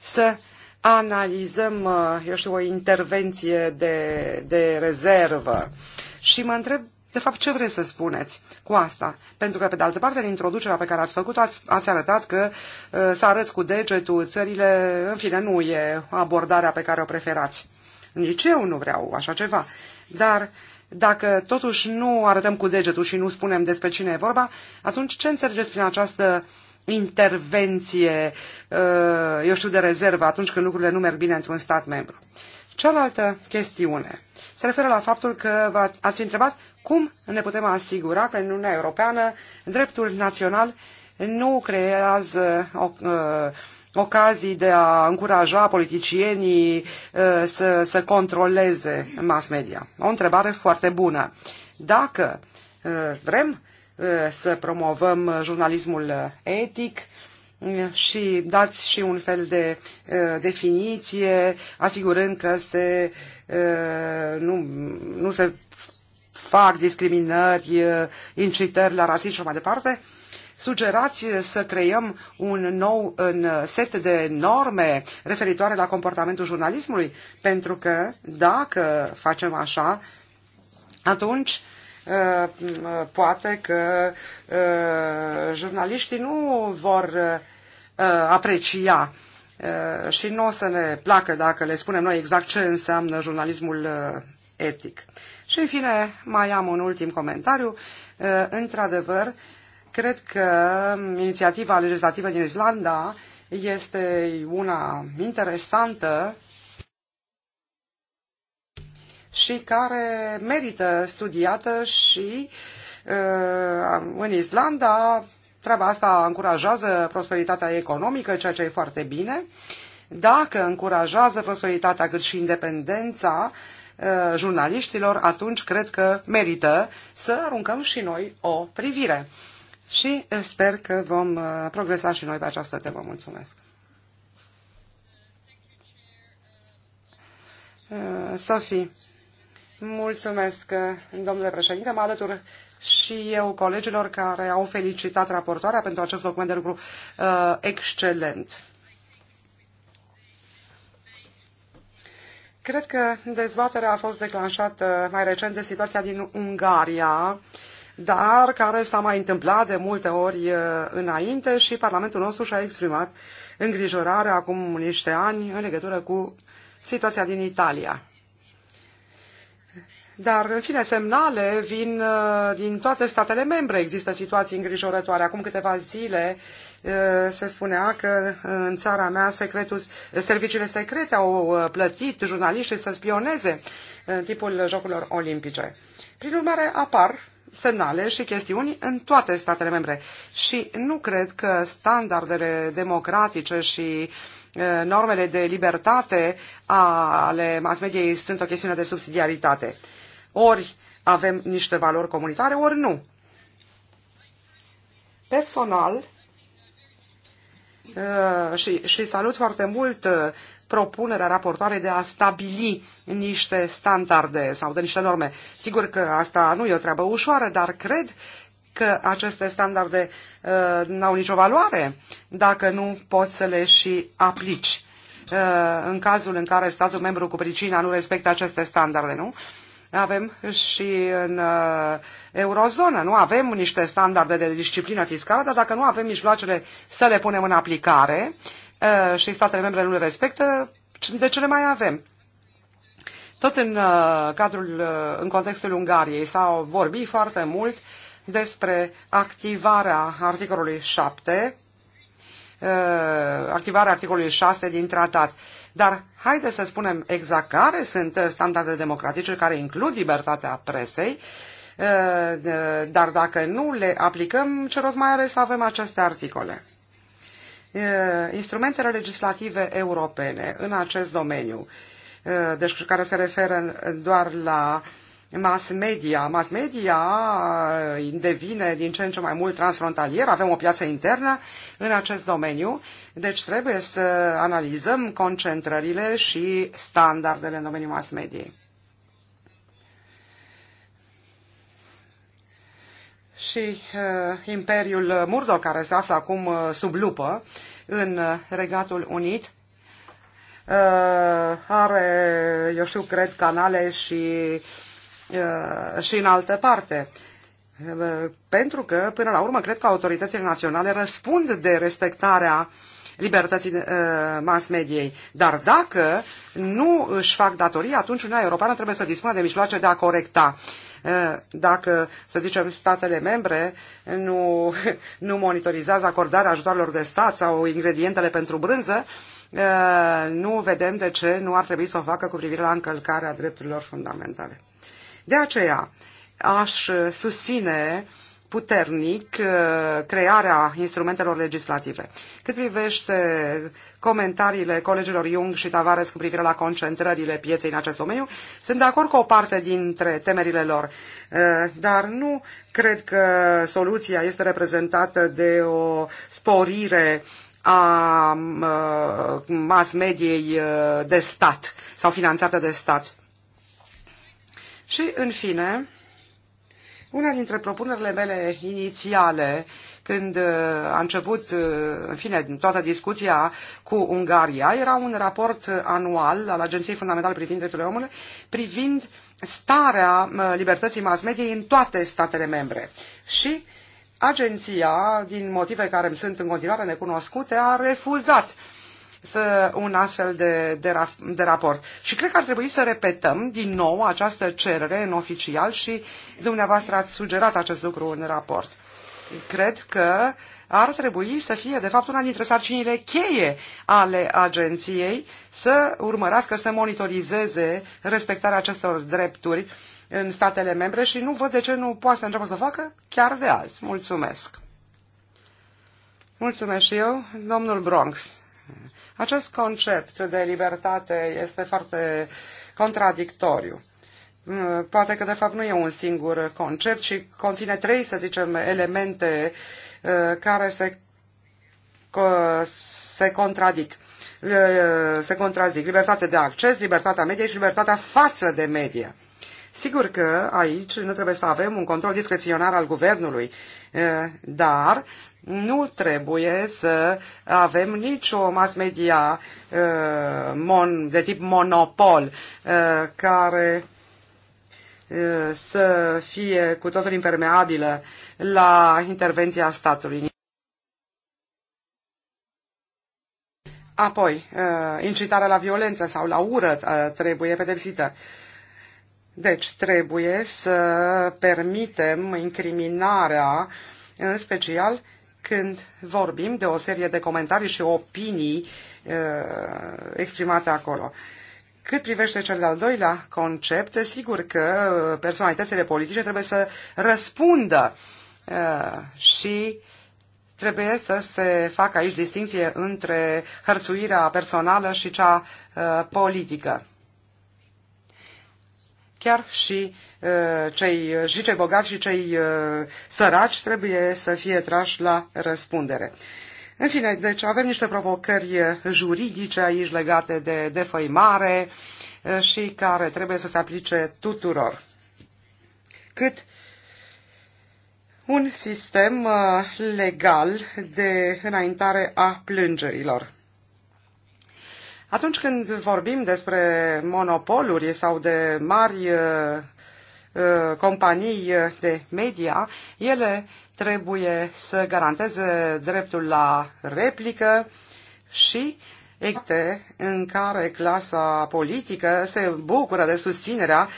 să analizăm, uh, eu știu, o intervenție de, de rezervă și mă întreb de fapt, ce vreți să spuneți cu asta? Pentru că, pe de altă parte, în introducerea pe care ați făcut-o, ați, ați arătat că uh, să arăți cu degetul țările, în fine, nu e abordarea pe care o preferați. Nici eu nu vreau așa ceva. Dar dacă totuși nu arătăm cu degetul și nu spunem despre cine e vorba, atunci ce înțelegeți prin această uh, intervenție, uh, eu știu, de rezervă atunci când lucrurile nu merg bine într-un stat membru. Cealaltă chestiune se referă la faptul că ați întrebat cum ne putem asigura că în Uniunea Europeană dreptul național nu creează o, uh, ocazii de a încuraja politicienii uh, să, să controleze mass media. O întrebare foarte bună. Dacă vrem să promovăm jurnalismul etic și dați și un fel de uh, definiție, asigurând că se, uh, nu, nu se fac discriminări, uh, incitări la rasism și mai departe, sugerați să creăm un nou un set de norme referitoare la comportamentul jurnalismului, pentru că dacă facem așa, atunci uh, Uh, poate că uh, jurnaliștii nu vor uh, aprecia și nu o să ne placă dacă le spunem noi exact ce înseamnă jurnalismul etic. Și în fine, mai am un ultim comentariu. Într-adevăr, cred că inițiativa legislativă din Islanda este una interesantă și care merită studiată și uh, în Islanda treaba asta încurajează prosperitatea economică, ceea ce e foarte bine. Dacă încurajează prosperitatea cât și independența uh, jurnaliștilor, atunci cred că merită să aruncăm și noi o privire. Și uh, sper că vom progresa și noi pe această temă. Mulțumesc! Sophie. Mulțumesc, domnule președinte. Mă alătur și eu colegilor care au felicitat raportoarea pentru acest document de lucru uh, excelent. Cred că dezbaterea a fost declanșată mai recent de situația din Ungaria, dar care s-a mai întâmplat de multe ori uh, înainte și Parlamentul nostru și-a exprimat îngrijorarea acum niște ani în legătură cu situația din Italia. Dar, în fine, semnale vin uh, din toate statele membre. Există situații îngrijorătoare. Acum câteva zile uh, se spunea că uh, în țara mea secretul, serviciile secrete au plătit jurnaliștii să spioneze în timpul Jocurilor Olimpice. Prin urmare, apar semnale și chestiuni în toate statele membre. Și nu cred că standardele democratice și normele de libertate ale mass mediei sunt o chestiune de subsidiaritate. Ori avem niște valori comunitare, ori nu. Personal, uh, și, și salut foarte mult uh, propunerea raportoarei de a stabili niște standarde sau de niște norme. Sigur că asta nu e o treabă ușoară, dar cred că aceste standarde uh, n-au nicio valoare dacă nu poți să le și aplici uh, în cazul în care statul membru cu pricina nu respectă aceste standarde, nu? Uh, avem și în uh, eurozonă, nu avem niște standarde de disciplină fiscală, dar dacă nu avem mijloacele să le punem în aplicare uh, și statele membre nu le respectă, de ce le mai avem? Tot în uh, cadrul, în contextul Ungariei s au vorbit foarte mult despre activarea articolului 7, activarea articolului 6 din tratat. Dar haide să spunem exact care sunt standardele democratice care includ libertatea presei, eh, eh, dar dacă nu le aplicăm, ce rost mai are să avem aceste articole? Eh, instrumentele legislative europene în acest domeniu, deci care se referă doar la uh, mass media. Mass media uh, devine din ce în ce mai mult transfrontalier, avem o piață internă în acest domeniu, deci trebuie să analizăm concentrările și standardele în domeniul mass mediei. Și uh, Imperiul Murdo, care se află acum uh, sub lupă în uh, Regatul Unit, uh, are, eu știu, cred, canale și Uh, și în altă parte. Uh, pentru că, până la urmă, cred că autoritățile naționale răspund de respectarea libertății uh, mass mediei. Dar dacă nu își fac datorii, atunci Uniunea Europeană trebuie să dispună de mijloace de a corecta. Dacă, să zicem, statele membre nu, nu monitorizează acordarea ajutoarelor de stat sau ingredientele pentru brânză, nu vedem de ce nu ar trebui să o facă cu privire la încălcarea drepturilor fundamentale. De aceea, aș uh, susține puternic uh, crearea instrumentelor legislative. Cât privește comentariile colegilor Jung și Tavares cu privire la concentrările pieței în acest domeniu, sunt de acord cu o parte dintre temerile lor, uh, dar nu cred că soluția este reprezentată de o sporire a mass mediei de stat sau finanțată de stat. Și, în fine, una dintre propunerile mele inițiale, când uh, a început, uh, în fine, toată discuția cu Ungaria, era un raport uh, anual al Agenției Fundamentale privind drepturile omului, privind starea libertății mass media în toate statele membre. Și agenția, din motive care îmi sunt în continuare necunoscute, a refuzat uh, să, un astfel de, de, de raport. Și cred că ar trebui să repetăm din nou această cerere în oficial și dumneavoastră ați sugerat acest lucru în raport. Cred că ar trebui să fie, de fapt, una dintre sarcinile cheie ale agenției să urmărească, să monitorizeze respectarea acestor drepturi în statele membre și nu văd de ce nu poate să înceapă să facă chiar de azi. Mulțumesc! Mulțumesc și eu, domnul Bronx. Acest concept de libertate este foarte contradictoriu. Mm, poate că de fapt nu e un singur concept, ci conține trei, să zicem, elemente uh, care se, se contradic uh, se contrazic. Libertate de acces, libertatea mediei și libertatea față de medie. Sigur că aici nu trebuie să avem un control discreționar al guvernului, uh, dar nu trebuie să avem nicio mass media uh, mon, de tip monopol uh, care uh, să fie cu totul impermeabilă la intervenția statului. Apoi, incitarea la violență sau la ură trebuie pedepsită. Deci, trebuie să permitem incriminarea, în special, când vorbim de o serie de comentarii și opinii uh, exprimate acolo. Cât privește cel de-al doilea concept, sigur că personalitățile politice trebuie să răspundă uh, și trebuie să se facă aici distinție între hărțuirea personală și cea uh, politică. Chiar și uh, cei, și cei bogați și cei uh, săraci trebuie să fie trași la răspundere. În fine, deci avem niște provocări juridice aici legate de defăimare uh, și care trebuie să se aplice tuturor. Cât un sistem legal de înaintare a plângerilor. Atunci când vorbim despre monopoluri sau de mari uh, uh, companii uh, de media, ele trebuie să garanteze dreptul la replică și acte în care clasa politică se bucură de susținerea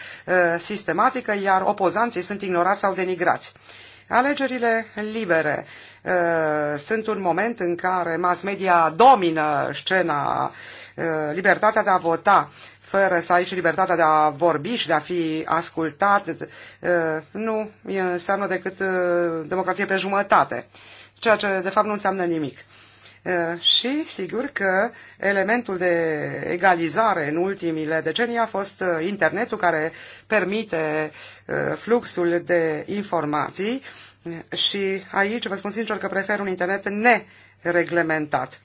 sistematică, iar opozanții sunt ignorați sau denigrați. Alegerile libere sunt un moment în care mass media domină scena Uh, libertatea de a vota fără să ai și libertatea de a vorbi și de a fi ascultat, uh, nu înseamnă decât uh, democrație pe jumătate, ceea ce de fapt nu înseamnă nimic. Și sigur că elementul de egalizare în ultimile decenii a fost internetul care permite fluxul de informații și aici vă spun sincer că prefer un internet nereglementat.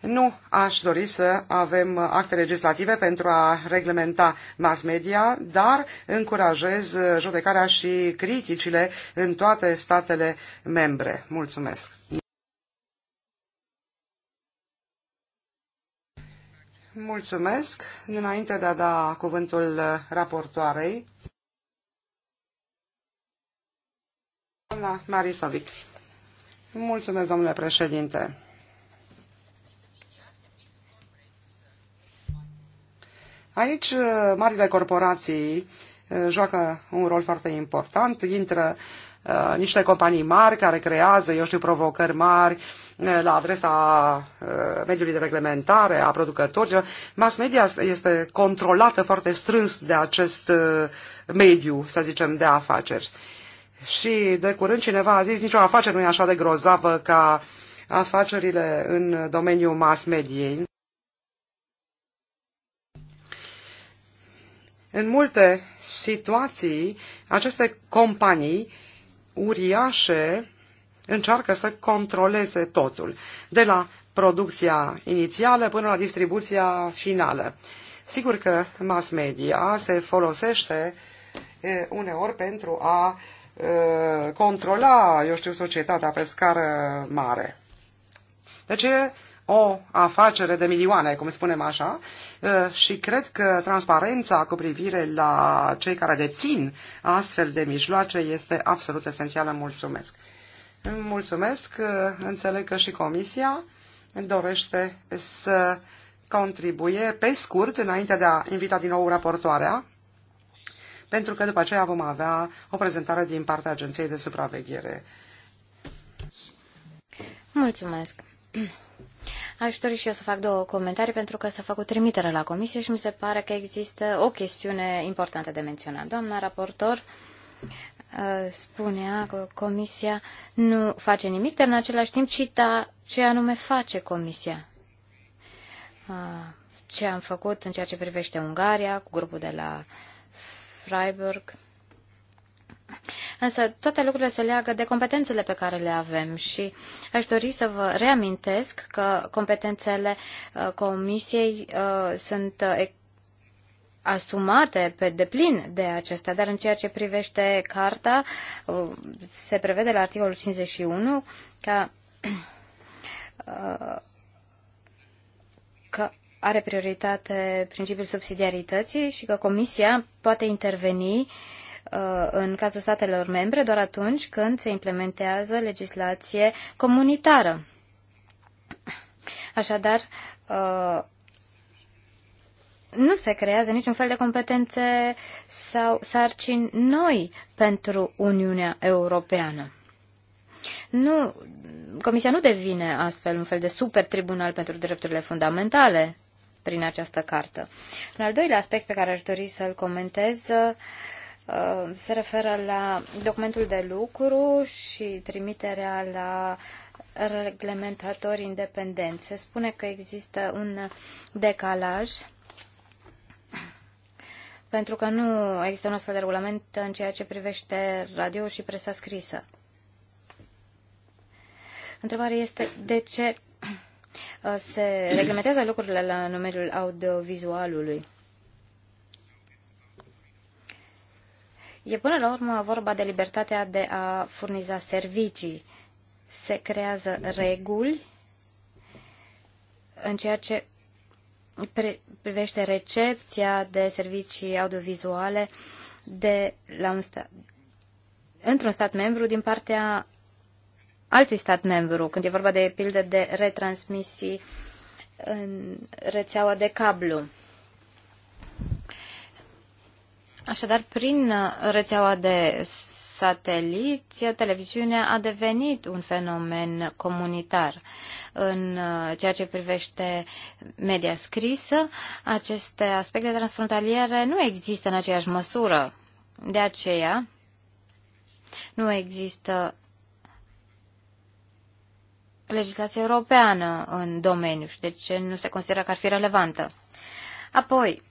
Nu aș dori să avem acte legislative pentru a reglementa mass media, dar încurajez judecarea și criticile în toate statele membre. Mulțumesc! Mulțumesc! Înainte de a da cuvântul raportoarei, doamna Marisovic. Mulțumesc, domnule președinte! Aici uh, marile corporații uh, joacă un rol foarte important, intră uh, niște companii mari care creează, eu știu, provocări mari la adresa mediului de reglementare, a producătorilor. Mass media este controlată foarte strâns de acest mediu, să zicem, de afaceri. Și de curând cineva a zis, nicio afacere nu e așa de grozavă ca afacerile în domeniul mass mediei. În multe situații, aceste companii uriașe încearcă să controleze totul, de la producția inițială până la distribuția finală. Sigur că mass media se folosește uneori pentru a controla, eu știu, societatea pe scară mare. Deci e o afacere de milioane, cum spunem așa, uh, și cred că transparența cu privire la cei care dețin astfel de mijloace este absolut esențială. Mulțumesc! Mulțumesc! Uh, înțeleg că și Comisia dorește să contribuie pe scurt, înainte de a invita din nou raportoarea, pentru că după aceea vom avea o prezentare din partea Agenției de Supraveghere. Mulțumesc! Aș dori și eu să fac două comentarii pentru că s-a făcut trimitere la comisie și mi se pare că există o chestiune importantă de menționat. Doamna raportor uh, spunea că comisia nu face nimic, dar în același timp cita ce anume face comisia. Uh, ce am făcut în ceea ce privește Ungaria, cu grupul de la Freiburg, Însă toate lucrurile se leagă de competențele pe care le avem și aș dori să vă reamintesc că competențele uh, comisiei uh, sunt uh, asumate pe deplin de acesta, dar în ceea ce privește carta, se prevede la articolul 51 ca că are prioritate principiul subsidiarității și că Comisia poate interveni uh, Uh, în cazul statelor membre doar atunci când se implementează legislație comunitară. Așadar, uh, nu se creează niciun fel de competențe sau sarcini noi pentru Uniunea Europeană. Nu, Comisia nu devine astfel un fel de super tribunal pentru drepturile fundamentale prin această cartă. Un al doilea aspect pe care aș dori să-l comentez uh, Uh, se referă la documentul de lucru și trimiterea la reglementatori independenți. Se spune că există un decalaj pentru că nu există un astfel de regulament în ceea ce privește radio și presa scrisă. Întrebarea este de ce uh, se reglementează lucrurile la numeriul audiovizualului. E până la urmă vorba de libertatea de a furniza servicii. Se creează reguli în ceea ce privește recepția de servicii audiovizuale de la un stat, într-un stat membru din partea altui stat membru, când e vorba de pildă de retransmisii în rețeaua de cablu. Așadar, prin uh, rețeaua de sateliți, televiziunea a devenit un fenomen comunitar. În uh, ceea ce privește media scrisă, aceste aspecte transfrontaliere nu există în aceeași măsură. De aceea, nu există legislație europeană în domeniu și deci nu se consideră că ar fi relevantă. Apoi,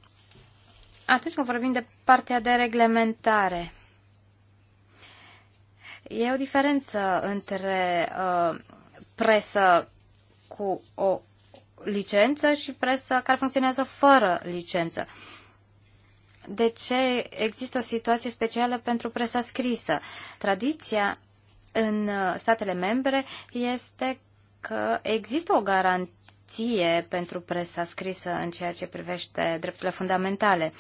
atunci când vorbim de partea de reglementare, e o diferență între uh, presă cu o licență și presă care funcționează fără licență. De ce există o situație specială pentru presa scrisă? Tradiția în uh, statele membre este că există o garanție ție pentru presa scrisă în ceea ce privește drepturile fundamentale.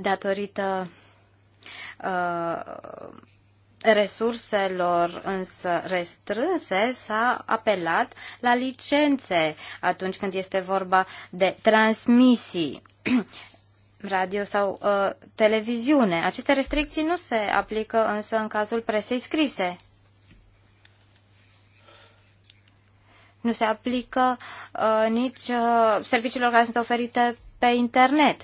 Datorită uh, resurselor însă restrânse s-a apelat la licențe atunci când este vorba de transmisii radio sau uh, televiziune. Aceste restricții nu se aplică însă în cazul presei scrise. nu se aplică uh, nici uh, serviciilor care sunt oferite pe internet.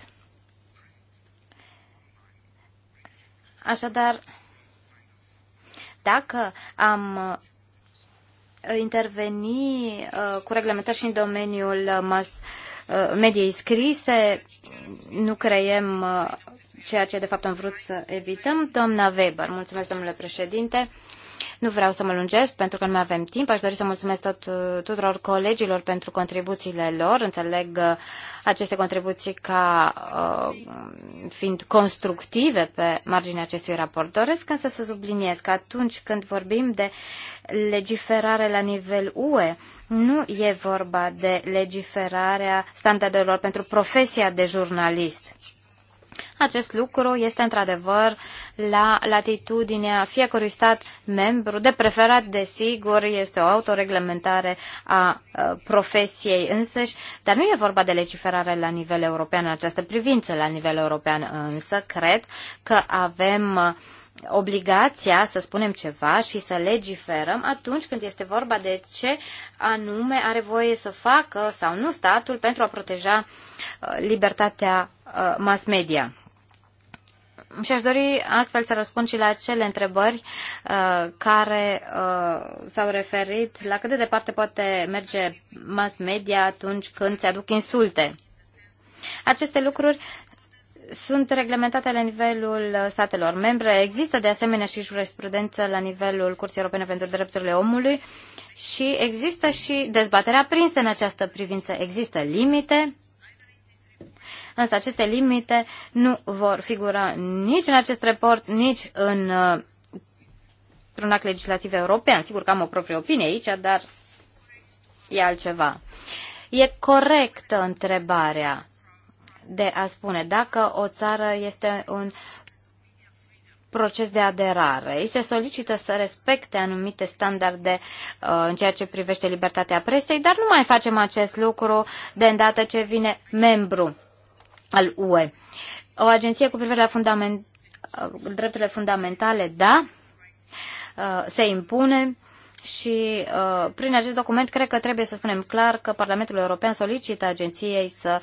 Așadar, dacă am uh, interveni uh, cu reglementări și în domeniul uh, mas uh, mediei scrise, nu creiem uh, ceea ce de fapt am vrut să evităm. Doamna Weber, mulțumesc domnule președinte. Uh, nu vreau să mă lungesc pentru că nu mai avem timp. Aș dori să mulțumesc tot, tuturor colegilor pentru contribuțiile lor. Înțeleg uh, aceste contribuții ca uh, fiind constructive pe marginea acestui raport. Doresc însă să subliniez că atunci când vorbim de legiferare la nivel UE, nu e vorba de legiferarea standardelor pentru profesia de jurnalist. Acest lucru este într-adevăr la latitudinea fiecărui stat membru. De preferat, desigur, este o autoreglementare a profesiei însăși, dar nu e vorba de legiferare la nivel european în această privință. La nivel european însă, cred că avem obligația să spunem ceva și să legiferăm atunci când este vorba de ce anume are voie să facă sau nu statul pentru a proteja libertatea mass media și aș dori astfel să răspund și la cele întrebări uh, care uh, s-au referit la cât de departe poate merge mass media atunci când se aduc insulte. Aceste lucruri sunt reglementate la nivelul statelor membre. Există de asemenea și jurisprudență la nivelul Curții Europene pentru Drepturile Omului și există și dezbaterea prinsă în această privință. Există limite însă aceste limite nu vor figura nici în acest raport, nici în uh, un act legislativ european. Sigur că am o proprie opinie aici, dar e altceva. E corectă întrebarea de a spune dacă o țară este un proces de aderare. Îi se solicită să respecte anumite standarde uh, în ceea ce privește libertatea presei, dar nu mai facem acest lucru de îndată ce vine membru al UE. O agenție cu privire la fundament, uh, drepturile fundamentale, da, uh, se impune și uh, prin acest document cred că trebuie să spunem clar că Parlamentul European solicită agenției să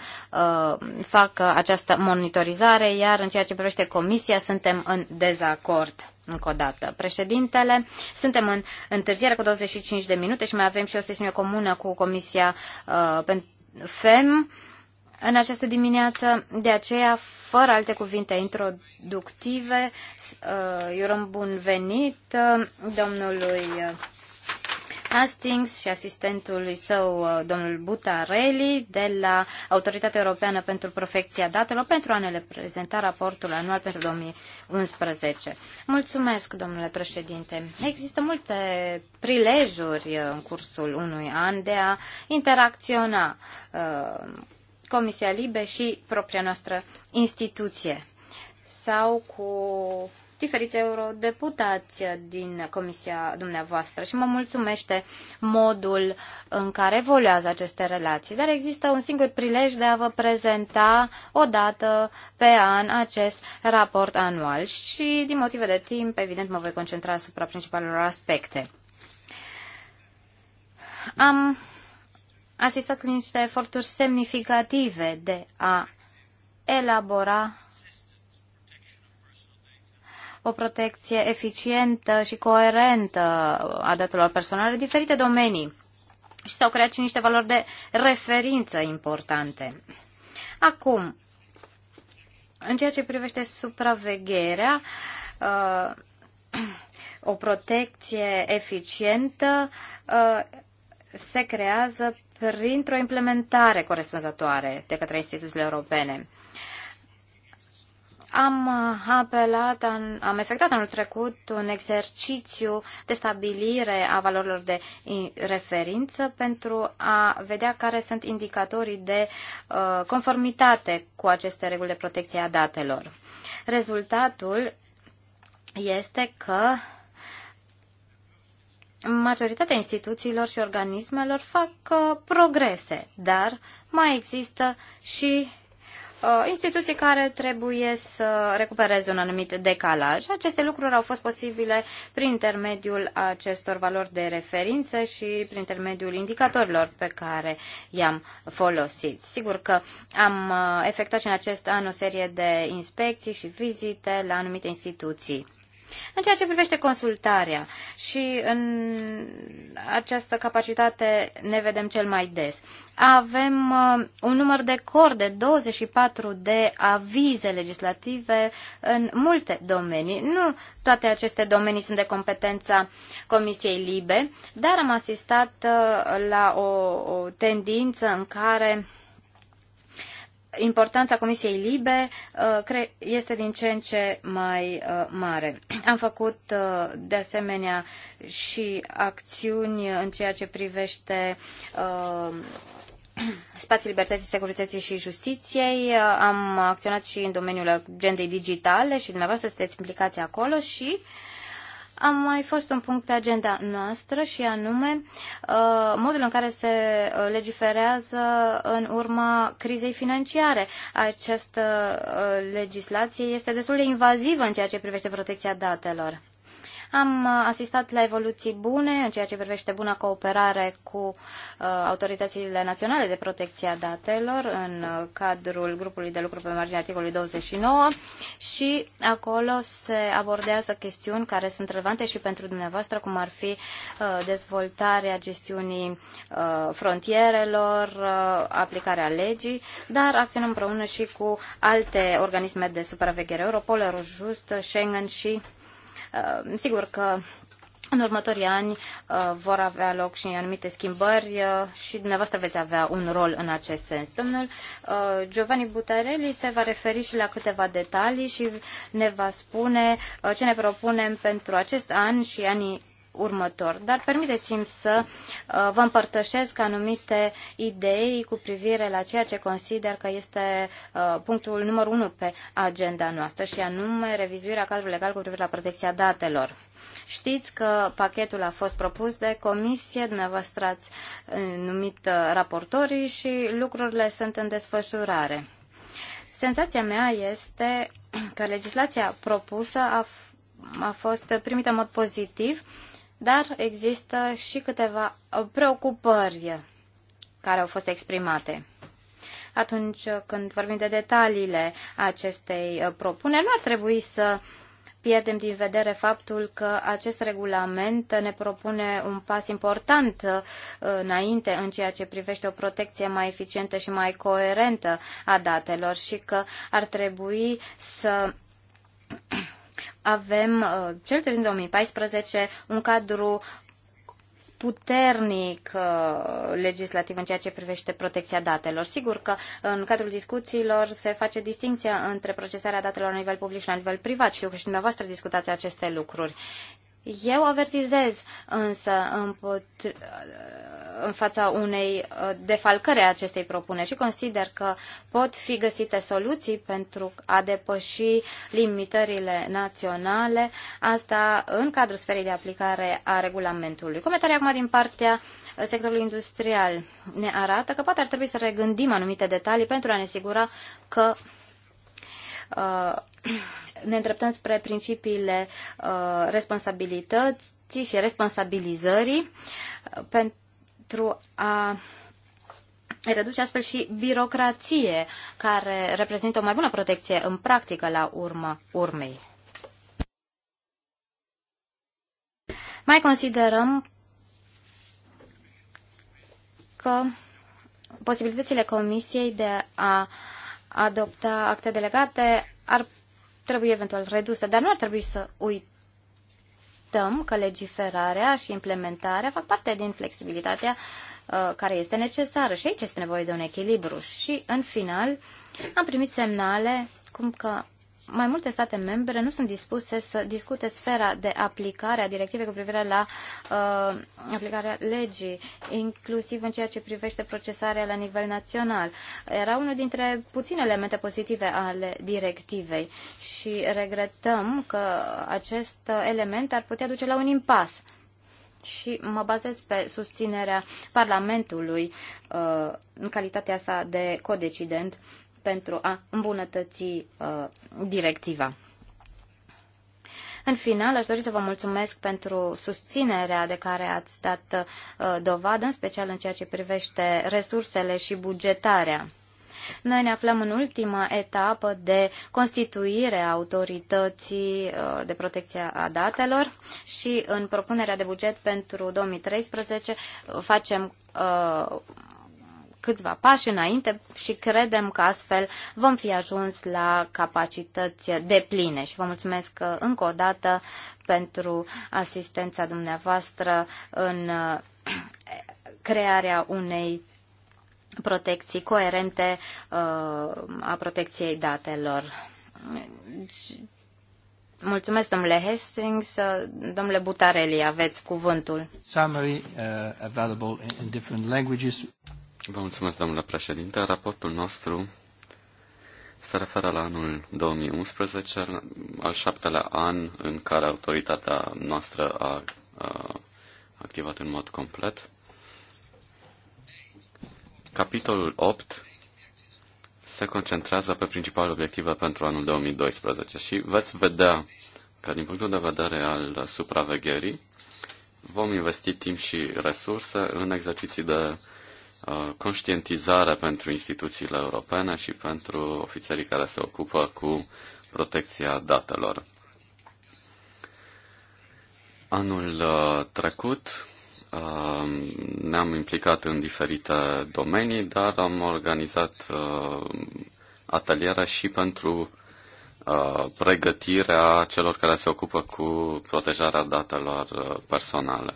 facă această monitorizare, iar în ceea ce privește Comisia suntem în dezacord. Încă o dată. Președintele, suntem în întârziere cu 25 de minute și mai avem și o sesiune comună cu Comisia uh, FEM în această dimineață. De aceea, fără alte cuvinte introductive, eu uh, urăm bun venit uh, domnului uh, Hastings și asistentului său, domnul Butarelli, de la Autoritatea Europeană pentru Profecția Datelor, pentru a ne prezenta raportul anual pentru 2011. Mulțumesc, domnule președinte. Există multe prilejuri în cursul unui an de a interacționa Comisia Libe și propria noastră instituție sau cu diferiți eurodeputați din comisia dumneavoastră și mă mulțumește modul în care evoluează aceste relații. Dar există un singur prilej de a vă prezenta o dată pe an acest raport anual și din motive de timp, evident, mă voi concentra asupra principalelor aspecte. Am asistat niște eforturi semnificative de a elabora o protecție eficientă și coerentă a datelor personale în diferite domenii și s-au creat și niște valori de referință importante. Acum, în ceea ce privește supravegherea, uh, o protecție eficientă uh, se creează printr-o implementare corespunzătoare de către instituțiile europene. Am uh, apelat, am efectuat anul trecut un exercițiu de stabilire a valorilor de referință pentru a vedea care sunt indicatorii de uh, conformitate cu aceste reguli de protecție a datelor. Rezultatul este că majoritatea instituțiilor și organismelor fac uh, progrese, dar mai există și uh, instituții care trebuie să recupereze un anumit decalaj. Aceste lucruri au fost posibile prin intermediul acestor valori de referință și prin intermediul indicatorilor pe care i-am folosit. Sigur că am uh, efectuat și în acest an o serie de inspecții și vizite la anumite instituții în ceea ce privește consultarea și în această capacitate ne vedem cel mai des. Avem uh, un număr de cor de 24 de avize legislative în multe domenii. Nu toate aceste domenii sunt de competența Comisiei Libe, dar am asistat uh, la o, o tendință în care importanța Comisiei Libe uh, este din ce în ce mai uh, mare. Am făcut uh, de asemenea și acțiuni în ceea ce privește spațiul libertății, securității și justiției. Am acționat și în domeniul agendei digitale și dumneavoastră sunteți implicați acolo și uh, a mai fost un punct pe agenda noastră și anume uh, modul în care se uh, legiferează în urma crizei financiare. Această uh, legislație este destul de invazivă în ceea ce privește protecția datelor. Am uh, asistat la evoluții bune în ceea ce privește buna cooperare cu uh, autoritățile naționale de protecție a datelor în uh, cadrul grupului de lucru pe marginea articolului 29 și acolo se abordează chestiuni care sunt relevante și pentru dumneavoastră, cum ar fi dezvoltarea gestiunii frontierelor, aplicarea legii, dar acționăm împreună și cu alte organisme de supraveghere, Europol, Eurojust, Schengen și Uh, sigur că în următorii ani uh, vor avea loc și anumite schimbări uh, și dumneavoastră veți avea un rol în acest sens. Domnul Giovanni Butarelli se va referi și la câteva detalii și ne va spune ce ne propunem pentru acest an și anii următor. Dar permiteți-mi să uh, vă împărtășesc anumite idei cu privire la ceea ce consider că este uh, punctul numărul unu pe agenda noastră și anume revizuirea cadrului legal cu privire la protecția datelor. Știți că pachetul a fost propus de comisie, dumneavoastră ați uh, numit raportorii și lucrurile sunt în desfășurare. Senzația mea este că legislația propusă a, a fost primită în mod pozitiv dar există și câteva preocupări care au fost exprimate. Atunci când vorbim de detaliile acestei uh, propuneri, nu ar trebui să pierdem din vedere faptul că acest regulament ne propune un pas important uh, înainte în ceea ce privește o protecție mai eficientă și mai coerentă a datelor și că ar trebui să avem, uh, cel puțin în 2014, un cadru puternic uh, legislativ în ceea ce privește protecția datelor. Sigur că în cadrul discuțiilor se face distinția între procesarea datelor la nivel public și la nivel privat. Știu că și dumneavoastră discutați aceste lucruri. Eu avertizez însă în fața unei uh, defalcări a acestei propuneri și consider că pot fi găsite soluții pentru a depăși limitările naționale, asta în cadrul sferei de aplicare a regulamentului. Comentarii acum din partea sectorului industrial ne arată că poate ar trebui să regândim anumite detalii pentru a ne asigura că uh, ne îndreptăm spre principiile uh, responsabilității și responsabilizării uh, pentru a reduce astfel și birocrație, care reprezintă o mai bună protecție în practică la urmă urmei. Mai considerăm că posibilitățile Comisiei de a adopta acte delegate ar trebuie eventual redusă, dar nu ar trebui să uităm că legiferarea și implementarea fac parte din flexibilitatea uh, care este necesară și aici este nevoie de un echilibru. Și în final am primit semnale cum că mai multe state membre nu sunt dispuse să discute sfera de aplicare a directivei cu privire la uh, aplicarea legii, inclusiv în ceea ce privește procesarea la nivel național. Era unul dintre puține elemente pozitive ale directivei și regretăm că acest element ar putea duce la un impas. Și mă bazez pe susținerea Parlamentului uh, în calitatea sa de codecident pentru a îmbunătăți uh, directiva. În final, aș dori să vă mulțumesc pentru susținerea de care ați dat uh, dovadă, în special în ceea ce privește resursele și bugetarea. Noi ne aflăm în ultima etapă de constituire a autorității uh, de protecție a datelor și în propunerea de buget pentru 2013 uh, facem uh, câțiva pași înainte și credem că astfel vom fi ajuns la capacități pline. Și vă mulțumesc uh, încă o dată pentru asistența dumneavoastră în uh, crearea unei protecții coerente uh, a protecției datelor. Mulțumesc, domnule Hastings. Domnule Butareli, aveți cuvântul. Summary uh, available in different languages. Vă mulțumesc, domnule președinte. Raportul nostru se referă la anul 2011, al șaptelea an în care autoritatea noastră a, a activat în mod complet. Capitolul 8 se concentrează pe principalele obiective pentru anul 2012 și veți vedea că din punctul de vedere al supravegherii vom investi timp și resurse în exerciții de Uh, conștientizare pentru instituțiile europene și pentru ofițerii care se ocupă cu protecția datelor. Anul uh, trecut uh, ne-am implicat în diferite domenii, dar am organizat ateliere și pentru pregătirea celor care se ocupă cu protejarea datelor personale.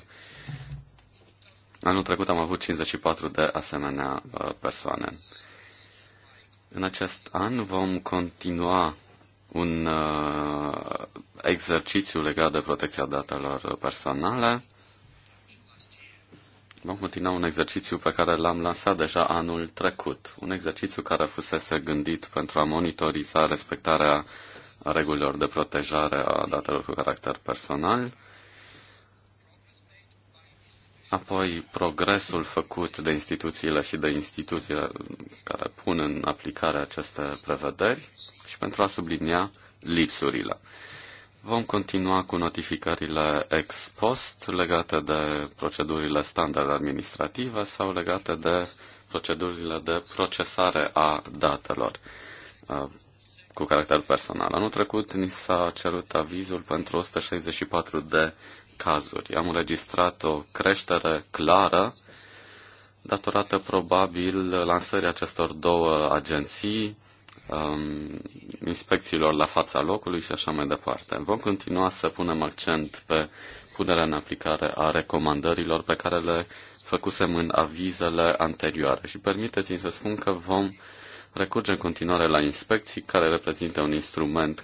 Anul trecut am avut 54 de asemenea uh, persoane. În acest an vom continua un uh, exercițiu legat de protecția datelor personale. Vom continua un exercițiu pe care l-am lansat deja anul trecut, un exercițiu care fusese gândit pentru a monitoriza respectarea regulilor de protejare a datelor cu caracter personal Apoi progresul făcut de instituțiile și de instituțiile care pun în aplicare aceste prevederi și pentru a sublinia lipsurile. Vom continua cu notificările ex post legate de procedurile standard administrative sau legate de procedurile de procesare a datelor uh, cu caracter personal. Anul trecut ni s-a cerut avizul pentru 164 de cazuri. Am înregistrat o creștere clară datorată probabil lansării acestor două agenții, um, inspecțiilor la fața locului și așa mai departe. Vom continua să punem accent pe punerea în aplicare a recomandărilor pe care le făcusem în avizele anterioare și permiteți-mi să spun că vom recurge în continuare la inspecții, care reprezintă un instrument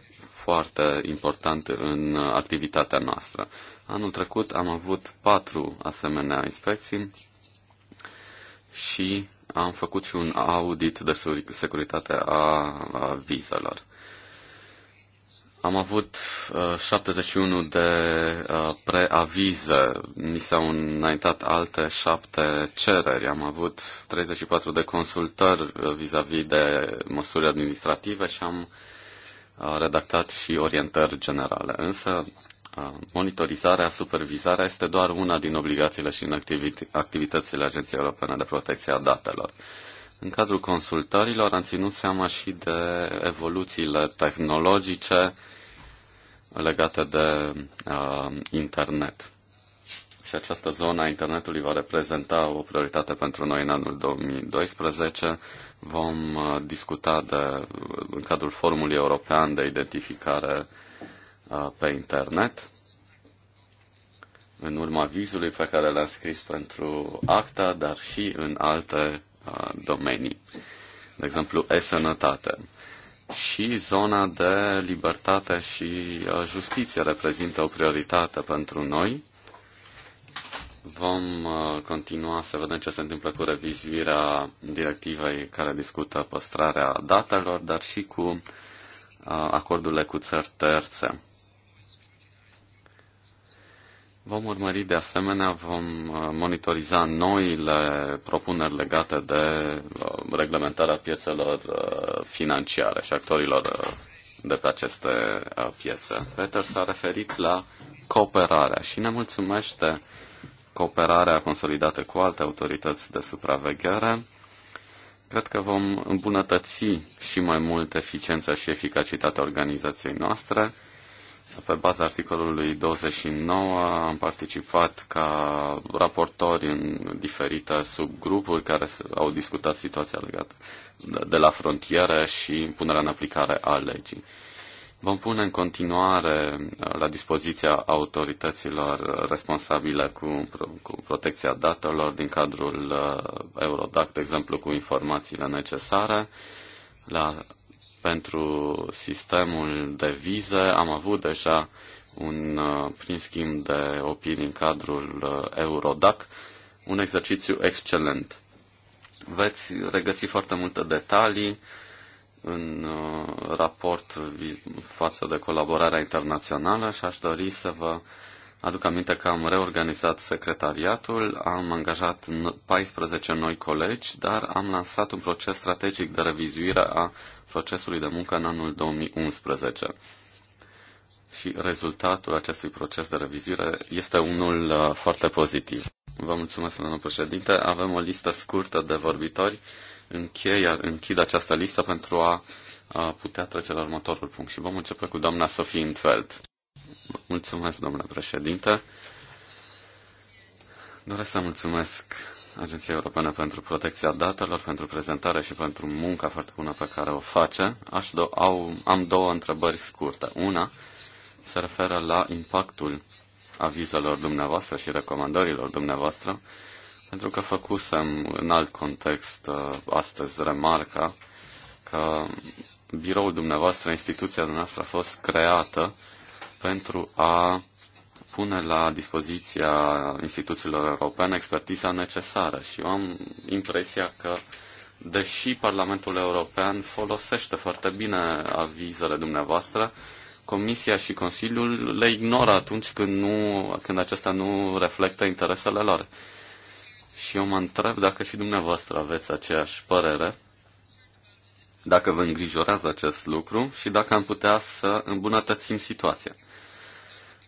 foarte important în activitatea noastră. Anul trecut am avut patru asemenea inspecții și am făcut și un audit de securitate a vizelor. Am avut uh, 71 de uh, preavize, ni s-au înaintat alte șapte cereri, am avut 34 de consultări uh, vis-a-vis -vis de măsuri administrative și am redactat și orientări generale. Însă, monitorizarea, supervizarea este doar una din obligațiile și în activit- activitățile Agenției Europene de Protecție a Datelor. În cadrul consultărilor am ținut seama și de evoluțiile tehnologice legate de uh, internet și această zonă a internetului va reprezenta o prioritate pentru noi în anul 2012. Vom uh, discuta de, în cadrul Forumului European de Identificare uh, pe Internet. În urma vizului pe care l-am scris pentru ACTA, dar și în alte uh, domenii, de exemplu e-sănătate. Și zona de libertate și justiție reprezintă o prioritate pentru noi Vom uh, continua să vedem ce se întâmplă cu revizuirea directivei care discută păstrarea datelor, dar și cu uh, acordurile cu țări terțe. Vom urmări de asemenea, vom uh, monitoriza noile propuneri legate de reglementarea piețelor financiare și actorilor de pe aceste piețe. Peter s-a referit la cooperarea și ne mulțumește cooperarea consolidată cu alte autorități de supraveghere, cred că vom îmbunătăți și mai mult eficiența și eficacitatea organizației noastre. Pe baza articolului 29 am participat ca raportori în diferite subgrupuri care au discutat situația legată de la frontiere și punerea în aplicare a legii. Vom pune în continuare uh, la dispoziția autorităților responsabile cu, cu protecția datelor din cadrul uh, Eurodac, de exemplu, cu informațiile necesare. La, pentru sistemul de vize am avut deja un uh, prin schimb de opinii în cadrul Eurodac, un exercițiu excelent. Veți regăsi foarte multe detalii în uh, raport față de colaborarea internațională și aș dori să vă aduc aminte că am reorganizat secretariatul, am angajat 14 noi colegi, dar am lansat un proces strategic de revizuire a procesului de muncă în anul 2011. Și rezultatul acestui proces de revizuire este unul uh, foarte pozitiv. Vă mulțumesc, domnul președinte. Avem o listă scurtă de vorbitori închei, închid această listă pentru a, a putea trece la următorul punct. Și vom începe cu doamna Sofie Intveld. Mulțumesc, domnule președinte. Doresc să mulțumesc Agenției Europene pentru Protecția Datelor, pentru prezentare și pentru munca foarte bună pe care o face. Aș do- au, am două întrebări scurte. Una se referă la impactul avizelor dumneavoastră și recomandărilor dumneavoastră pentru că făcusem în alt context uh, astăzi remarca că biroul dumneavoastră, instituția dumneavoastră a fost creată pentru a pune la dispoziția instituțiilor europene expertiza necesară și eu am impresia că deși Parlamentul European folosește foarte bine avizele dumneavoastră, Comisia și Consiliul le ignoră atunci când, nu, când acestea nu reflectă interesele lor. Și eu mă întreb dacă și dumneavoastră aveți aceeași părere, dacă vă îngrijorează acest lucru și dacă am putea să îmbunătățim situația.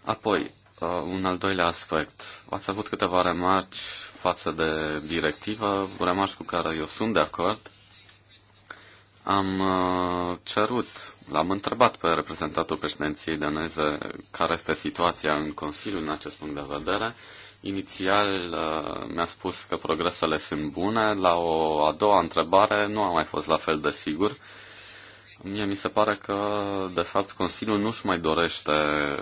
Apoi, uh, un al doilea aspect. Ați avut câteva remarci față de directivă, remarci cu care eu sunt de acord. Am uh, cerut, l-am întrebat pe reprezentantul președinției daneze care este situația în Consiliu în acest punct de vedere Inițial uh, mi-a spus că progresele sunt bune, la o a doua întrebare nu a mai fost la fel de sigur. Mie mi se pare că, de fapt, Consiliul nu-și mai dorește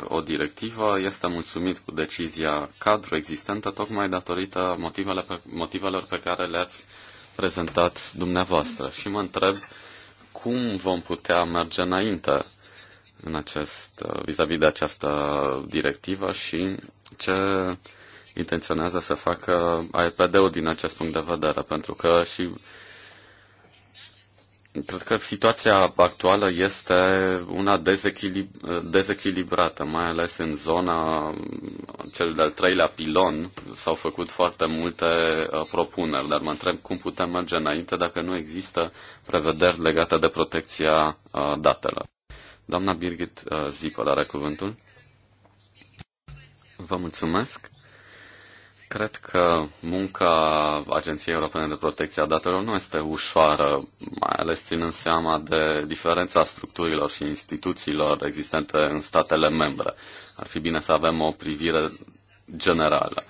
o directivă, este mulțumit cu decizia cadru existentă, tocmai datorită motivele pe, motivelor pe care le-ați prezentat dumneavoastră. Și mă întreb cum vom putea merge înainte în acest, uh, vis-a-vis -vis de această directivă și ce intenționează să facă AEPD-ul din acest punct de vedere, pentru că și Cred că situația actuală este una dezechilib- dezechilibrată, mai ales în zona cel de-al treilea pilon. S-au făcut foarte multe uh, propuneri, dar mă întreb cum putem merge înainte dacă nu există prevederi legate de protecția uh, datelor. Doamna Birgit uh, Zipă are cuvântul. Vă mulțumesc. Cred că munca Agenției Europene de Protecție a Datelor nu este ușoară, mai ales ținând seama de diferența structurilor și instituțiilor existente în statele membre. Ar fi bine să avem o privire generală.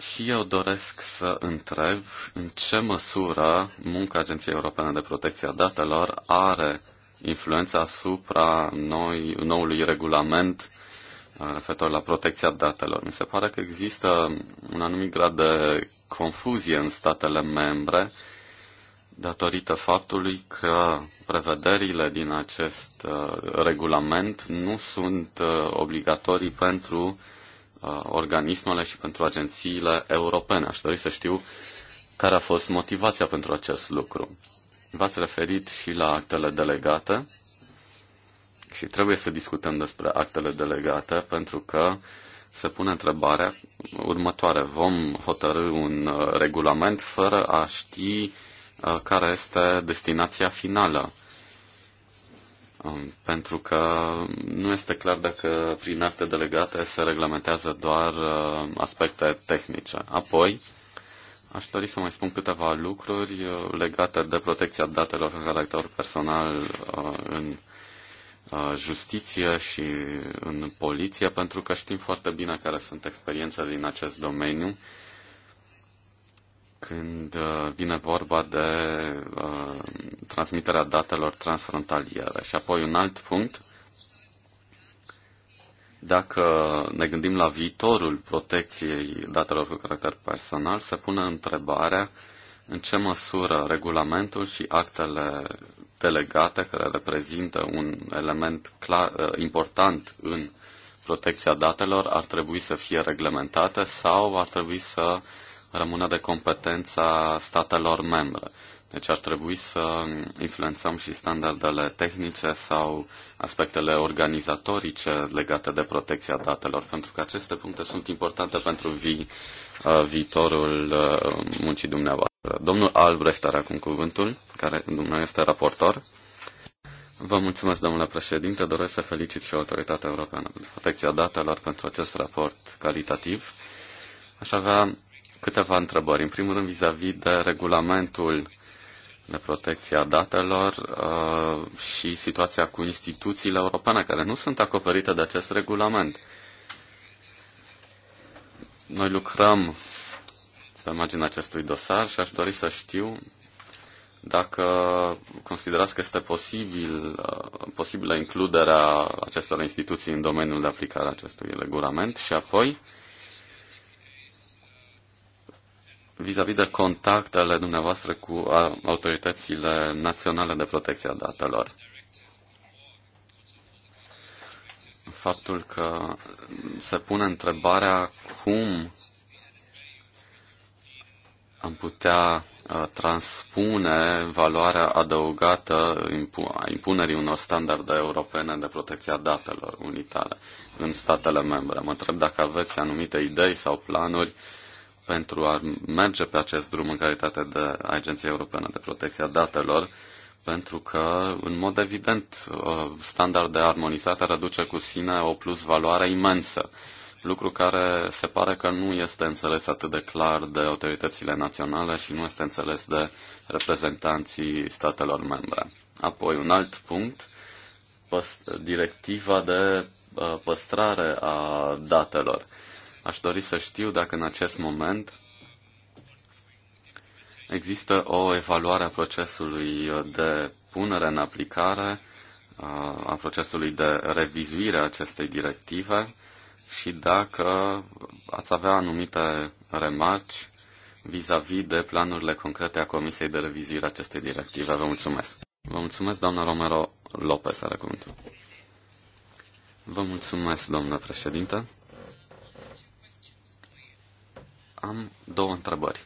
Și eu doresc să întreb în ce măsură munca Agenției Europene de Protecție a Datelor are influența asupra noi, noului regulament Uh, referitor la protecția datelor. Mi se pare că există un anumit grad de confuzie în statele membre datorită faptului că prevederile din acest uh, regulament nu sunt uh, obligatorii pentru organismele și pentru agențiile europene. Aș dori să știu care a fost motivația pentru acest lucru. V-ați referit și la actele delegate și trebuie să discutăm despre actele delegate pentru că se pune întrebarea următoare. Vom hotărâ un uh, regulament fără a ști uh, care este destinația finală. Um, pentru că nu este clar dacă prin acte delegate se reglementează doar uh, aspecte tehnice. Apoi, Aș dori să mai spun câteva lucruri legate de protecția datelor în caracter personal în Uh, justiție și în poliție, pentru că știm foarte bine care sunt experiența din acest domeniu când uh, vine vorba de uh, transmiterea datelor transfrontaliere. Și apoi un alt punct, dacă ne gândim la viitorul protecției datelor cu caracter personal, se pune întrebarea în ce măsură regulamentul și actele delegate, care reprezintă un element clar, uh, important în protecția datelor, ar trebui să fie reglementate sau ar trebui să rămână de competența statelor membre. Deci ar trebui să influențăm și standardele tehnice sau aspectele organizatorice legate de protecția datelor, pentru că aceste puncte sunt importante pentru vi- Uh, viitorul uh, muncii dumneavoastră. Domnul Albrecht are acum cuvântul, care dumneavoastră este raportor. Vă mulțumesc, domnule președinte. Doresc să felicit și Autoritatea Europeană pentru protecția datelor pentru acest raport calitativ. Aș avea câteva întrebări. În primul rând, vis-a-vis -vis de regulamentul de protecție a datelor uh, și situația cu instituțiile europene care nu sunt acoperite de acest regulament. Uh, noi lucrăm pe marginea acestui dosar și aș dori să știu dacă considerați că este posibil, uh, posibilă includerea acestor instituții în domeniul de aplicare a acestui regulament și apoi vis-a-vis -vis de contactele dumneavoastră cu uh, autoritățile naționale de protecție a datelor. faptul că se pune întrebarea cum am putea uh, transpune valoarea adăugată a impunerii unor standarde europene de protecția datelor unitare în statele membre. Mă întreb dacă aveți anumite idei sau planuri pentru a merge pe acest drum în calitate de Agenție Europeană de Protecție a Datelor pentru că, în mod evident, uh, standarde armonizate reduce cu sine o plus valoare imensă, lucru care se pare că nu este înțeles atât de clar de autoritățile naționale și nu este înțeles de reprezentanții statelor membre. Apoi, un alt punct, directiva de uh, păstrare a datelor. Aș dori să știu dacă în acest moment Există o evaluare a procesului de punere în aplicare, a procesului de revizuire a acestei directive și dacă ați avea anumite remarci vis-a-vis -vis de planurile concrete a Comisiei de Revizuire a acestei directive. Vă mulțumesc. Vă mulțumesc, doamna Romero Lopez, are cuvântul. Vă mulțumesc, domnule președinte. Am două întrebări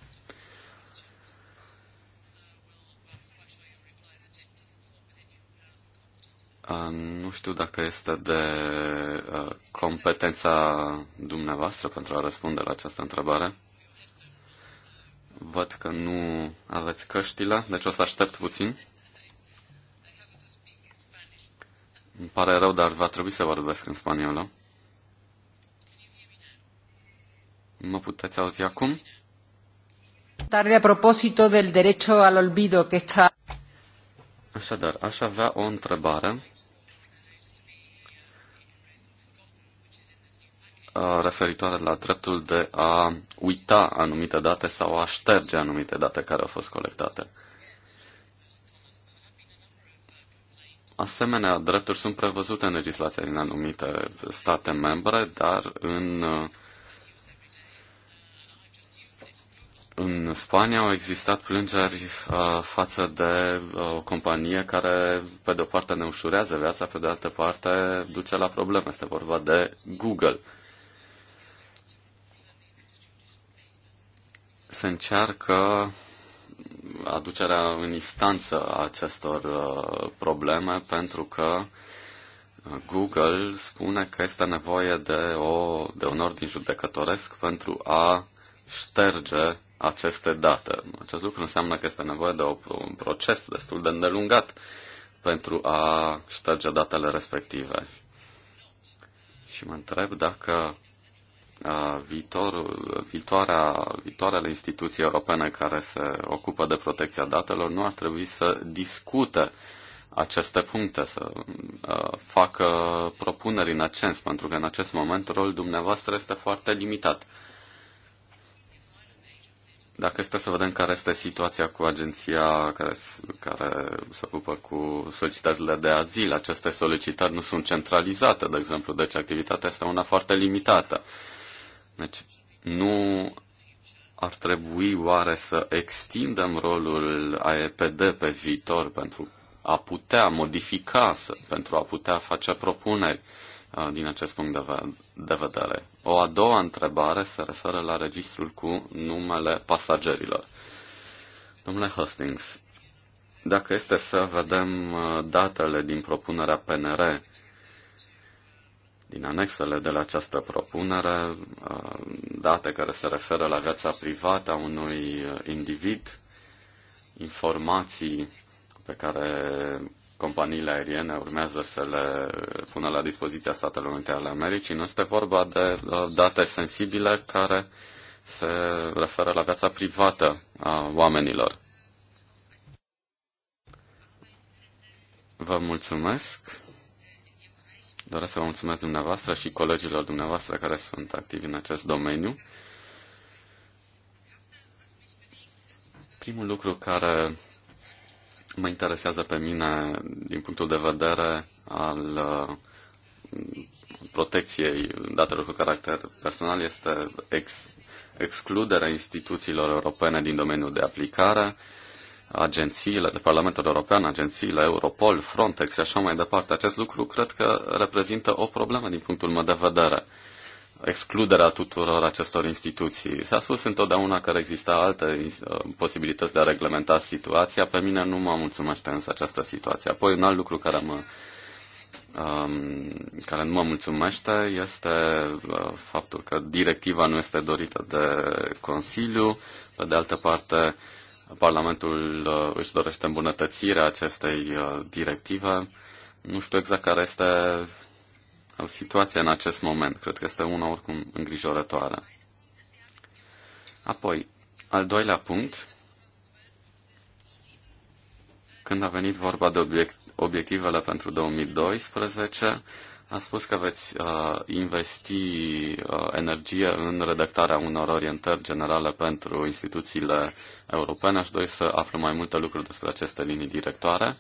Nu știu dacă este de uh, competența dumneavoastră pentru a răspunde la această întrebare. Văd că nu aveți căștile, deci o să aștept puțin. Îmi pare rău, dar va trebui să vorbesc în spaniolă. Mă puteți auzi acum? Dar de propósito del derecho al olvido que está... Așadar, aș avea o întrebare Uh, referitoare la dreptul de a uita anumite date sau a șterge anumite date care au fost colectate. Asemenea, drepturi sunt prevăzute în legislația din anumite state membre, dar în, uh, în Spania au existat plângeri uh, față de o companie care, pe de o parte, ne ușurează viața, pe de altă parte, duce la probleme. Este vorba de Google. se încearcă aducerea în instanță a acestor uh, probleme pentru că uh, Google spune că este nevoie de, o, de un ordin judecătoresc pentru a șterge aceste date. Acest lucru înseamnă că este nevoie de o, un proces destul de îndelungat pentru a șterge datele respective. Și mă întreb dacă viitor, viitoarea, viitoarele instituții europene care se ocupă de protecția datelor nu ar trebui să discute aceste puncte, să facă propuneri în acest sens, pentru că în acest moment rolul dumneavoastră este foarte limitat. Dacă este să vedem care este situația cu agenția care, care se ocupă cu solicitările de azil, aceste solicitări nu sunt centralizate, de exemplu, deci activitatea este una foarte limitată. Deci, nu ar trebui oare să extindem rolul AEPD pe viitor pentru a putea modifica, pentru a putea face propuneri din acest punct de vedere. O a doua întrebare se referă la registrul cu numele pasagerilor. Domnule Hastings, dacă este să vedem datele din propunerea PNR din anexele de la această propunere, uh, date care se referă la viața privată a unui individ, informații pe care companiile aeriene urmează să le pună la dispoziția Statelor Unite ale Americii. Nu este vorba de uh, date sensibile care se referă la viața privată a oamenilor. Vă mulțumesc. Doresc să vă mulțumesc dumneavoastră și colegilor dumneavoastră care sunt activi în acest domeniu. Primul lucru care mă interesează pe mine din punctul de vedere al uh, protecției datelor cu caracter personal este ex, excluderea instituțiilor europene din domeniul de aplicare, uh, agențiile de Parlamentul European, agențiile Europol, Frontex și așa mai departe. Acest lucru cred că reprezintă o problemă din punctul meu de vedere. Excluderea tuturor acestor instituții. S-a spus întotdeauna că exista alte uh, posibilități de a reglementa situația. Pe mine nu mă mulțumește însă această situație. Apoi un alt lucru care mă um, care nu mă mulțumește este uh, faptul că directiva nu este dorită de Consiliu, pe de altă parte Parlamentul uh, își dorește îmbunătățirea acestei uh, directive. Nu știu exact care este uh, situația în acest moment. Cred că este una oricum îngrijorătoare. Apoi, al doilea punct, când a venit vorba de obiect, obiectivele pentru 2012, a spus că veți uh, investi uh, energie în redactarea unor orientări generale pentru instituțiile europene. Aș dori să aflu mai multe lucruri despre aceste linii directoare.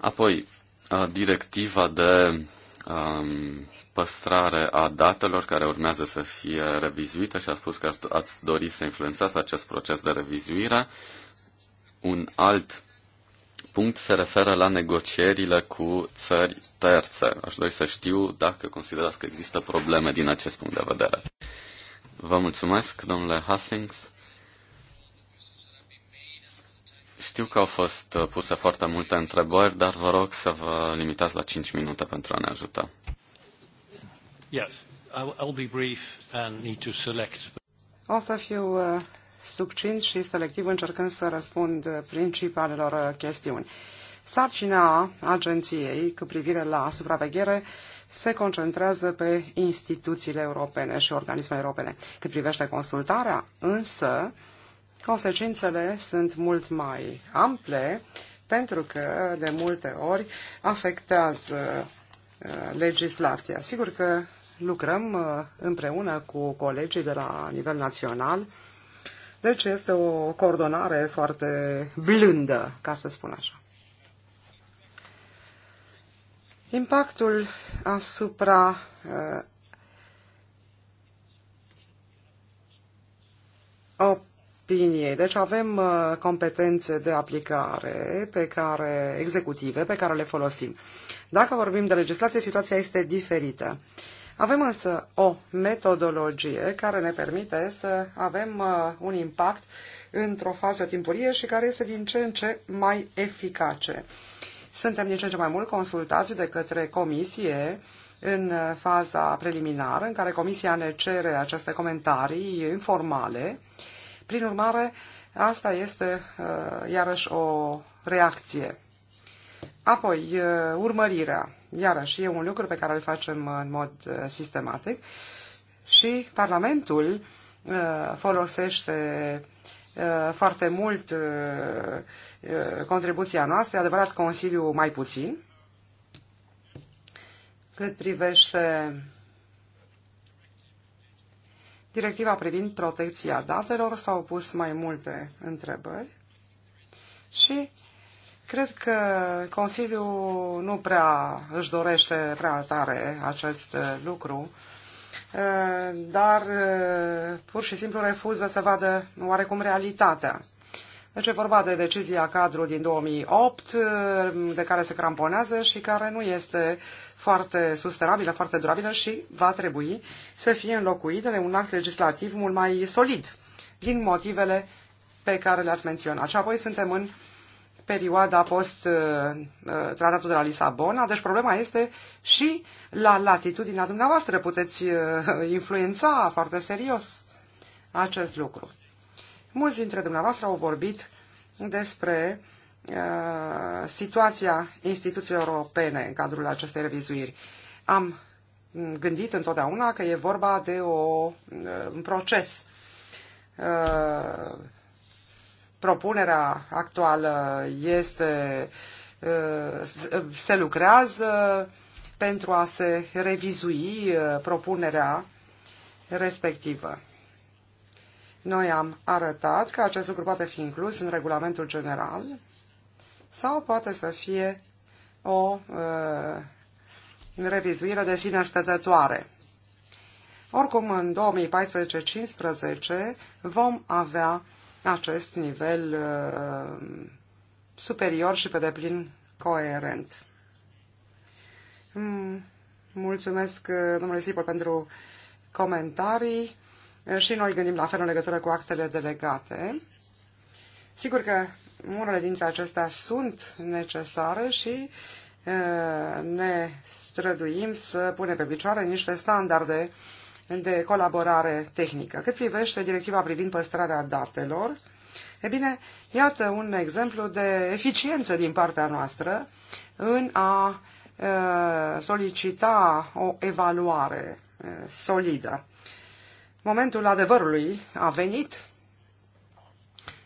Apoi, uh, directiva de um, păstrare a datelor care urmează să fie revizuită și a spus că ați dori să influențați acest proces de revizuire. Un alt punct se referă la negocierile cu țări terțe. Aș dori să știu dacă considerați că există probleme din acest punct de vedere. Vă mulțumesc, domnule Hastings. Știu că au fost uh, puse foarte multe întrebări, dar vă rog să vă limitați la 5 minute pentru a ne ajuta. Yes, I'll be brief and need to select. O să fiu uh, succint și selectiv încercând să răspund principalelor chestiuni. Sarcina agenției cu privire la supraveghere se concentrează pe instituțiile europene și organismele europene. Cât privește consultarea, însă, consecințele sunt mult mai ample pentru că, de multe ori, afectează uh, legislația. Sigur că lucrăm uh, împreună cu colegii de la nivel național deci este o coordonare foarte blândă, ca să spun așa. Impactul asupra uh, opiniei. Deci avem uh, competențe de aplicare pe care, executive pe care le folosim. Dacă vorbim de legislație, situația este diferită. Uh, avem însă o metodologie care ne permite să avem uh, un impact într-o fază timpurie și care este din ce în ce mai eficace. Suntem din ce în ce mai mult consultați de către comisie în uh, faza preliminară, în care comisia ne cere aceste comentarii informale. Prin urmare, asta este uh, iarăși o reacție. Apoi, urmărirea. Iarăși, e un lucru pe care îl facem în mod uh, sistematic și Parlamentul uh, folosește uh, foarte mult contribuția noastră, e adevărat Consiliul mai puțin. Cât privește directiva privind protecția datelor, s-au pus mai multe întrebări și Cred că Consiliul nu prea își dorește prea tare acest uh, lucru, uh, dar uh, pur și simplu refuză să vadă oarecum realitatea. Deci e vorba de decizia cadru din 2008, de care se cramponează și care nu este foarte sustenabilă, foarte durabilă și va trebui să fie înlocuită de un act legislativ mult mai solid, din motivele pe care le-ați menționat. Și apoi suntem în perioada post-tratatul uh, uh, de la Lisabona, deci problema este și la latitudinea dumneavoastră. Puteți uh, influența foarte serios acest lucru. Mulți dintre dumneavoastră au vorbit despre uh, situația instituțiilor europene în cadrul acestei revizuiri. Am gândit întotdeauna că e vorba de o, uh, un proces. Uh, propunerea actuală este, uh, se lucrează pentru a se revizui uh, propunerea respectivă. Noi am arătat că acest lucru poate fi inclus în regulamentul general sau poate să fie o uh, revizuire de sine stătătoare. Oricum, în 2014 2015 vom avea acest nivel uh, superior și pe deplin coerent. Mulțumesc uh, domnule Sipol pentru comentarii și noi gândim la fel în legătură cu actele delegate. Sigur că unele dintre acestea sunt necesare și uh, ne străduim să punem pe picioare niște standarde uh, de colaborare tehnică. Cât privește directiva privind păstrarea datelor, e bine, iată un exemplu de eficiență din partea noastră în a solicita o evaluare solidă. Momentul adevărului a venit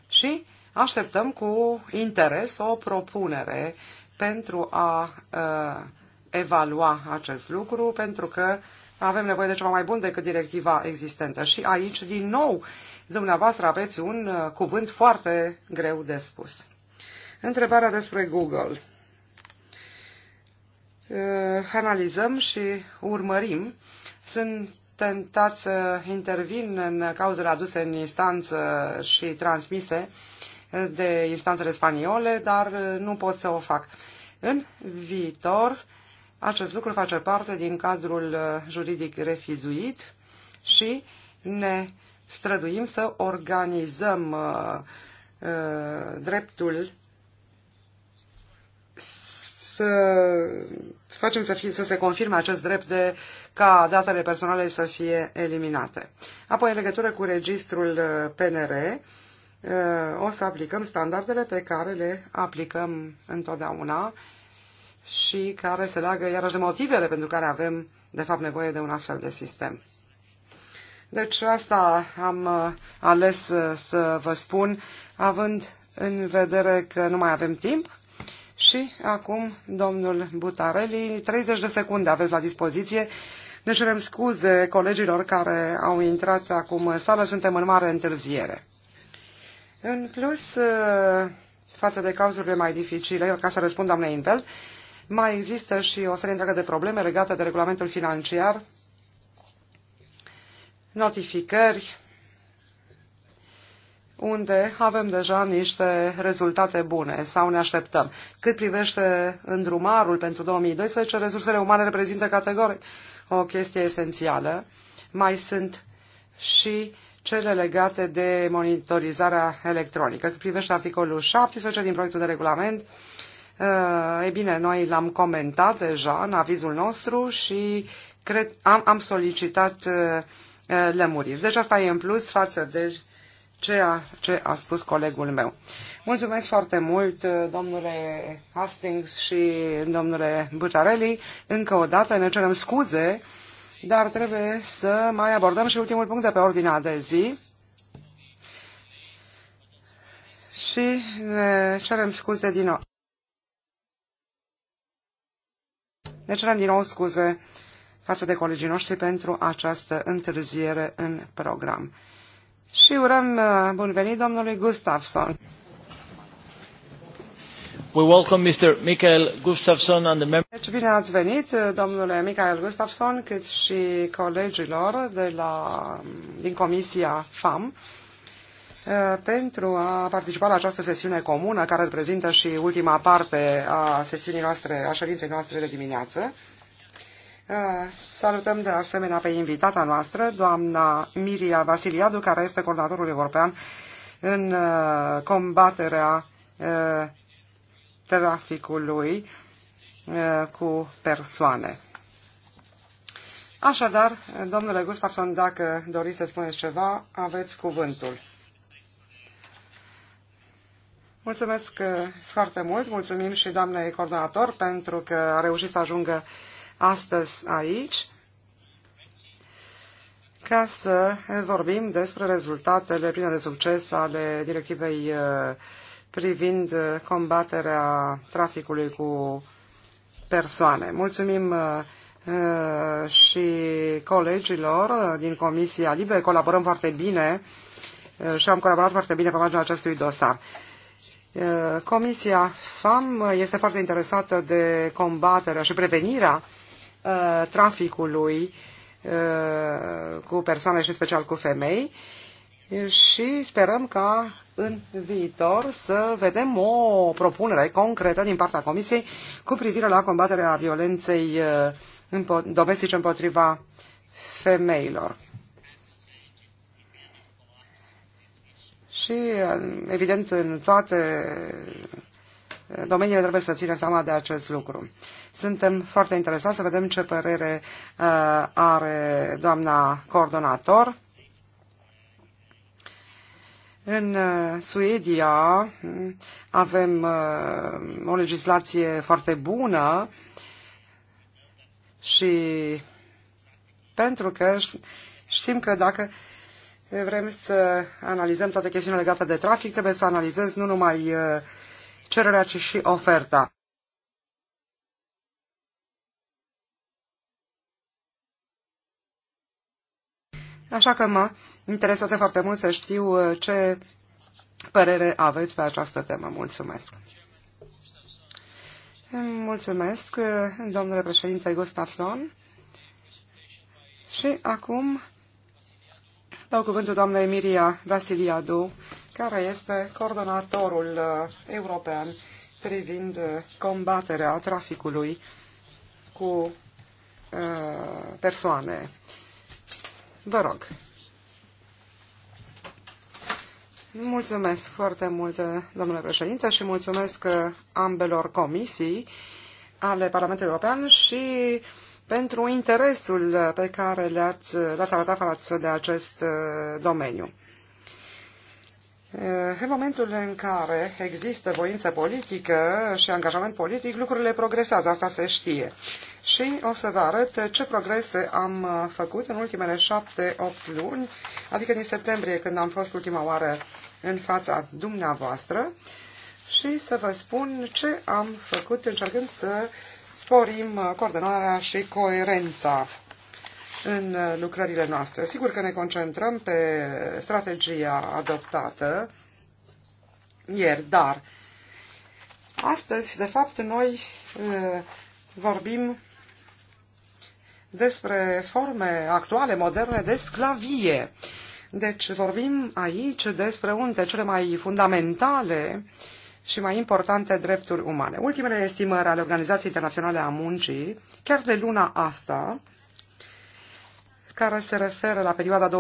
și așteptăm cu interes o propunere pentru a evalua acest lucru, pentru că avem nevoie de ceva mai bun decât directiva existentă. Și aici, din nou, dumneavoastră aveți un uh, cuvânt foarte greu de spus. Întrebarea despre Google. Uh, analizăm și urmărim. Sunt tentat să intervin în cauzele aduse în instanță și transmise de instanțele spaniole, dar uh, nu pot să o fac. În viitor acest lucru face parte din cadrul uh, juridic refizuit și ne străduim să organizăm uh, uh, dreptul să facem să, fie, să se confirme acest drept de ca datele personale să fie eliminate. Apoi, în legătură cu registrul uh, PNR, uh, o să aplicăm standardele pe care le aplicăm întotdeauna și care se leagă iarăși de motivele pentru care avem, de fapt, nevoie de un astfel de sistem. Deci asta am uh, ales uh, să vă spun, având în vedere că nu mai avem timp. Și acum, domnul Butarelli, 30 de secunde aveți la dispoziție. Ne cerem scuze colegilor care au intrat acum în sală, suntem în mare întârziere. În plus, uh, față de cauzurile mai dificile, ca să răspund doamnei Invel, mai există și o serie întreagă de probleme legate de regulamentul financiar, notificări, unde avem deja niște rezultate bune sau ne așteptăm. Cât privește îndrumarul pentru 2012, resursele umane reprezintă categoric o chestie esențială. Mai sunt și cele legate de monitorizarea electronică. Cât privește articolul 17 din proiectul de regulament, E eh, bine, noi l-am comentat deja în avizul nostru și cred, am, am solicitat eh, eh, lămuriri. Deci asta e în plus față de ceea ce a spus colegul meu. Mulțumesc foarte mult, domnule Hastings și domnule Butarelli. Încă o dată ne cerem scuze, dar trebuie să mai abordăm și ultimul punct de pe ordinea de zi. Și ne cerem scuze din nou. Ne cerem din nou scuze față de colegii noștri pentru această întârziere în program. Și urăm uh, bun venit domnului Gustafsson. We welcome Mr. Michael Gustafsson and the members. Deci bine ați venit, uh, domnule Michael Gustafsson, cât și colegilor de la, um, din Comisia FAM. Uh, pentru a participa la această sesiune comună, care reprezintă și ultima parte a sesiunii noastre, a ședinței noastre de dimineață. Uh, salutăm de asemenea pe invitata noastră, doamna Miria Vasiliadu, care este coordonatorul european în uh, combaterea traficului cu persoane. Așadar, domnule Gustafson, dacă doriți să spuneți ceva, aveți cuvântul. Mulțumesc uh, foarte mult, mulțumim și doamnei coordonator pentru că a reușit să ajungă astăzi aici ca să vorbim despre rezultatele pline de succes ale directivei uh, privind uh, combaterea traficului cu persoane. Mulțumim și colegilor din Comisia Libe, colaborăm foarte bine și am colaborat foarte bine pe marginea acestui dosar. Eh, Comisia FAM este foarte interesată de combaterea și prevenirea eh, traficului eh, cu persoane și special cu femei și sperăm ca în viitor să vedem o propunere concretă din partea Comisiei cu privire la combaterea violenței domestice împotriva femeilor. Și, evident, în toate domeniile trebuie să ținem seama de acest lucru. Suntem foarte interesați să vedem ce părere uh, are doamna coordonator. În uh, Suedia avem uh, o legislație foarte bună și pentru că știm că dacă uh, vrem să analizăm toate chestiunile legate de trafic, trebuie să analizez nu numai cererea, ci și oferta. Așa că mă interesează foarte mult să știu ce părere aveți pe această temă. Mulțumesc! Mulțumesc, domnule președinte Gustafsson. Și acum Dau cuvântul doamnei Emilia Vasiliadu, care este coordonatorul uh, european privind uh, combaterea traficului cu uh, persoane. Vă rog. Mulțumesc foarte mult, domnule președinte, și mulțumesc ambelor comisii ale Parlamentului European și uh, pentru interesul pe care le-ați, l-ați arătat față de acest uh, domeniu. Uh, în momentul în care există voință politică și angajament politic, lucrurile progresează, asta se știe. Și o să vă arăt ce progrese am uh, făcut în ultimele șapte-opt luni, adică din septembrie când am fost ultima oară în fața dumneavoastră și să vă spun ce am făcut încercând să uh, sporim uh, coordonarea și coerența în uh, lucrările noastre. Sigur că ne concentrăm pe strategia adoptată ieri, dar astăzi, de fapt, noi uh, vorbim despre forme actuale, moderne de sclavie. Deci vorbim aici despre unde cele mai fundamentale uh, și mai importante drepturi umane. Ultimele estimări ale Organizației Internaționale a Muncii, chiar de luna asta, care se referă la perioada 2002-2011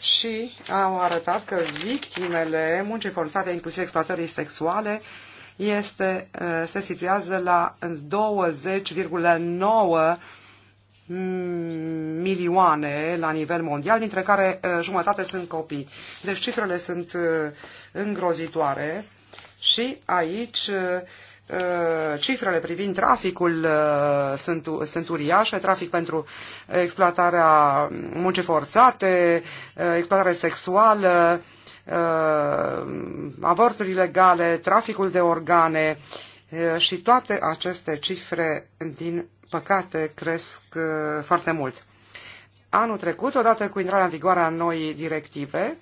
și au arătat că victimele muncii forțate, inclusiv exploatării sexuale, este, se situează la 20,9 milioane la nivel mondial, dintre care uh, jumătate sunt copii. Deci cifrele sunt uh, îngrozitoare și aici uh, cifrele privind traficul sunt, sunt uriașe, trafic pentru exploatarea muncii forțate, exploatare sexuală, avorturi ilegale, traficul de organe și toate aceste cifre din păcate, cresc uh, foarte mult. Anul trecut, odată cu intrarea în vigoare a noii directive,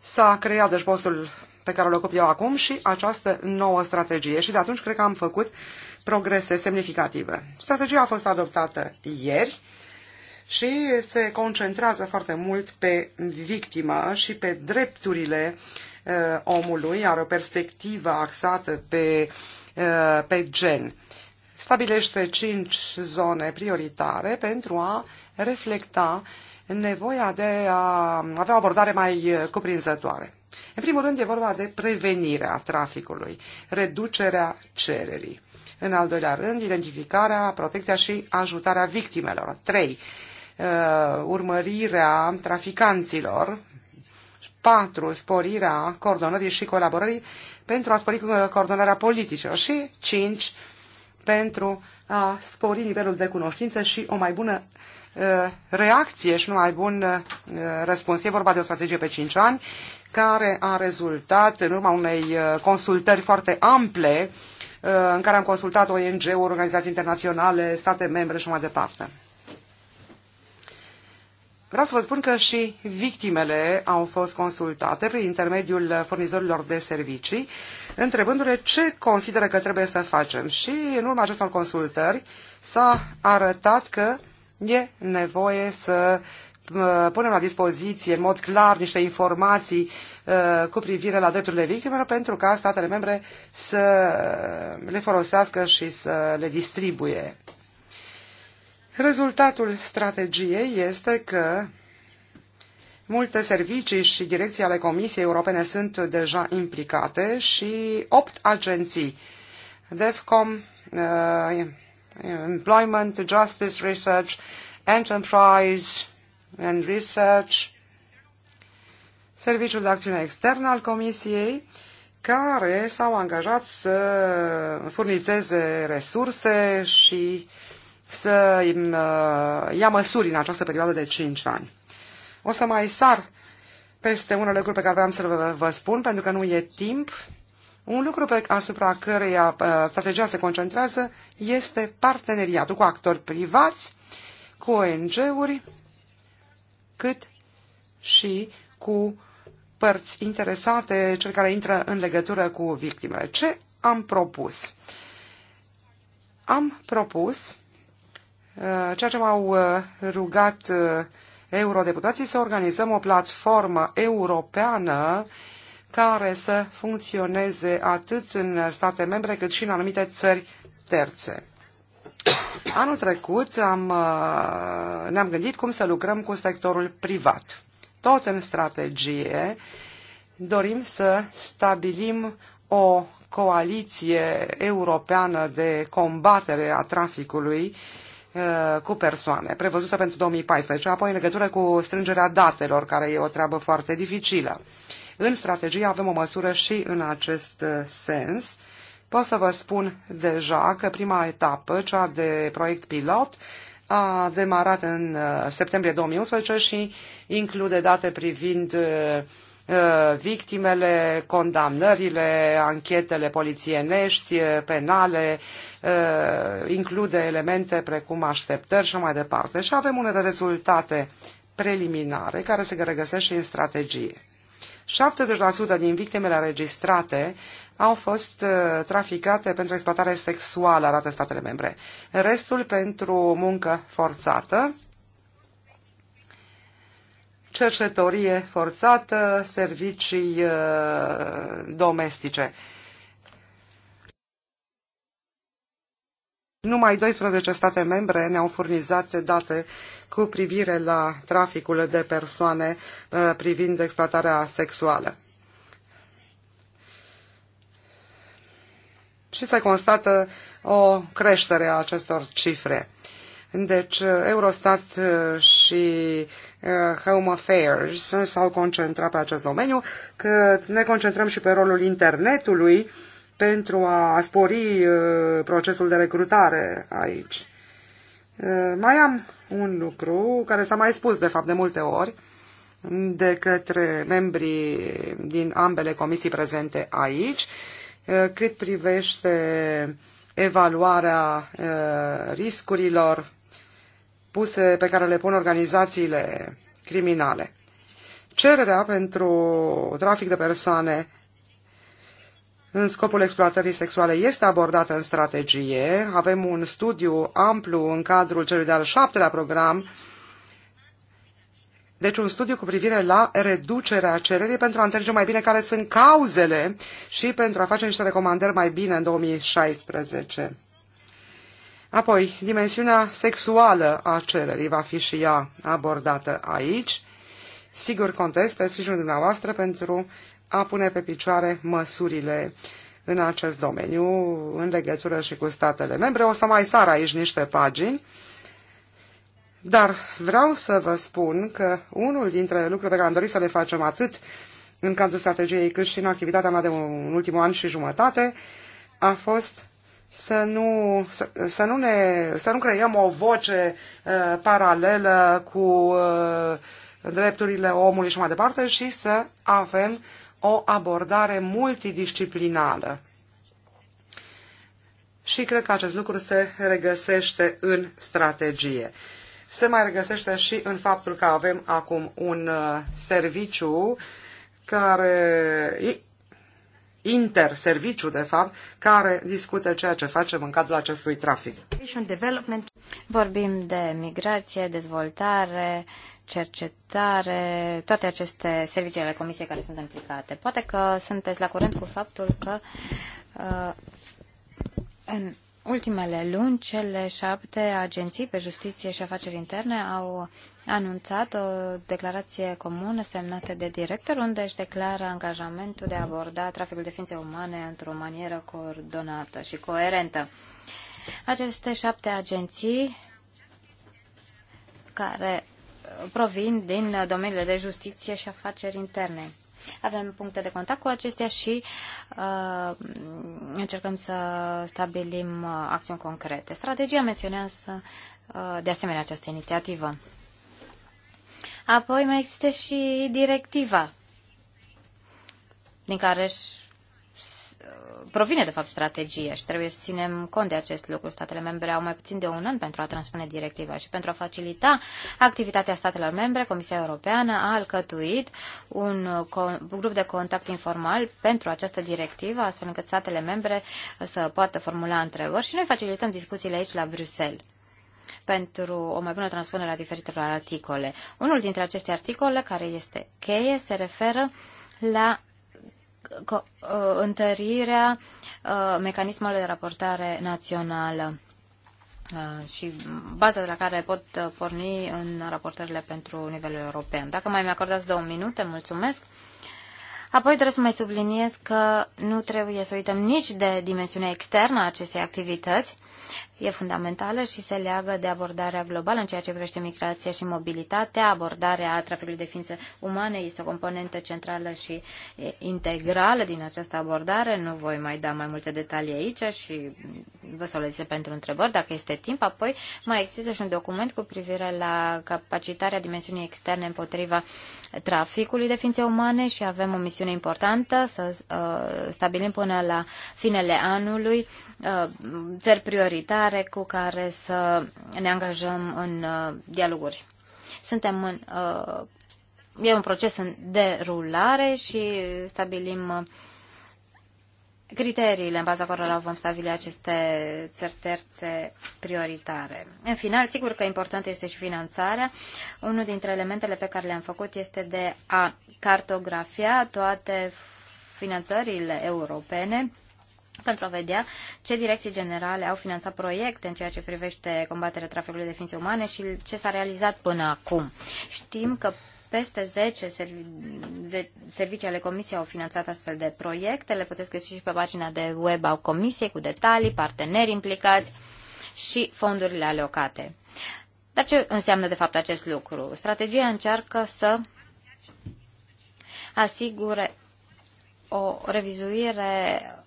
s-a creat deci postul pe care îl ocup eu acum și această nouă strategie. Și de atunci cred că am făcut progrese semnificative. Strategia a fost adoptată ieri și se concentrează foarte mult pe victimă și pe drepturile uh, omului, are o perspectivă axată pe, uh, pe gen stabilește cinci zone prioritare pentru a reflecta nevoia de a avea o abordare mai cuprinzătoare. În primul rând e vorba de prevenirea traficului, reducerea cererii. În al doilea rând, identificarea, protecția și ajutarea victimelor. 3. Uh, urmărirea traficanților. 4. Sporirea coordonării și colaborării pentru a spori uh, coordonarea politicilor. Și 5 pentru a spori nivelul de cunoștință și o mai bună uh, reacție și un mai bun uh, răspuns. E vorba de o strategie pe 5 ani care a rezultat în urma unei uh, consultări foarte ample în care am consultat ONG-uri, organizații internaționale, state membre și mai departe. Vreau să vă spun că și victimele au fost consultate prin intermediul furnizorilor de servicii, întrebându-le ce consideră că trebuie să facem. Și în urma acestor consultări s-a arătat că e nevoie să punem la dispoziție în mod clar niște informații ă, cu privire la drepturile victimelor pentru ca statele membre să le folosească și să le distribuie Rezultatul strategiei este că multe servicii și direcții ale Comisiei Europene sunt deja implicate și opt agenții, DEFCOM, uh, Employment, Justice Research, Enterprise and Research, Serviciul de Acțiune Externă al Comisiei, care s-au angajat să furnizeze resurse și uh, să uh, ia măsuri în această perioadă de 5 ani. O să mai sar peste unele lucruri pe care vreau să vă, spun, pentru că nu e timp. Un lucru pe, asupra căreia uh, strategia se concentrează este parteneriatul cu actori privați, cu ONG-uri, cât și cu părți interesate, cel care intră în legătură cu victimele. Ce am propus? Am propus Uh, ceea ce m-au uh, rugat uh, eurodeputații să organizăm o platformă europeană care să funcționeze atât în state membre cât și în anumite țări terțe. Anul trecut am, ne-am gândit cum să lucrăm cu sectorul privat. Tot în strategie dorim să stabilim o coaliție europeană de combatere a traficului uh, Uh, cu persoane, prevăzută pentru 2014, apoi în legătură cu strângerea datelor, care e o treabă foarte dificilă. În strategie avem o măsură și în acest uh, sens. Pot să vă spun deja că prima etapă, cea de proiect pilot, a demarat în uh, septembrie 2011 și include date privind Uh, victimele, condamnările, anchetele polițienești, uh, penale, uh, include elemente precum așteptări și mai departe. Și avem unele rezultate preliminare care se regăsesc și în strategie. 70% din victimele înregistrate au fost traficate pentru exploatare sexuală, arată statele membre. Restul pentru muncă forțată, cercetorie forțată, servicii uh, domestice. Numai 12 state membre ne-au furnizat date cu privire la traficul de persoane uh, privind exploatarea sexuală. Și se constată o creștere a acestor cifre. Deci uh, Eurostat uh, și uh, Home Affairs s-au concentrat pe acest domeniu, că ne concentrăm și pe rolul internetului pentru a spori procesul de recrutare aici. Mai am un lucru care s-a mai spus de fapt de multe ori de către membrii din ambele comisii prezente aici, cât privește evaluarea riscurilor puse, pe care le pun organizațiile criminale. Cererea pentru trafic de persoane în scopul exploatării sexuale este abordată în strategie. Avem un studiu amplu în cadrul celui de-al șaptelea program, deci un studiu cu privire la reducerea cererii pentru a înțelege mai bine care sunt cauzele și pentru a face niște recomandări mai bine în 2016. Apoi, dimensiunea sexuală a cererii va fi și ea abordată aici. Sigur, contez pe sprijinul dumneavoastră pentru a pune pe picioare măsurile în acest domeniu, în legătură și cu statele membre. O să mai sar aici niște pagini, dar vreau să vă spun că unul dintre lucrurile pe care am dorit să le facem atât în cadrul strategiei cât și în activitatea mea de un ultimul an și jumătate a fost să nu, să, să nu, ne, să nu creăm o voce uh, paralelă cu uh, drepturile omului și mai departe și să avem o abordare multidisciplinară. Și cred că acest lucru se regăsește în strategie. Se mai regăsește și în faptul că avem acum un uh, serviciu care interserviciu, de fapt, care discută ceea ce facem în cadrul acestui trafic. Vorbim de migrație, dezvoltare, cercetare, toate aceste servicii ale Comisiei care sunt implicate. Poate că sunteți la curent cu faptul că uh, în ultimele luni, cele șapte agenții pe justiție și afaceri interne au anunțat o declarație comună semnată de director, unde își declară angajamentul de a aborda traficul de ființe umane într-o manieră coordonată și coerentă. Aceste șapte agenții care provin din domeniile de justiție și afaceri interne avem puncte de contact cu acestea și uh, încercăm să stabilim uh, acțiuni concrete. Strategia menționează uh, de asemenea această inițiativă. Apoi mai există și directiva din care își provine de fapt strategie și trebuie să ținem cont de acest lucru. Statele membre au mai puțin de un an pentru a transpune directiva și pentru a facilita activitatea statelor membre, Comisia Europeană a alcătuit un grup de contact informal pentru această directivă, astfel încât statele membre să poată formula întrebări și noi facilităm discuțiile aici la Bruxelles pentru o mai bună transpunere a diferitelor articole. Unul dintre aceste articole, care este cheie, se referă la Uh, întărirea uh, mecanismelor de raportare națională uh, și baza de la care pot porni în raportările pentru nivelul european. Dacă mai mi-acordați două minute, mulțumesc. Apoi trebuie să mai subliniez că nu trebuie să uităm nici de dimensiunea externă a acestei activități, e fundamentală și se leagă de abordarea globală în ceea ce privește migrația și mobilitatea. Abordarea traficului de ființe umane este o componentă centrală și integrală din această abordare. Nu voi mai da mai multe detalii aici și vă solicit pentru întrebări dacă este timp. Apoi mai există și un document cu privire la capacitarea dimensiunii externe împotriva traficului de ființe umane și avem o misiune importantă să uh, stabilim până la finele anului uh, țări prioritare clare cu care să ne angajăm în uh, dialoguri. Suntem în, uh, e un proces în derulare și stabilim uh, criteriile în baza cărora vom stabili aceste țărterțe prioritare. În final, sigur că importantă este și finanțarea. Unul dintre elementele pe care le-am făcut este de a cartografia toate finanțările europene pentru a vedea ce direcții generale au finanțat proiecte în ceea ce privește combaterea traficului de ființe umane și ce s-a realizat până acum. Știm că peste 10 servicii ale Comisiei au finanțat astfel de proiecte. Le puteți găsi și pe pagina de web a Comisiei cu detalii, parteneri implicați și fondurile alocate. Dar ce înseamnă de fapt acest lucru? Strategia încearcă să asigure o revizuire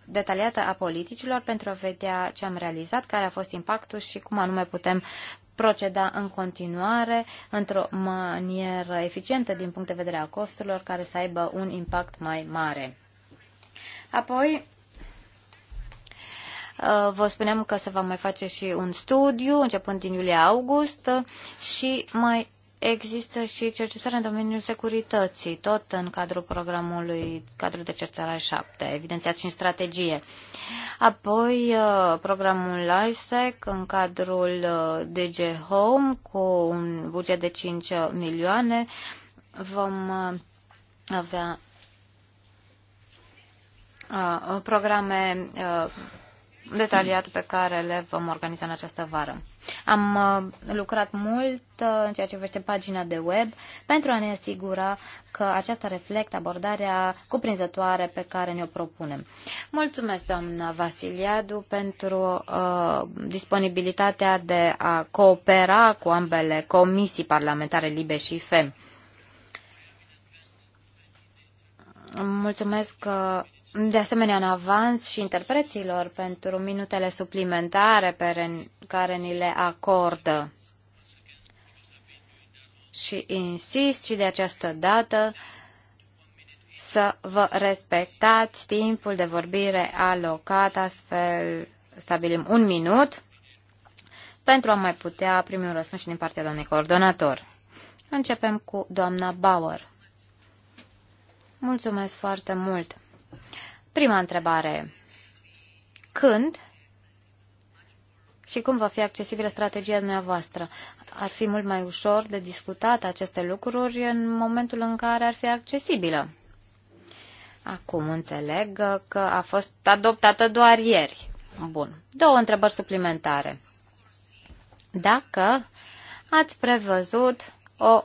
detaliată a politicilor pentru a vedea ce am realizat, care a fost impactul și cum anume putem proceda în continuare într-o manieră eficientă din punct de vedere a costurilor care să aibă un impact mai mare. Apoi, uh, vă spuneam că se va mai face și un studiu începând din iulie-august și mai există și cercetare în domeniul securității, tot în cadrul programului, cadrul de cercetare 7, evidențiat și în strategie. Apoi, uh, programul LISEC în cadrul uh, DG Home cu un buget de 5 milioane vom uh, avea programe detaliat pe care le vom organiza în această vară. Am uh, lucrat mult uh, în ceea ce privește pagina de web pentru a ne asigura că aceasta reflectă abordarea cuprinzătoare pe care ne-o propunem. Mulțumesc, doamna Vasiliadu, pentru uh, disponibilitatea de a coopera cu ambele comisii parlamentare Libe și FEM. Mulțumesc că uh, de asemenea în avans și interpreților pentru minutele suplimentare pe care ni le acordă. Și insist și de această dată să vă respectați timpul de vorbire alocat, astfel stabilim un minut pentru a mai putea primi un răspuns și din partea doamnei coordonator. Începem cu doamna Bauer. Mulțumesc foarte mult! Prima întrebare. Când și cum va fi accesibilă strategia dumneavoastră? Ar fi mult mai ușor de discutat aceste lucruri în momentul în care ar fi accesibilă. Acum înțeleg că a fost adoptată doar ieri. Bun. Două întrebări suplimentare. Dacă ați prevăzut o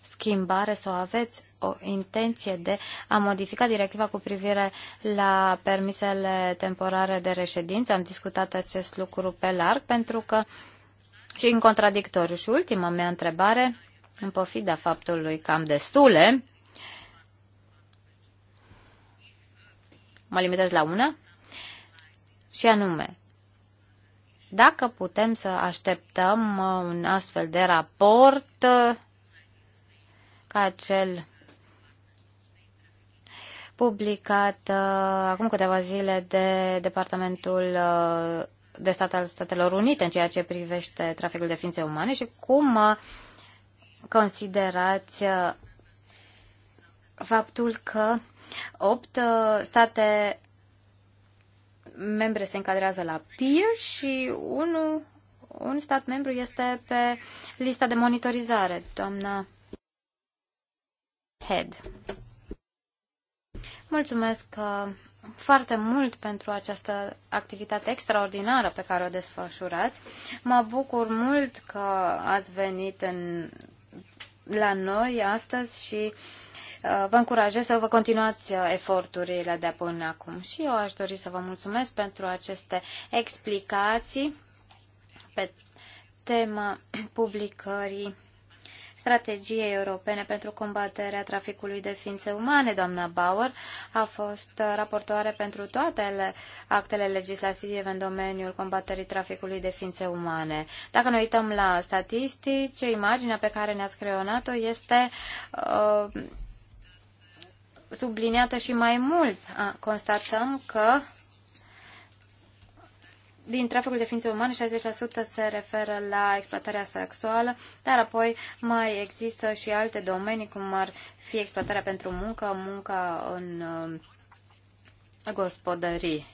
schimbare sau aveți o intenție de a modifica directiva cu privire la permisele temporare de reședință. Am discutat acest lucru pe larg pentru că și în contradictoriu. Și ultima mea întrebare, în pofida faptului că am destule, mă limitez la una, și anume, dacă putem să așteptăm un astfel de raport ca cel publicat uh, acum câteva zile de Departamentul uh, de Stat al Statelor Unite în ceea ce privește traficul de ființe umane și cum uh, considerați uh, faptul că opt uh, state membre se încadrează la PIR și unul un stat membru este pe lista de monitorizare, doamna Head. Mulțumesc uh, foarte mult pentru această activitate extraordinară pe care o desfășurați. Mă bucur mult că ați venit în, la noi astăzi și uh, vă încurajez să vă continuați uh, eforturile de până acum. Și eu aș dori să vă mulțumesc pentru aceste explicații pe tema publicării strategiei europene pentru combaterea traficului de ființe umane. Doamna Bauer a fost raportoare pentru toate actele legislative în domeniul combaterii traficului de ființe umane. Dacă ne uităm la statistici, imaginea pe care ne-ați creionat-o este uh, subliniată și mai mult. Constatăm că din traficul de ființe umane, 60% se referă la exploatarea sexuală, dar apoi mai există și alte domenii, cum ar fi exploatarea pentru muncă, munca în uh, gospodării.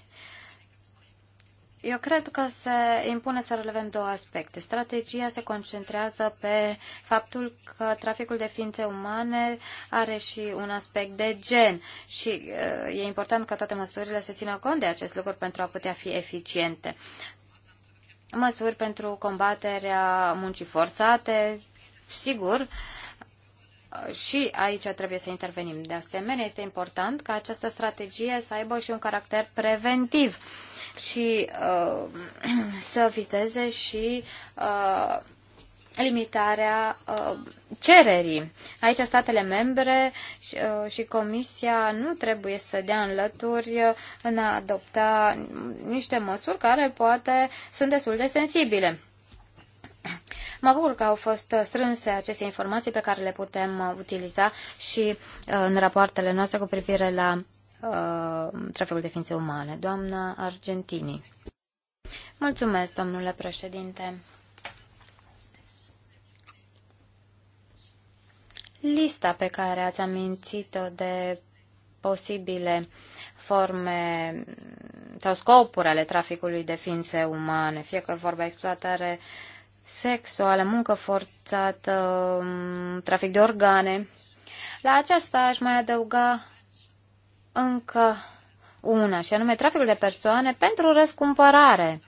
Eu cred că se impune să relevăm două aspecte. Strategia se concentrează pe faptul că traficul de ființe umane are și un aspect de gen și uh, e important ca toate măsurile să țină cont de acest lucru pentru a putea fi eficiente. Măsuri pentru combaterea muncii forțate, sigur, și aici trebuie să intervenim. De asemenea, este important ca această strategie să aibă și un caracter preventiv și uh, să vizeze și uh, limitarea uh, cererii. Aici statele membre și, uh, și Comisia nu trebuie să dea înlături uh, în a adopta niște măsuri care poate sunt destul de sensibile. Mă bucur că au fost strânse aceste informații pe care le putem utiliza și uh, în rapoartele noastre cu privire la Uh, traficul de ființe umane. Doamna Argentini. Mulțumesc, domnule președinte. Lista pe care ați amintit-o de posibile forme sau scopuri ale traficului de ființe umane, fie că vorba exploatare sexuală, muncă forțată, um, trafic de organe. La aceasta aș mai adăuga încă una, și anume traficul de persoane pentru răscumpărare.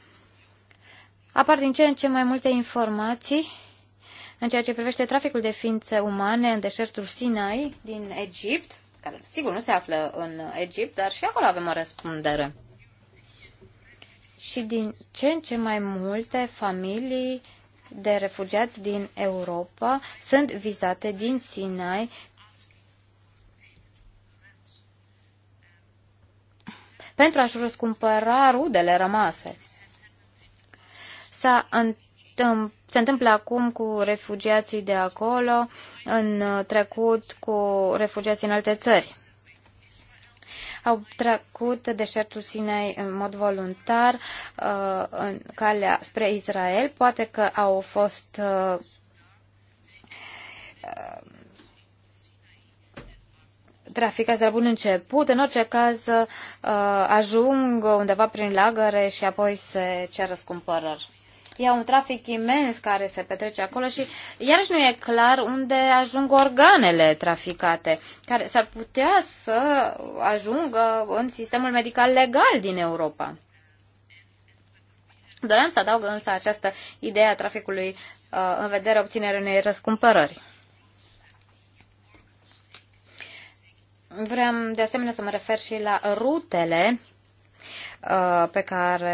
Apar din ce în ce mai multe informații în ceea ce privește traficul de ființe umane în deșertul Sinai din Egipt, care sigur nu se află în Egipt, dar și acolo avem o răspundere. Și din ce în ce mai multe familii de refugiați din Europa sunt vizate din Sinai pentru a-și răscumpăra rudele rămase. S-a se întâmplă acum cu refugiații de acolo, în trecut cu refugiații în alte țări. Au trecut deșertul Sinei în mod voluntar uh, în calea spre Israel. Poate că au fost uh, traficați de la bun început, în orice caz uh, ajung undeva prin lagăre și apoi se cer răscumpărări. E un trafic imens care se petrece acolo și iarăși nu e clar unde ajung organele traficate, care s-ar putea să ajungă în sistemul medical legal din Europa. Doream să adaug însă această idee a traficului uh, în vederea obținerii unei răscumpărări. Vreau de asemenea să mă refer și la rutele uh, pe care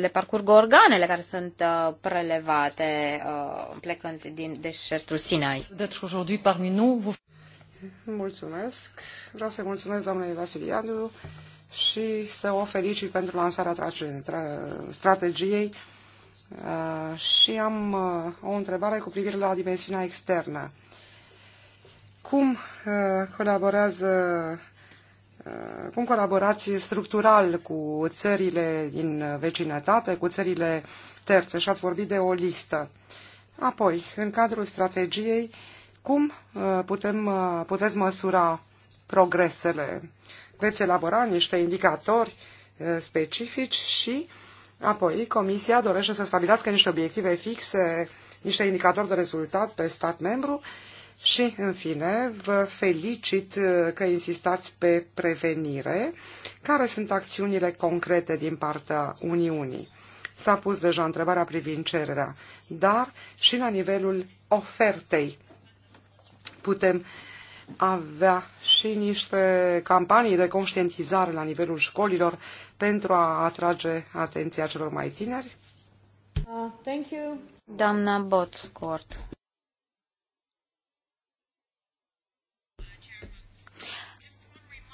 le parcurg organele care sunt uh, prelevate uh, plecând din deșertul Sinai. Deci, aujourd'hui, parmi nous, vous... Mulțumesc. Vreau să-i mulțumesc doamnei Vasiliadu și să o felicit pentru lansarea strategiei și am o întrebare cu privire la dimensiunea externă cum uh, colaborează uh, cum colaborați structural cu țările din vecinătate, cu țările terțe și ați vorbit de o listă. Apoi, în cadrul strategiei, cum uh, putem, puteți măsura progresele? Veți elabora niște indicatori specifici și apoi Comisia dorește să stabilească niște obiective fixe, niște indicatori de rezultat pe stat membru și, în fine, vă felicit uh, că insistați pe prevenire. Care sunt acțiunile concrete din partea Uniunii? S-a pus deja întrebarea privind cererea, dar și la nivelul ofertei putem avea și niște campanii de conștientizare la nivelul școlilor pentru a atrage atenția celor mai tineri? Uh, thank you. Doamna Botcourt.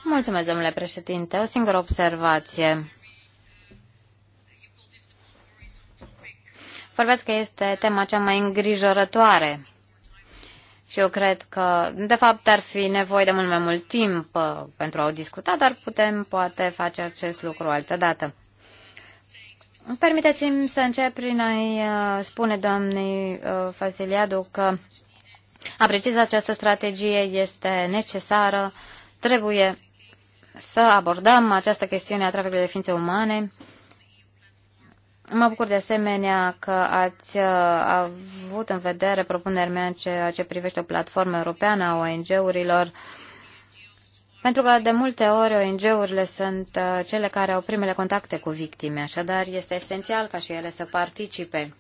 Mulțumesc, domnule președinte. O singură observație. Vorbesc că este tema cea mai îngrijorătoare și eu cred că, de fapt, ar fi nevoie de mult mai mult timp uh, pentru a o discuta, dar putem poate face acest lucru altă dată. Permiteți-mi să încep prin a-i uh, spune doamnei Fasiliadu uh, că apreciez această strategie, este necesară, trebuie să abordăm această chestiune a traficului de ființe umane. Mă bucur de asemenea că ați uh, avut în vedere propunerea mea în ceea ce privește o platformă europeană a ONG-urilor, pentru că de multe ori ONG-urile sunt uh, cele care au primele contacte cu victime, așadar este esențial ca și ele să participe.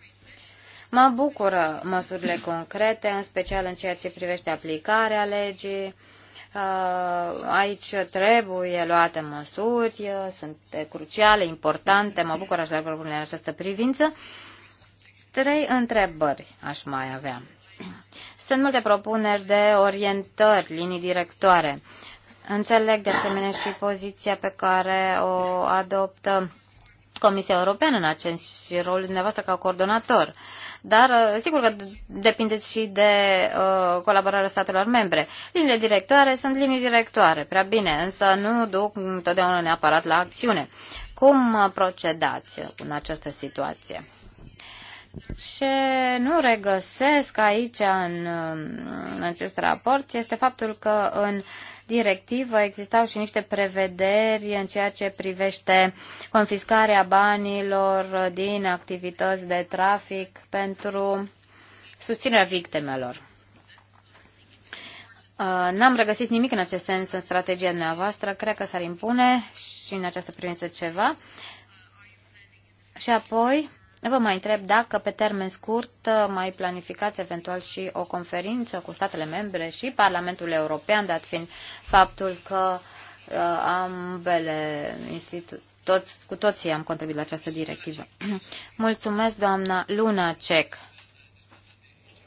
Mă bucură măsurile concrete, în special în ceea ce privește aplicarea legii, Uh, aici trebuie luate măsuri, uh, sunt cruciale, importante. Mă bucur așadar propunerea în această privință. Trei întrebări aș mai avea. Sunt multe propuneri de orientări, linii directoare. Înțeleg de asemenea și poziția pe care o adoptă Comisia Europeană în acest și rolul dumneavoastră ca coordonator. Dar uh, sigur că depindeți și de uh, colaborarea statelor membre. Liniile directoare sunt linii directoare, prea bine, însă nu duc întotdeauna neapărat la acțiune. Cum uh, procedați în această situație? Ce nu regăsesc aici în, în acest raport este faptul că în directivă existau și niște prevederi în ceea ce privește confiscarea banilor din activități de trafic pentru susținerea victimelor. Uh, n-am regăsit nimic în acest sens în strategia dumneavoastră. Cred că s-ar impune și în această privință ceva. Și apoi, Vă mai întreb dacă pe termen scurt mai planificați eventual și o conferință cu statele membre și Parlamentul European, dat fiind faptul că uh, ambele institu- toți, cu toții am contribuit la această directivă. Mulțumesc, doamna Luna Cec.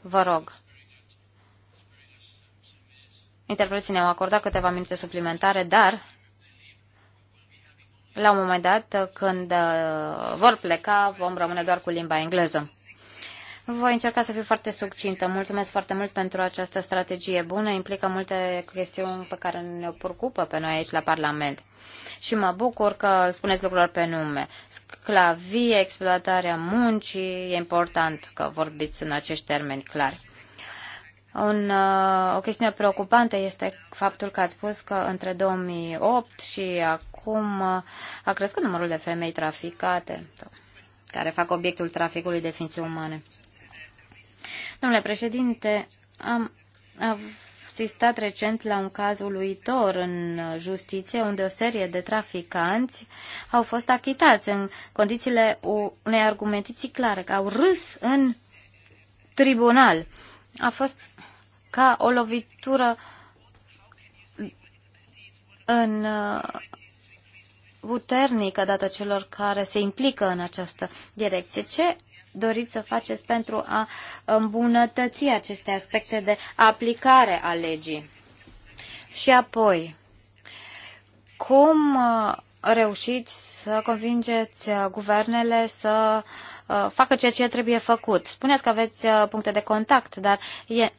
Vă rog. Interpreții ne-au acordat câteva minute suplimentare, dar la un moment dat, când uh, vor pleca, vom rămâne doar cu limba engleză. Voi încerca să fiu foarte succintă. Mulțumesc foarte mult pentru această strategie bună. Implică multe chestiuni pe care ne preocupă pe noi aici la Parlament. Și mă bucur că spuneți lucrurile pe nume. Sclavie, exploatarea muncii, e important că vorbiți în acești termeni clari. Un, uh, o chestiune preocupantă este faptul că ați spus că între 2008 și cum uh, a crescut numărul de femei traficate care fac obiectul traficului de ființe umane. Domnule președinte, am asistat recent la un caz uluitor în justiție, unde o serie de traficanți au fost achitați în condițiile unei argumentiții clare, că au râs în tribunal. A fost ca o lovitură în uh, puternică dată celor care se implică în această direcție. Ce doriți să faceți pentru a îmbunătăți aceste aspecte de aplicare a legii? Și apoi, cum uh, reușiți să convingeți uh, guvernele să uh, facă ceea ce trebuie făcut? Spuneți că aveți puncte de contact, dar e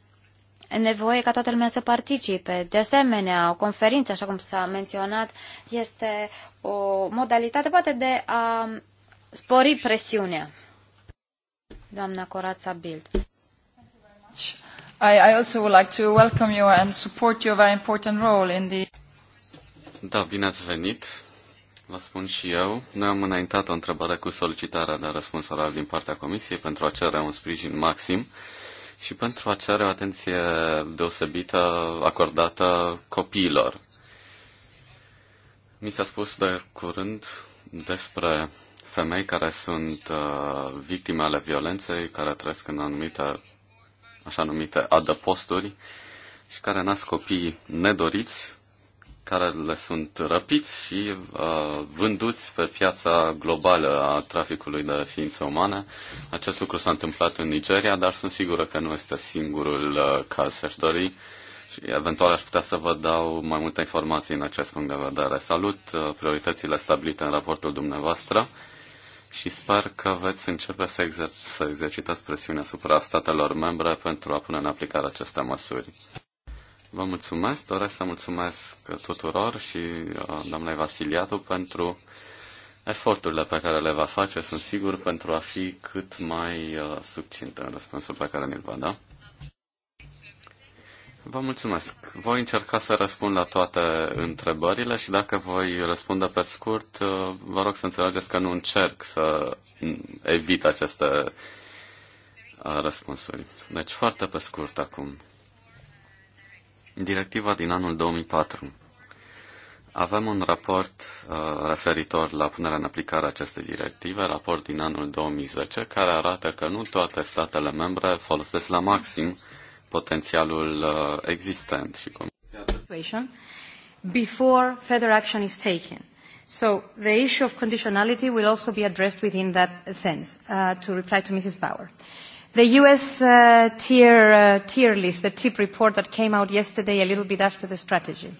nevoie ca toată lumea să participe. De asemenea, o conferință, așa cum s-a menționat, este o modalitate poate de a spori presiunea. Doamna Corața Bild. I, I also would like to welcome you and support your very important role in the... Da, bine ați venit. Vă spun și eu. Noi am înaintat o întrebare cu solicitarea de răspuns oral din partea Comisiei pentru a cere un sprijin maxim și pentru a cere o atenție deosebită acordată copiilor. Mi s-a spus de curând despre femei care sunt uh, victime ale violenței, care trăiesc în anumite, așa numite adăposturi și care nasc copii nedoriți care le sunt răpiți și uh, vânduți pe piața globală a traficului de ființe umane. Acest lucru s-a întâmplat în Nigeria, dar sunt sigură că nu este singurul uh, caz și aș dori și eventual aș putea să vă dau mai multe informații în acest punct de vedere. Salut uh, prioritățile stabilite în raportul dumneavoastră și sper că veți începe să, exer- să exercitați presiunea asupra statelor membre pentru a pune în aplicare aceste măsuri. Vă mulțumesc, doresc să mulțumesc tuturor și uh, doamnei Vasiliatu pentru eforturile pe care le va face, sunt sigur, pentru a fi cât mai uh, succint în răspunsul pe care ne l va da. Vă mulțumesc. Voi încerca să răspund la toate întrebările și dacă voi răspunde pe scurt, uh, vă rog să înțelegeți că nu încerc să evit aceste răspunsuri. Deci foarte pe scurt acum. Directiva din anul 2004. Avem un raport uh, referitor la punerea în aplicare a acestei directive, raport din anul 2010, care arată că nu toate statele membre folosesc la maxim potențialul uh, existent și before further action is taken. So the issue of conditionality will also be addressed within that sense, uh, to reply to Mrs. Bauer. Uh, The US uh, tier, uh, tier list, the TIP report that came out yesterday a little bit after the strategy.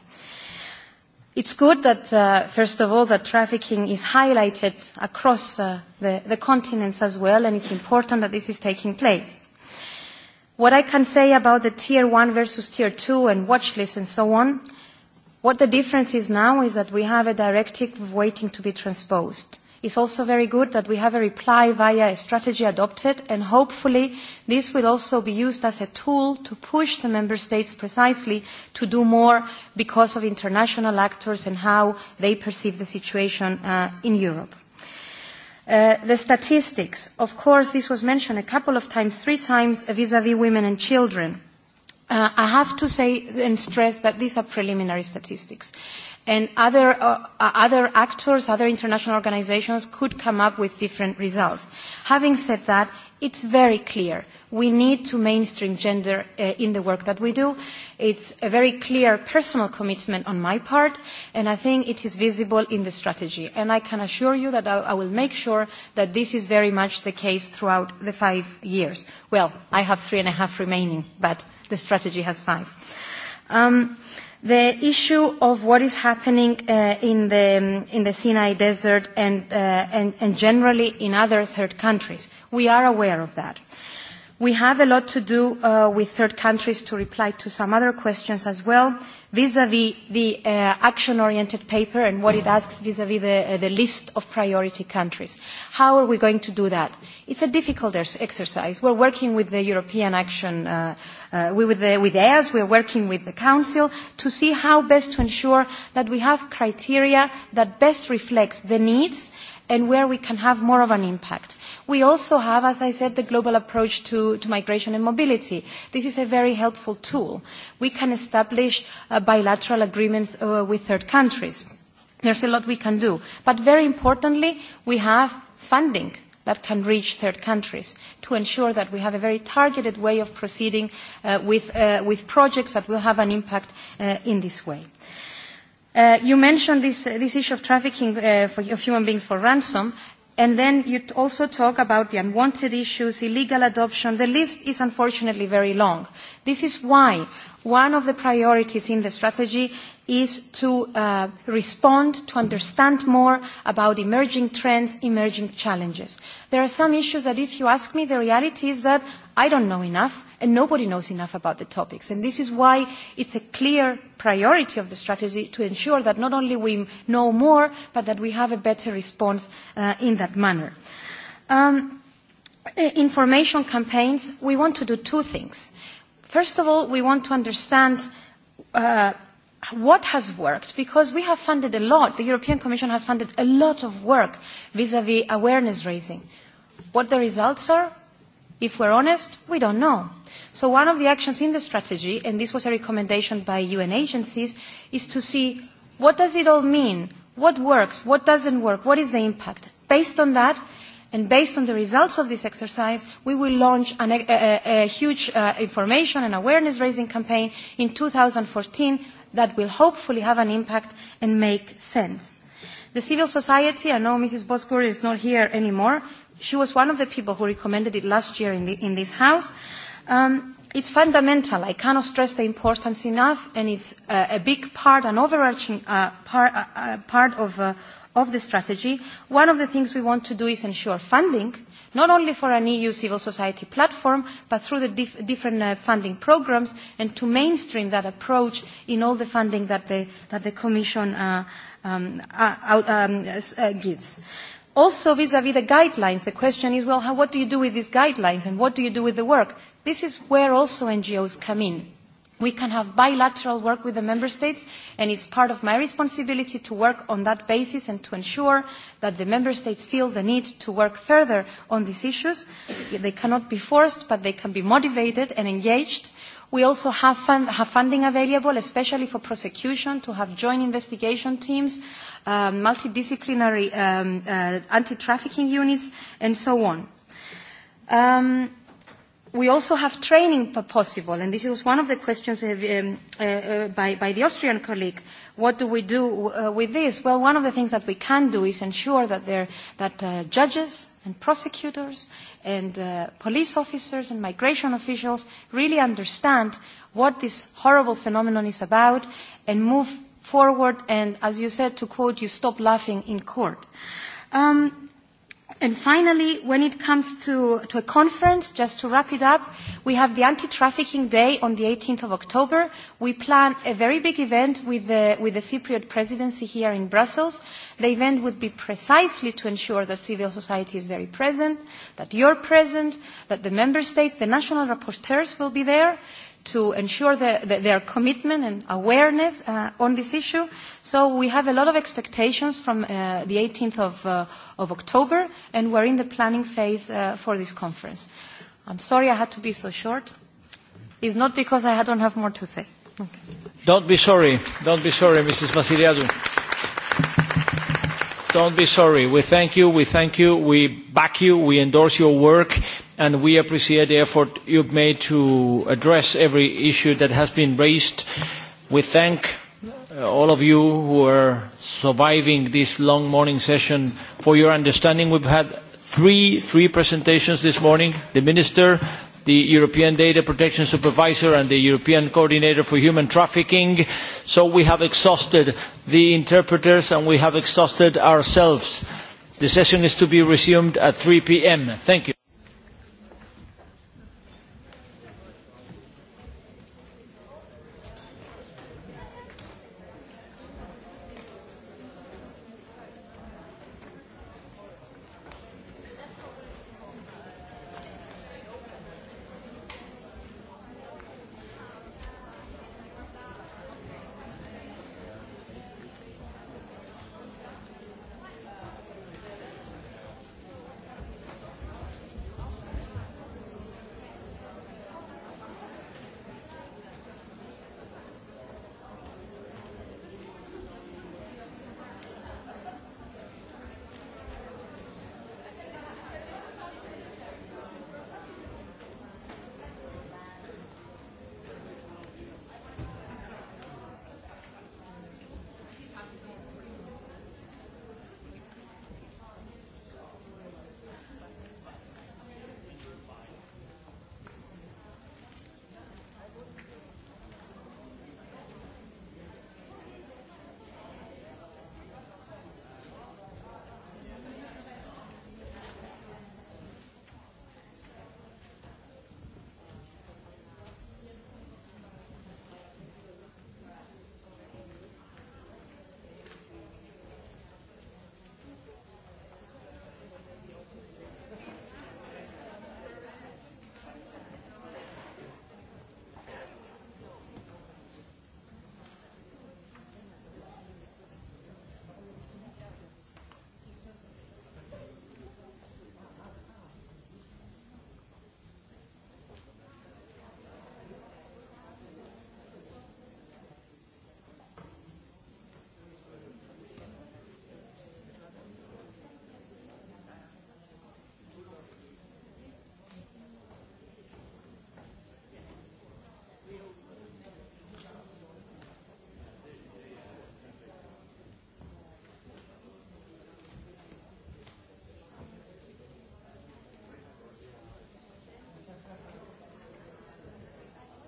It's good that, uh, first of all, that trafficking is highlighted across uh, the, the continents as well, and it's important that this is taking place. What I can say about the Tier 1 versus Tier 2 and watch lists and so on, what the difference is now is that we have a directive waiting to be transposed. It's also very good that we have a reply via a strategy adopted, and hopefully this will also be used as a tool to push the member states precisely to do more because of international actors and how they perceive the situation uh, in Europe. Uh, the statistics, of course, this was mentioned a couple of times, three times, vis-à-vis -vis women and children. Uh, I have to say and stress that these are preliminary statistics. And other, uh, uh, other actors, other international organizations could come up with different results. Having said that, it's very clear. We need to mainstream gender uh, in the work that we do. It's a very clear personal commitment on my part, and I think it is visible in the strategy. And I can assure you that I, I will make sure that this is very much the case throughout the five years. Well, I have three and a half remaining, but the strategy has five. Um, The issue of what is happening uh, in, the, um, in the Sinai Desert and, uh, and, and generally in other third countries, we are aware of that. We have a lot to do uh, with third countries to reply to some other questions as well vis-à-vis the uh, action-oriented paper and what it asks vis-à-vis -vis the, uh, the list of priority countries. How are we going to do that? It's a difficult exercise. We're working with the European Action uh, uh, with, the, with EAS, we're working with the Council to see how best to ensure that we have criteria that best reflects the needs and where we can have more of an impact. We also have, as I said, the global approach to, to migration and mobility. This is a very helpful tool. We can establish uh, bilateral agreements uh, with third countries. There's a lot we can do. But very importantly, we have funding that can reach third countries to ensure that we have a very targeted way of proceeding uh, with, uh, with projects that will have an impact uh, in this way. Uh, you mentioned this, uh, this issue of trafficking uh, for, of human beings for ransom. And then you also talk about the unwanted issues, illegal adoption. The list is unfortunately very long. This is why One of the priorities in the strategy is to uh, respond, to understand more about emerging trends, emerging challenges. There are some issues that if you ask me, the reality is that I don't know enough and nobody knows enough about the topics. And this is why it's a clear priority of the strategy to ensure that not only we know more, but that we have a better response uh, in that manner. Um, information campaigns, we want to do two things. First of all, we want to understand uh, what has worked, because we have funded a lot, the European Commission has funded a lot of work vis-à-vis -vis awareness raising. What the results are, if we're honest, we don't know. So one of the actions in the strategy, and this was a recommendation by UN agencies, is to see what does it all mean, what works, what doesn't work, what is the impact. Based on that, And based on the results of this exercise, we will launch an, a, a, a huge uh, information and awareness-raising campaign in 2014 that will hopefully have an impact and make sense. The civil society, I know Mrs. Bosgur is not here anymore. She was one of the people who recommended it last year in, the, in this House. Um, it's fundamental. I cannot stress the importance enough, and it's uh, a big part, an overarching uh, part, uh, uh, part of, uh, of the strategy, one of the things we want to do is ensure funding, not only for an EU civil society platform, but through the dif different uh, funding programs, and to mainstream that approach in all the funding that the, that the Commission uh, um, uh, out, um, uh, gives. Also, vis-à-vis -vis the guidelines, the question is, well, how, what do you do with these guidelines, and what do you do with the work? This is where also NGOs come in We can have bilateral work with the member states, and it's part of my responsibility to work on that basis and to ensure that the member states feel the need to work further on these issues. They cannot be forced, but they can be motivated and engaged. We also have, fund, have funding available, especially for prosecution, to have joint investigation teams, uh, multidisciplinary um, uh, anti-trafficking units, and so on. Um, we also have training possible, and this was one of the questions um, uh, uh, by, by the Austrian colleague. What do we do uh, with this? Well, one of the things that we can do is ensure that, there, that uh, judges and prosecutors and uh, police officers and migration officials really understand what this horrible phenomenon is about and move forward and, as you said, to quote, you stop laughing in court. Um, And finally, when it comes to, to a conference, just to wrap it up, we have the Anti-Trafficking Day on the 18th of October. We plan a very big event with the, with the Cypriot presidency here in Brussels. The event would be precisely to ensure that civil society is very present, that you're present, that the member states, the national rapporteurs will be there, to ensure the, the, their commitment and awareness uh, on this issue. So we have a lot of expectations from uh, the 18th of, uh, of October, and we're in the planning phase uh, for this conference. I'm sorry I had to be so short. It's not because I don't have more to say. Okay. Don't be sorry. Don't be sorry, Mrs. Vasiliadou. Don't be sorry. We thank you. We thank you. We back you. We endorse your work and we appreciate the effort you've made to address every issue that has been raised. We thank uh, all of you who are surviving this long morning session for your understanding. We've had three, three presentations this morning, the Minister, the European Data Protection Supervisor and the European Coordinator for Human Trafficking. So we have exhausted the interpreters and we have exhausted ourselves. The session is to be resumed at 3 p.m. Thank you.